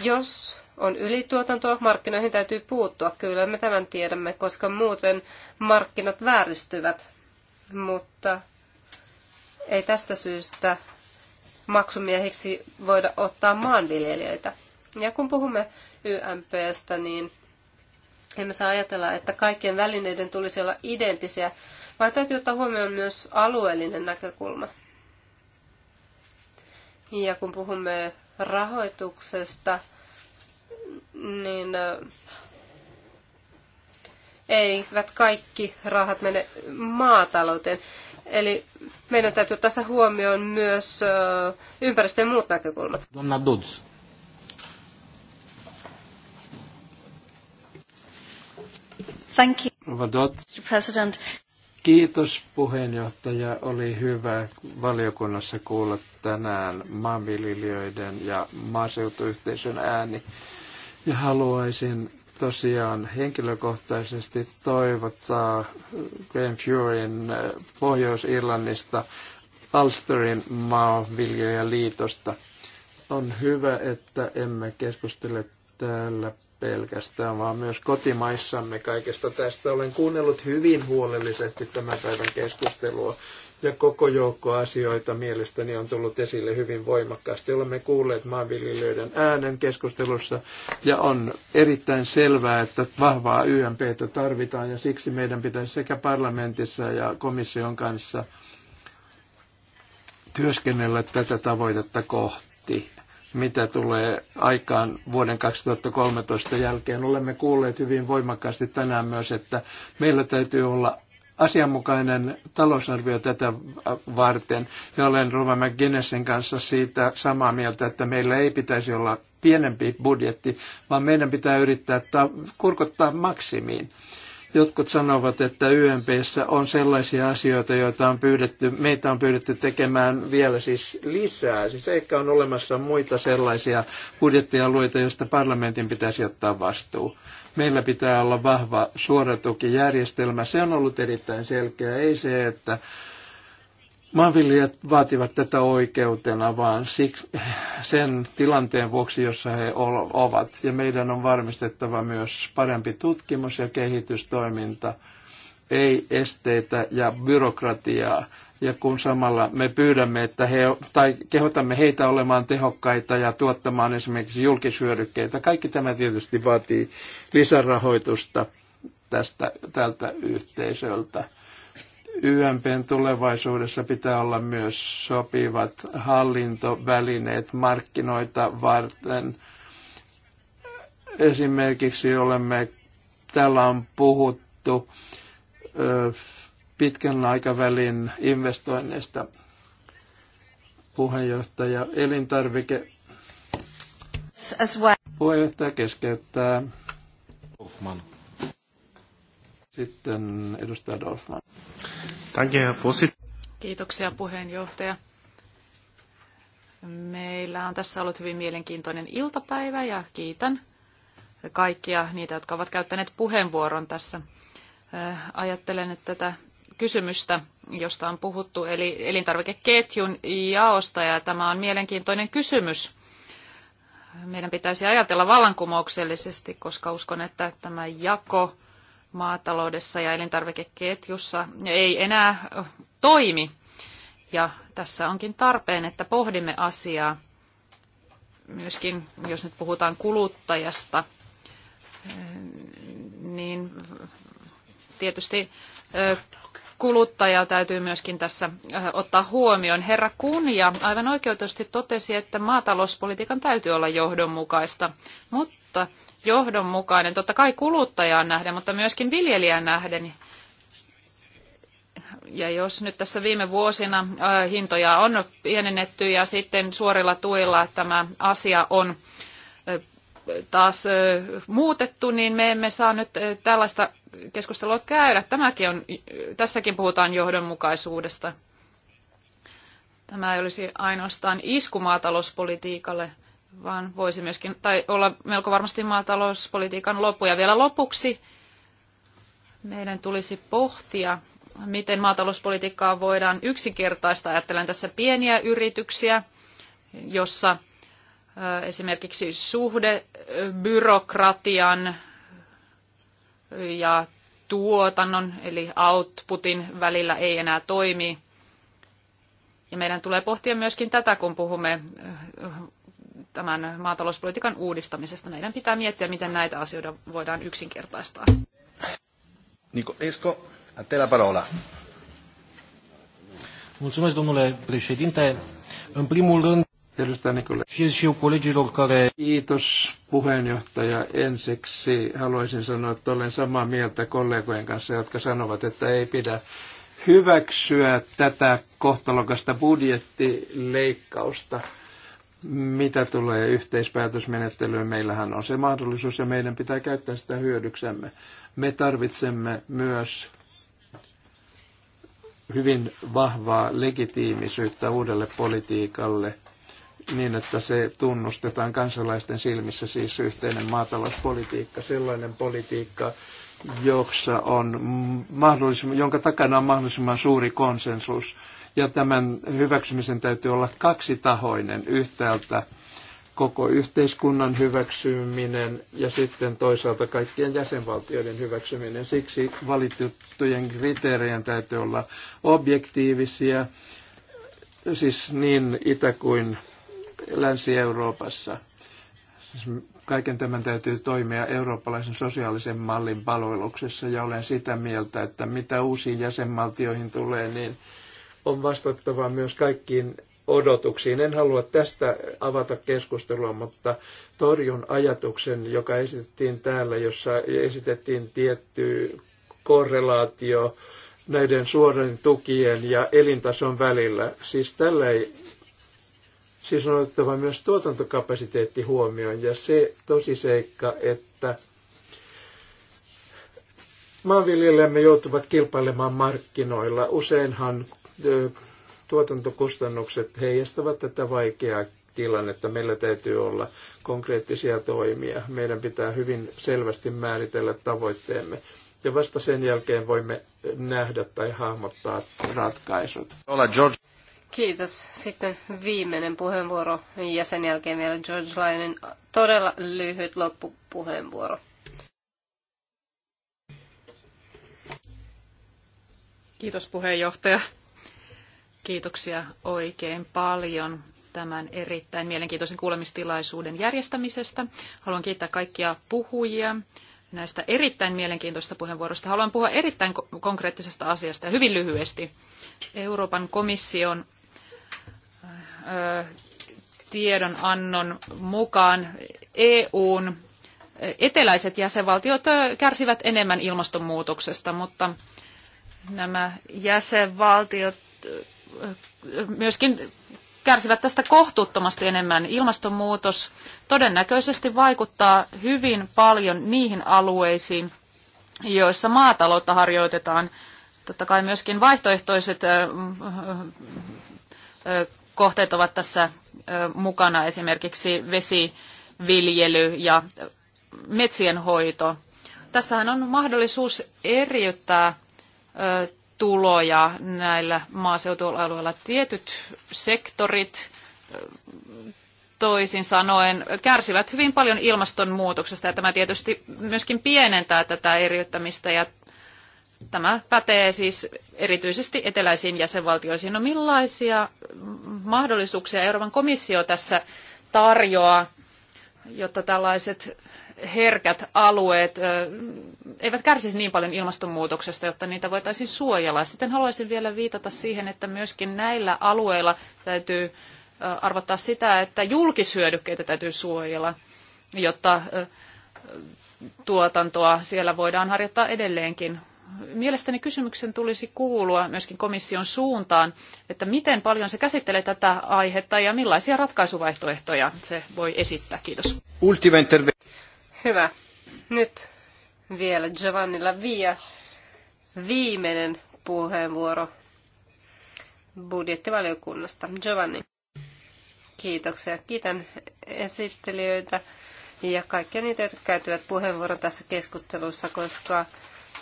A: Jos on ylituotantoa, markkinoihin täytyy puuttua. Kyllä me tämän tiedämme, koska muuten markkinat vääristyvät. Mutta ei tästä syystä maksumiehiksi voida ottaa maanviljelijöitä. Ja kun puhumme YMPstä, niin emme saa ajatella, että kaikkien välineiden tulisi olla identtisiä, vaan täytyy ottaa huomioon myös alueellinen näkökulma. Ja kun puhumme rahoituksesta, niin eivät kaikki rahat mene maatalouteen. Eli meidän täytyy tässä huomioon myös ympäristön muut näkökulmat.
B: Donna Duds.
C: Thank you, Mr. President. Kiitos puheenjohtaja. Oli hyvä valiokunnassa kuulla tänään maanviljelijöiden ja maaseutuyhteisön ääni. Ja haluaisin tosiaan henkilökohtaisesti toivottaa Graham Furyn äh, Pohjois-Irlannista Alsterin maanviljelijäliitosta. On hyvä, että emme keskustele täällä pelkästään, vaan myös kotimaissamme kaikesta tästä. Olen kuunnellut hyvin huolellisesti tämän päivän keskustelua ja koko joukko asioita mielestäni on tullut esille hyvin voimakkaasti. Olemme kuulleet maanviljelijöiden äänen keskustelussa ja on erittäin selvää, että vahvaa YMPtä tarvitaan ja siksi meidän pitäisi sekä parlamentissa ja komission kanssa työskennellä tätä tavoitetta kohti mitä tulee aikaan vuoden 2013 jälkeen. Olemme kuulleet hyvin voimakkaasti tänään myös, että meillä täytyy olla asianmukainen talousarvio tätä varten. Ja olen Rova McGinnessin kanssa siitä samaa mieltä, että meillä ei pitäisi olla pienempi budjetti, vaan meidän pitää yrittää ta- kurkottaa maksimiin. Jotkut sanovat, että YMPssä on sellaisia asioita, joita on pyydetty, meitä on pyydetty tekemään vielä siis lisää. Siis ehkä on olemassa muita sellaisia budjettialueita, joista parlamentin pitäisi ottaa vastuu. Meillä pitää olla vahva suoratukijärjestelmä. Se on ollut erittäin selkeä. Ei se, että Maanviljelijät vaativat tätä oikeutena vaan siksi, sen tilanteen vuoksi, jossa he ovat. Ja meidän on varmistettava myös parempi tutkimus ja kehitystoiminta, ei esteitä ja byrokratiaa. Ja kun samalla me pyydämme, että he, tai kehotamme heitä olemaan tehokkaita ja tuottamaan esimerkiksi julkishyödykkeitä, kaikki tämä tietysti vaatii lisärahoitusta tästä, tältä yhteisöltä YMPn tulevaisuudessa pitää olla myös sopivat hallintovälineet markkinoita varten. Esimerkiksi olemme, täällä on puhuttu pitkän aikavälin investoinneista puheenjohtaja elintarvike puheenjohtaja keskeyttää. Hoffman. Sitten edustaja Dorfman.
D: Kiitoksia puheenjohtaja. Meillä on tässä ollut hyvin mielenkiintoinen iltapäivä ja kiitän kaikkia niitä, jotka ovat käyttäneet puheenvuoron tässä. Äh, ajattelen että tätä kysymystä, josta on puhuttu, eli elintarvikeketjun jaosta, ja tämä on mielenkiintoinen kysymys. Meidän pitäisi ajatella vallankumouksellisesti, koska uskon, että tämä jako – maataloudessa ja elintarvikeketjussa ei enää toimi. Ja tässä onkin tarpeen, että pohdimme asiaa myöskin, jos nyt puhutaan kuluttajasta, niin tietysti kuluttaja täytyy myöskin tässä ottaa huomioon. Herra Kunja aivan oikeutusti totesi, että maatalouspolitiikan täytyy olla johdonmukaista, mutta johdonmukainen, totta kai kuluttajaan nähden, mutta myöskin viljelijän nähden. Ja jos nyt tässä viime vuosina äh, hintoja on pienennetty ja sitten suorilla tuilla tämä asia on äh, taas äh, muutettu, niin me emme saa nyt tällaista keskustelua käydä. Tämäkin on, tässäkin puhutaan johdonmukaisuudesta. Tämä ei olisi ainoastaan iskumaatalouspolitiikalle vaan voisi myöskin, tai olla melko varmasti maatalouspolitiikan loppu. Ja vielä lopuksi meidän tulisi pohtia, miten maatalouspolitiikkaa voidaan yksinkertaista. Ajattelen tässä pieniä yrityksiä, jossa esimerkiksi suhde byrokratian ja tuotannon eli outputin välillä ei enää toimi. Ja meidän tulee pohtia myöskin tätä, kun puhumme tämän maatalouspolitiikan uudistamisesta. Meidän pitää miettiä, miten näitä asioita voidaan yksinkertaistaa.
B: Niko Esko, a te la parola.
C: Mulțumesc, domnule președinte. În primul rând, Edustaja Nikolainen. Și eu colegilor care... Kiitos puheenjohtaja. Ensiksi haluaisin sanoa, että olen samaa mieltä kollegojen kanssa, jotka sanovat, että ei pidä hyväksyä tätä kohtalokasta budjettileikkausta mitä tulee yhteispäätösmenettelyyn, meillähän on se mahdollisuus ja meidän pitää käyttää sitä hyödyksemme. Me tarvitsemme myös hyvin vahvaa legitiimisyyttä uudelle politiikalle niin, että se tunnustetaan kansalaisten silmissä, siis yhteinen maatalouspolitiikka, sellainen politiikka, jossa on mahdollisimman, jonka takana on mahdollisimman suuri konsensus ja tämän hyväksymisen täytyy olla kaksitahoinen yhtäältä koko yhteiskunnan hyväksyminen ja sitten toisaalta kaikkien jäsenvaltioiden hyväksyminen. Siksi valitettujen kriteerien täytyy olla objektiivisia, siis niin Itä- kuin Länsi-Euroopassa. Siis kaiken tämän täytyy toimia eurooppalaisen sosiaalisen mallin palveluksessa ja olen sitä mieltä, että mitä uusiin jäsenvaltioihin tulee, niin – on vastattava myös kaikkiin odotuksiin. En halua tästä avata keskustelua, mutta torjun ajatuksen, joka esitettiin täällä, jossa esitettiin tietty korrelaatio näiden suorien tukien ja elintason välillä. Siis tällä ei Siis on otettava myös tuotantokapasiteetti huomioon ja se tosiseikka, että Maanviljelijämme joutuvat kilpailemaan markkinoilla. Useinhan tuotantokustannukset heijastavat tätä vaikeaa tilannetta. Meillä täytyy olla konkreettisia toimia. Meidän pitää hyvin selvästi määritellä tavoitteemme. Ja vasta sen jälkeen voimme nähdä tai hahmottaa ratkaisut. George.
A: Kiitos. Sitten viimeinen puheenvuoro ja sen jälkeen vielä George Lyonin todella lyhyt
D: loppupuheenvuoro. Kiitos puheenjohtaja. Kiitoksia oikein paljon tämän erittäin mielenkiintoisen kuulemistilaisuuden järjestämisestä. Haluan kiittää kaikkia puhujia näistä erittäin mielenkiintoista puheenvuoroista. Haluan puhua erittäin konkreettisesta asiasta ja hyvin lyhyesti. Euroopan komission tiedonannon mukaan EUn eteläiset jäsenvaltiot kärsivät enemmän ilmastonmuutoksesta, mutta nämä jäsenvaltiot myöskin kärsivät tästä kohtuuttomasti enemmän. Ilmastonmuutos todennäköisesti vaikuttaa hyvin paljon niihin alueisiin, joissa maataloutta harjoitetaan. Totta kai myöskin vaihtoehtoiset kohteet ovat tässä mukana, esimerkiksi vesiviljely ja metsien hoito. Tässähän on mahdollisuus eriyttää tuloja näillä maaseutualueilla. Tietyt sektorit toisin sanoen kärsivät hyvin paljon ilmastonmuutoksesta ja tämä tietysti myöskin pienentää tätä eriyttämistä ja tämä pätee siis erityisesti eteläisiin jäsenvaltioihin No millaisia mahdollisuuksia Euroopan komissio tässä tarjoaa, jotta tällaiset herkät alueet eivät kärsisi niin paljon ilmastonmuutoksesta, jotta niitä voitaisiin suojella. Sitten haluaisin vielä viitata siihen, että myöskin näillä alueilla täytyy arvottaa sitä, että julkishyödykkeitä täytyy suojella, jotta tuotantoa siellä voidaan harjoittaa edelleenkin. Mielestäni kysymyksen tulisi kuulua myöskin komission suuntaan, että miten paljon se käsittelee tätä aihetta ja millaisia ratkaisuvaihtoehtoja se voi esittää. Kiitos. Hyvä. Nyt vielä Giovannilla Via
A: viimeinen puheenvuoro budjettivaliokunnasta. Giovanni, kiitoksia. Kiitän esittelijöitä ja kaikkia niitä, jotka käytivät puheenvuoron tässä keskustelussa, koska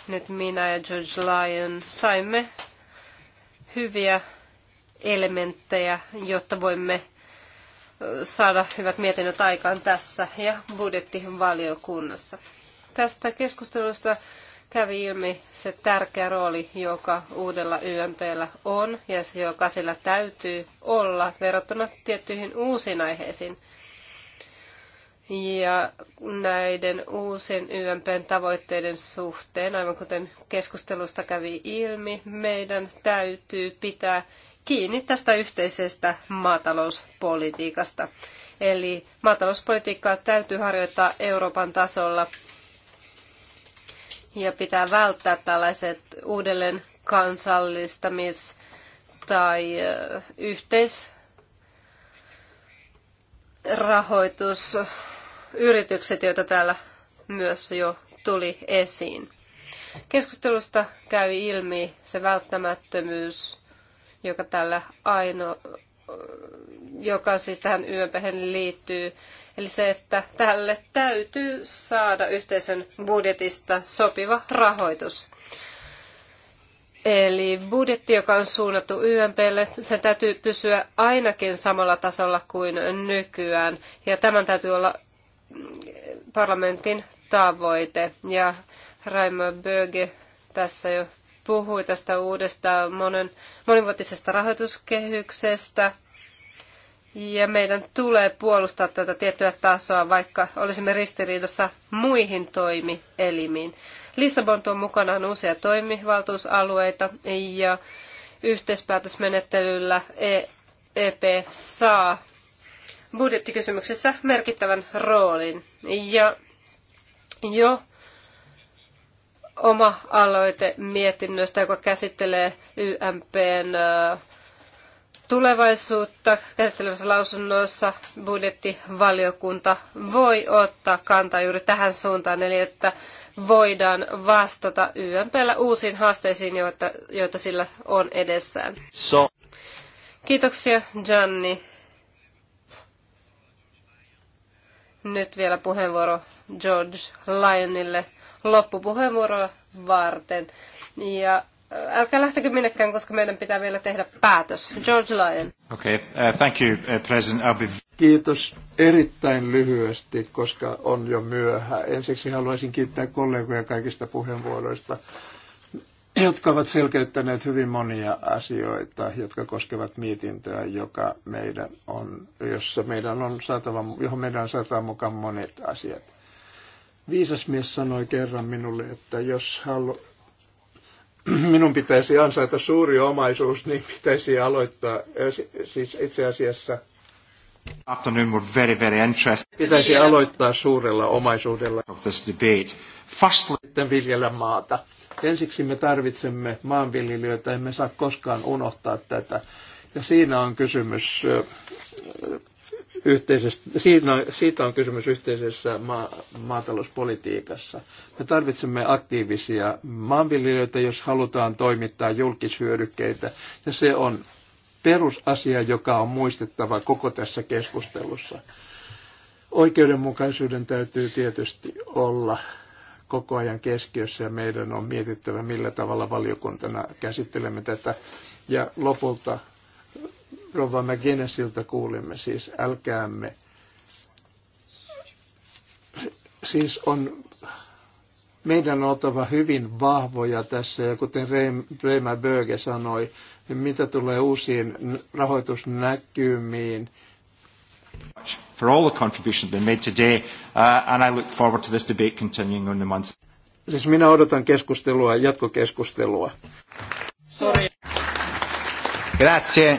A: nyt minä ja George Lyon saimme hyviä elementtejä, jotta voimme saada hyvät mietinnöt aikaan tässä ja budjettivaliokunnassa. Tästä keskustelusta kävi ilmi se tärkeä rooli, joka uudella YMPllä on ja joka sillä täytyy olla verrattuna tiettyihin uusiin aiheisiin. Ja näiden uusien YMPn tavoitteiden suhteen, aivan kuten keskustelusta kävi ilmi, meidän täytyy pitää kiinni tästä yhteisestä maatalouspolitiikasta. Eli maatalouspolitiikkaa täytyy harjoittaa Euroopan tasolla ja pitää välttää tällaiset uudelleen kansallistamis- tai yhteisrahoitusyritykset, joita täällä myös jo tuli esiin. Keskustelusta käy ilmi se välttämättömyys joka tällä aino, joka siis tähän YMP liittyy. Eli se, että tälle täytyy saada yhteisön budjetista sopiva rahoitus. Eli budjetti, joka on suunnattu YMPlle, sen täytyy pysyä ainakin samalla tasolla kuin nykyään. Ja tämän täytyy olla parlamentin tavoite. Ja Raimo Böge tässä jo puhui tästä uudesta monen, monivuotisesta rahoituskehyksestä. Ja meidän tulee puolustaa tätä tiettyä tasoa, vaikka olisimme ristiriidassa muihin toimielimiin. Lissabon tuo mukanaan uusia toimivaltuusalueita ja yhteispäätösmenettelyllä EP e saa budjettikysymyksessä merkittävän roolin. Ja jo oma aloite mietinnöstä, joka käsittelee YMPn tulevaisuutta käsittelevässä lausunnossa budjettivaliokunta voi ottaa kantaa juuri tähän suuntaan, eli että voidaan vastata YMPllä uusiin haasteisiin, joita, joita sillä on edessään. So. Kiitoksia, Janni. Nyt vielä puheenvuoro George Lyonille loppupuheenvuoroa varten. Ja äh, älkää lähtekö minnekään, koska meidän pitää vielä tehdä päätös. George Lyon.
B: Okay, uh, thank you, uh, President.
C: I'll be... Kiitos erittäin lyhyesti, koska on jo myöhä. Ensiksi haluaisin kiittää kollegoja kaikista puheenvuoroista, jotka ovat selkeyttäneet hyvin monia asioita, jotka koskevat mietintöä, joka meidän on, jossa meidän on saatava, johon meidän on saatava mukaan monet asiat Viisas mies sanoi kerran minulle, että jos halu... minun pitäisi ansaita suuri omaisuus, niin pitäisi aloittaa, siis itse asiassa
B: afternoon were very, very interesting. Pitäisi
C: aloittaa suurella omaisuudella of
B: this debate.
C: Firstly, sitten viljellä maata. Ensiksi me tarvitsemme maanviljelijöitä, emme saa koskaan unohtaa tätä. Ja siinä on kysymys yhteisestä, siitä, on, siitä on kysymys yhteisessä ma, maatalouspolitiikassa. Me tarvitsemme aktiivisia maanviljelijöitä, jos halutaan toimittaa julkishyödykkeitä, ja se on perusasia, joka on muistettava koko tässä keskustelussa. Oikeudenmukaisuuden täytyy tietysti olla koko ajan keskiössä ja meidän on mietittävä, millä tavalla valiokuntana käsittelemme tätä. Ja lopulta Rova McGinnessiltä kuulimme, siis älkäämme. Siis on, meidän on oltava hyvin vahvoja tässä, ja kuten Reima Böge sanoi, niin mitä tulee uusiin rahoitusnäkymiin, for all the contributions been made today, uh, and I look forward to this debate continuing on the months. Siis minä odotan keskustelua, jatkokeskustelua. Sorry. Grazie.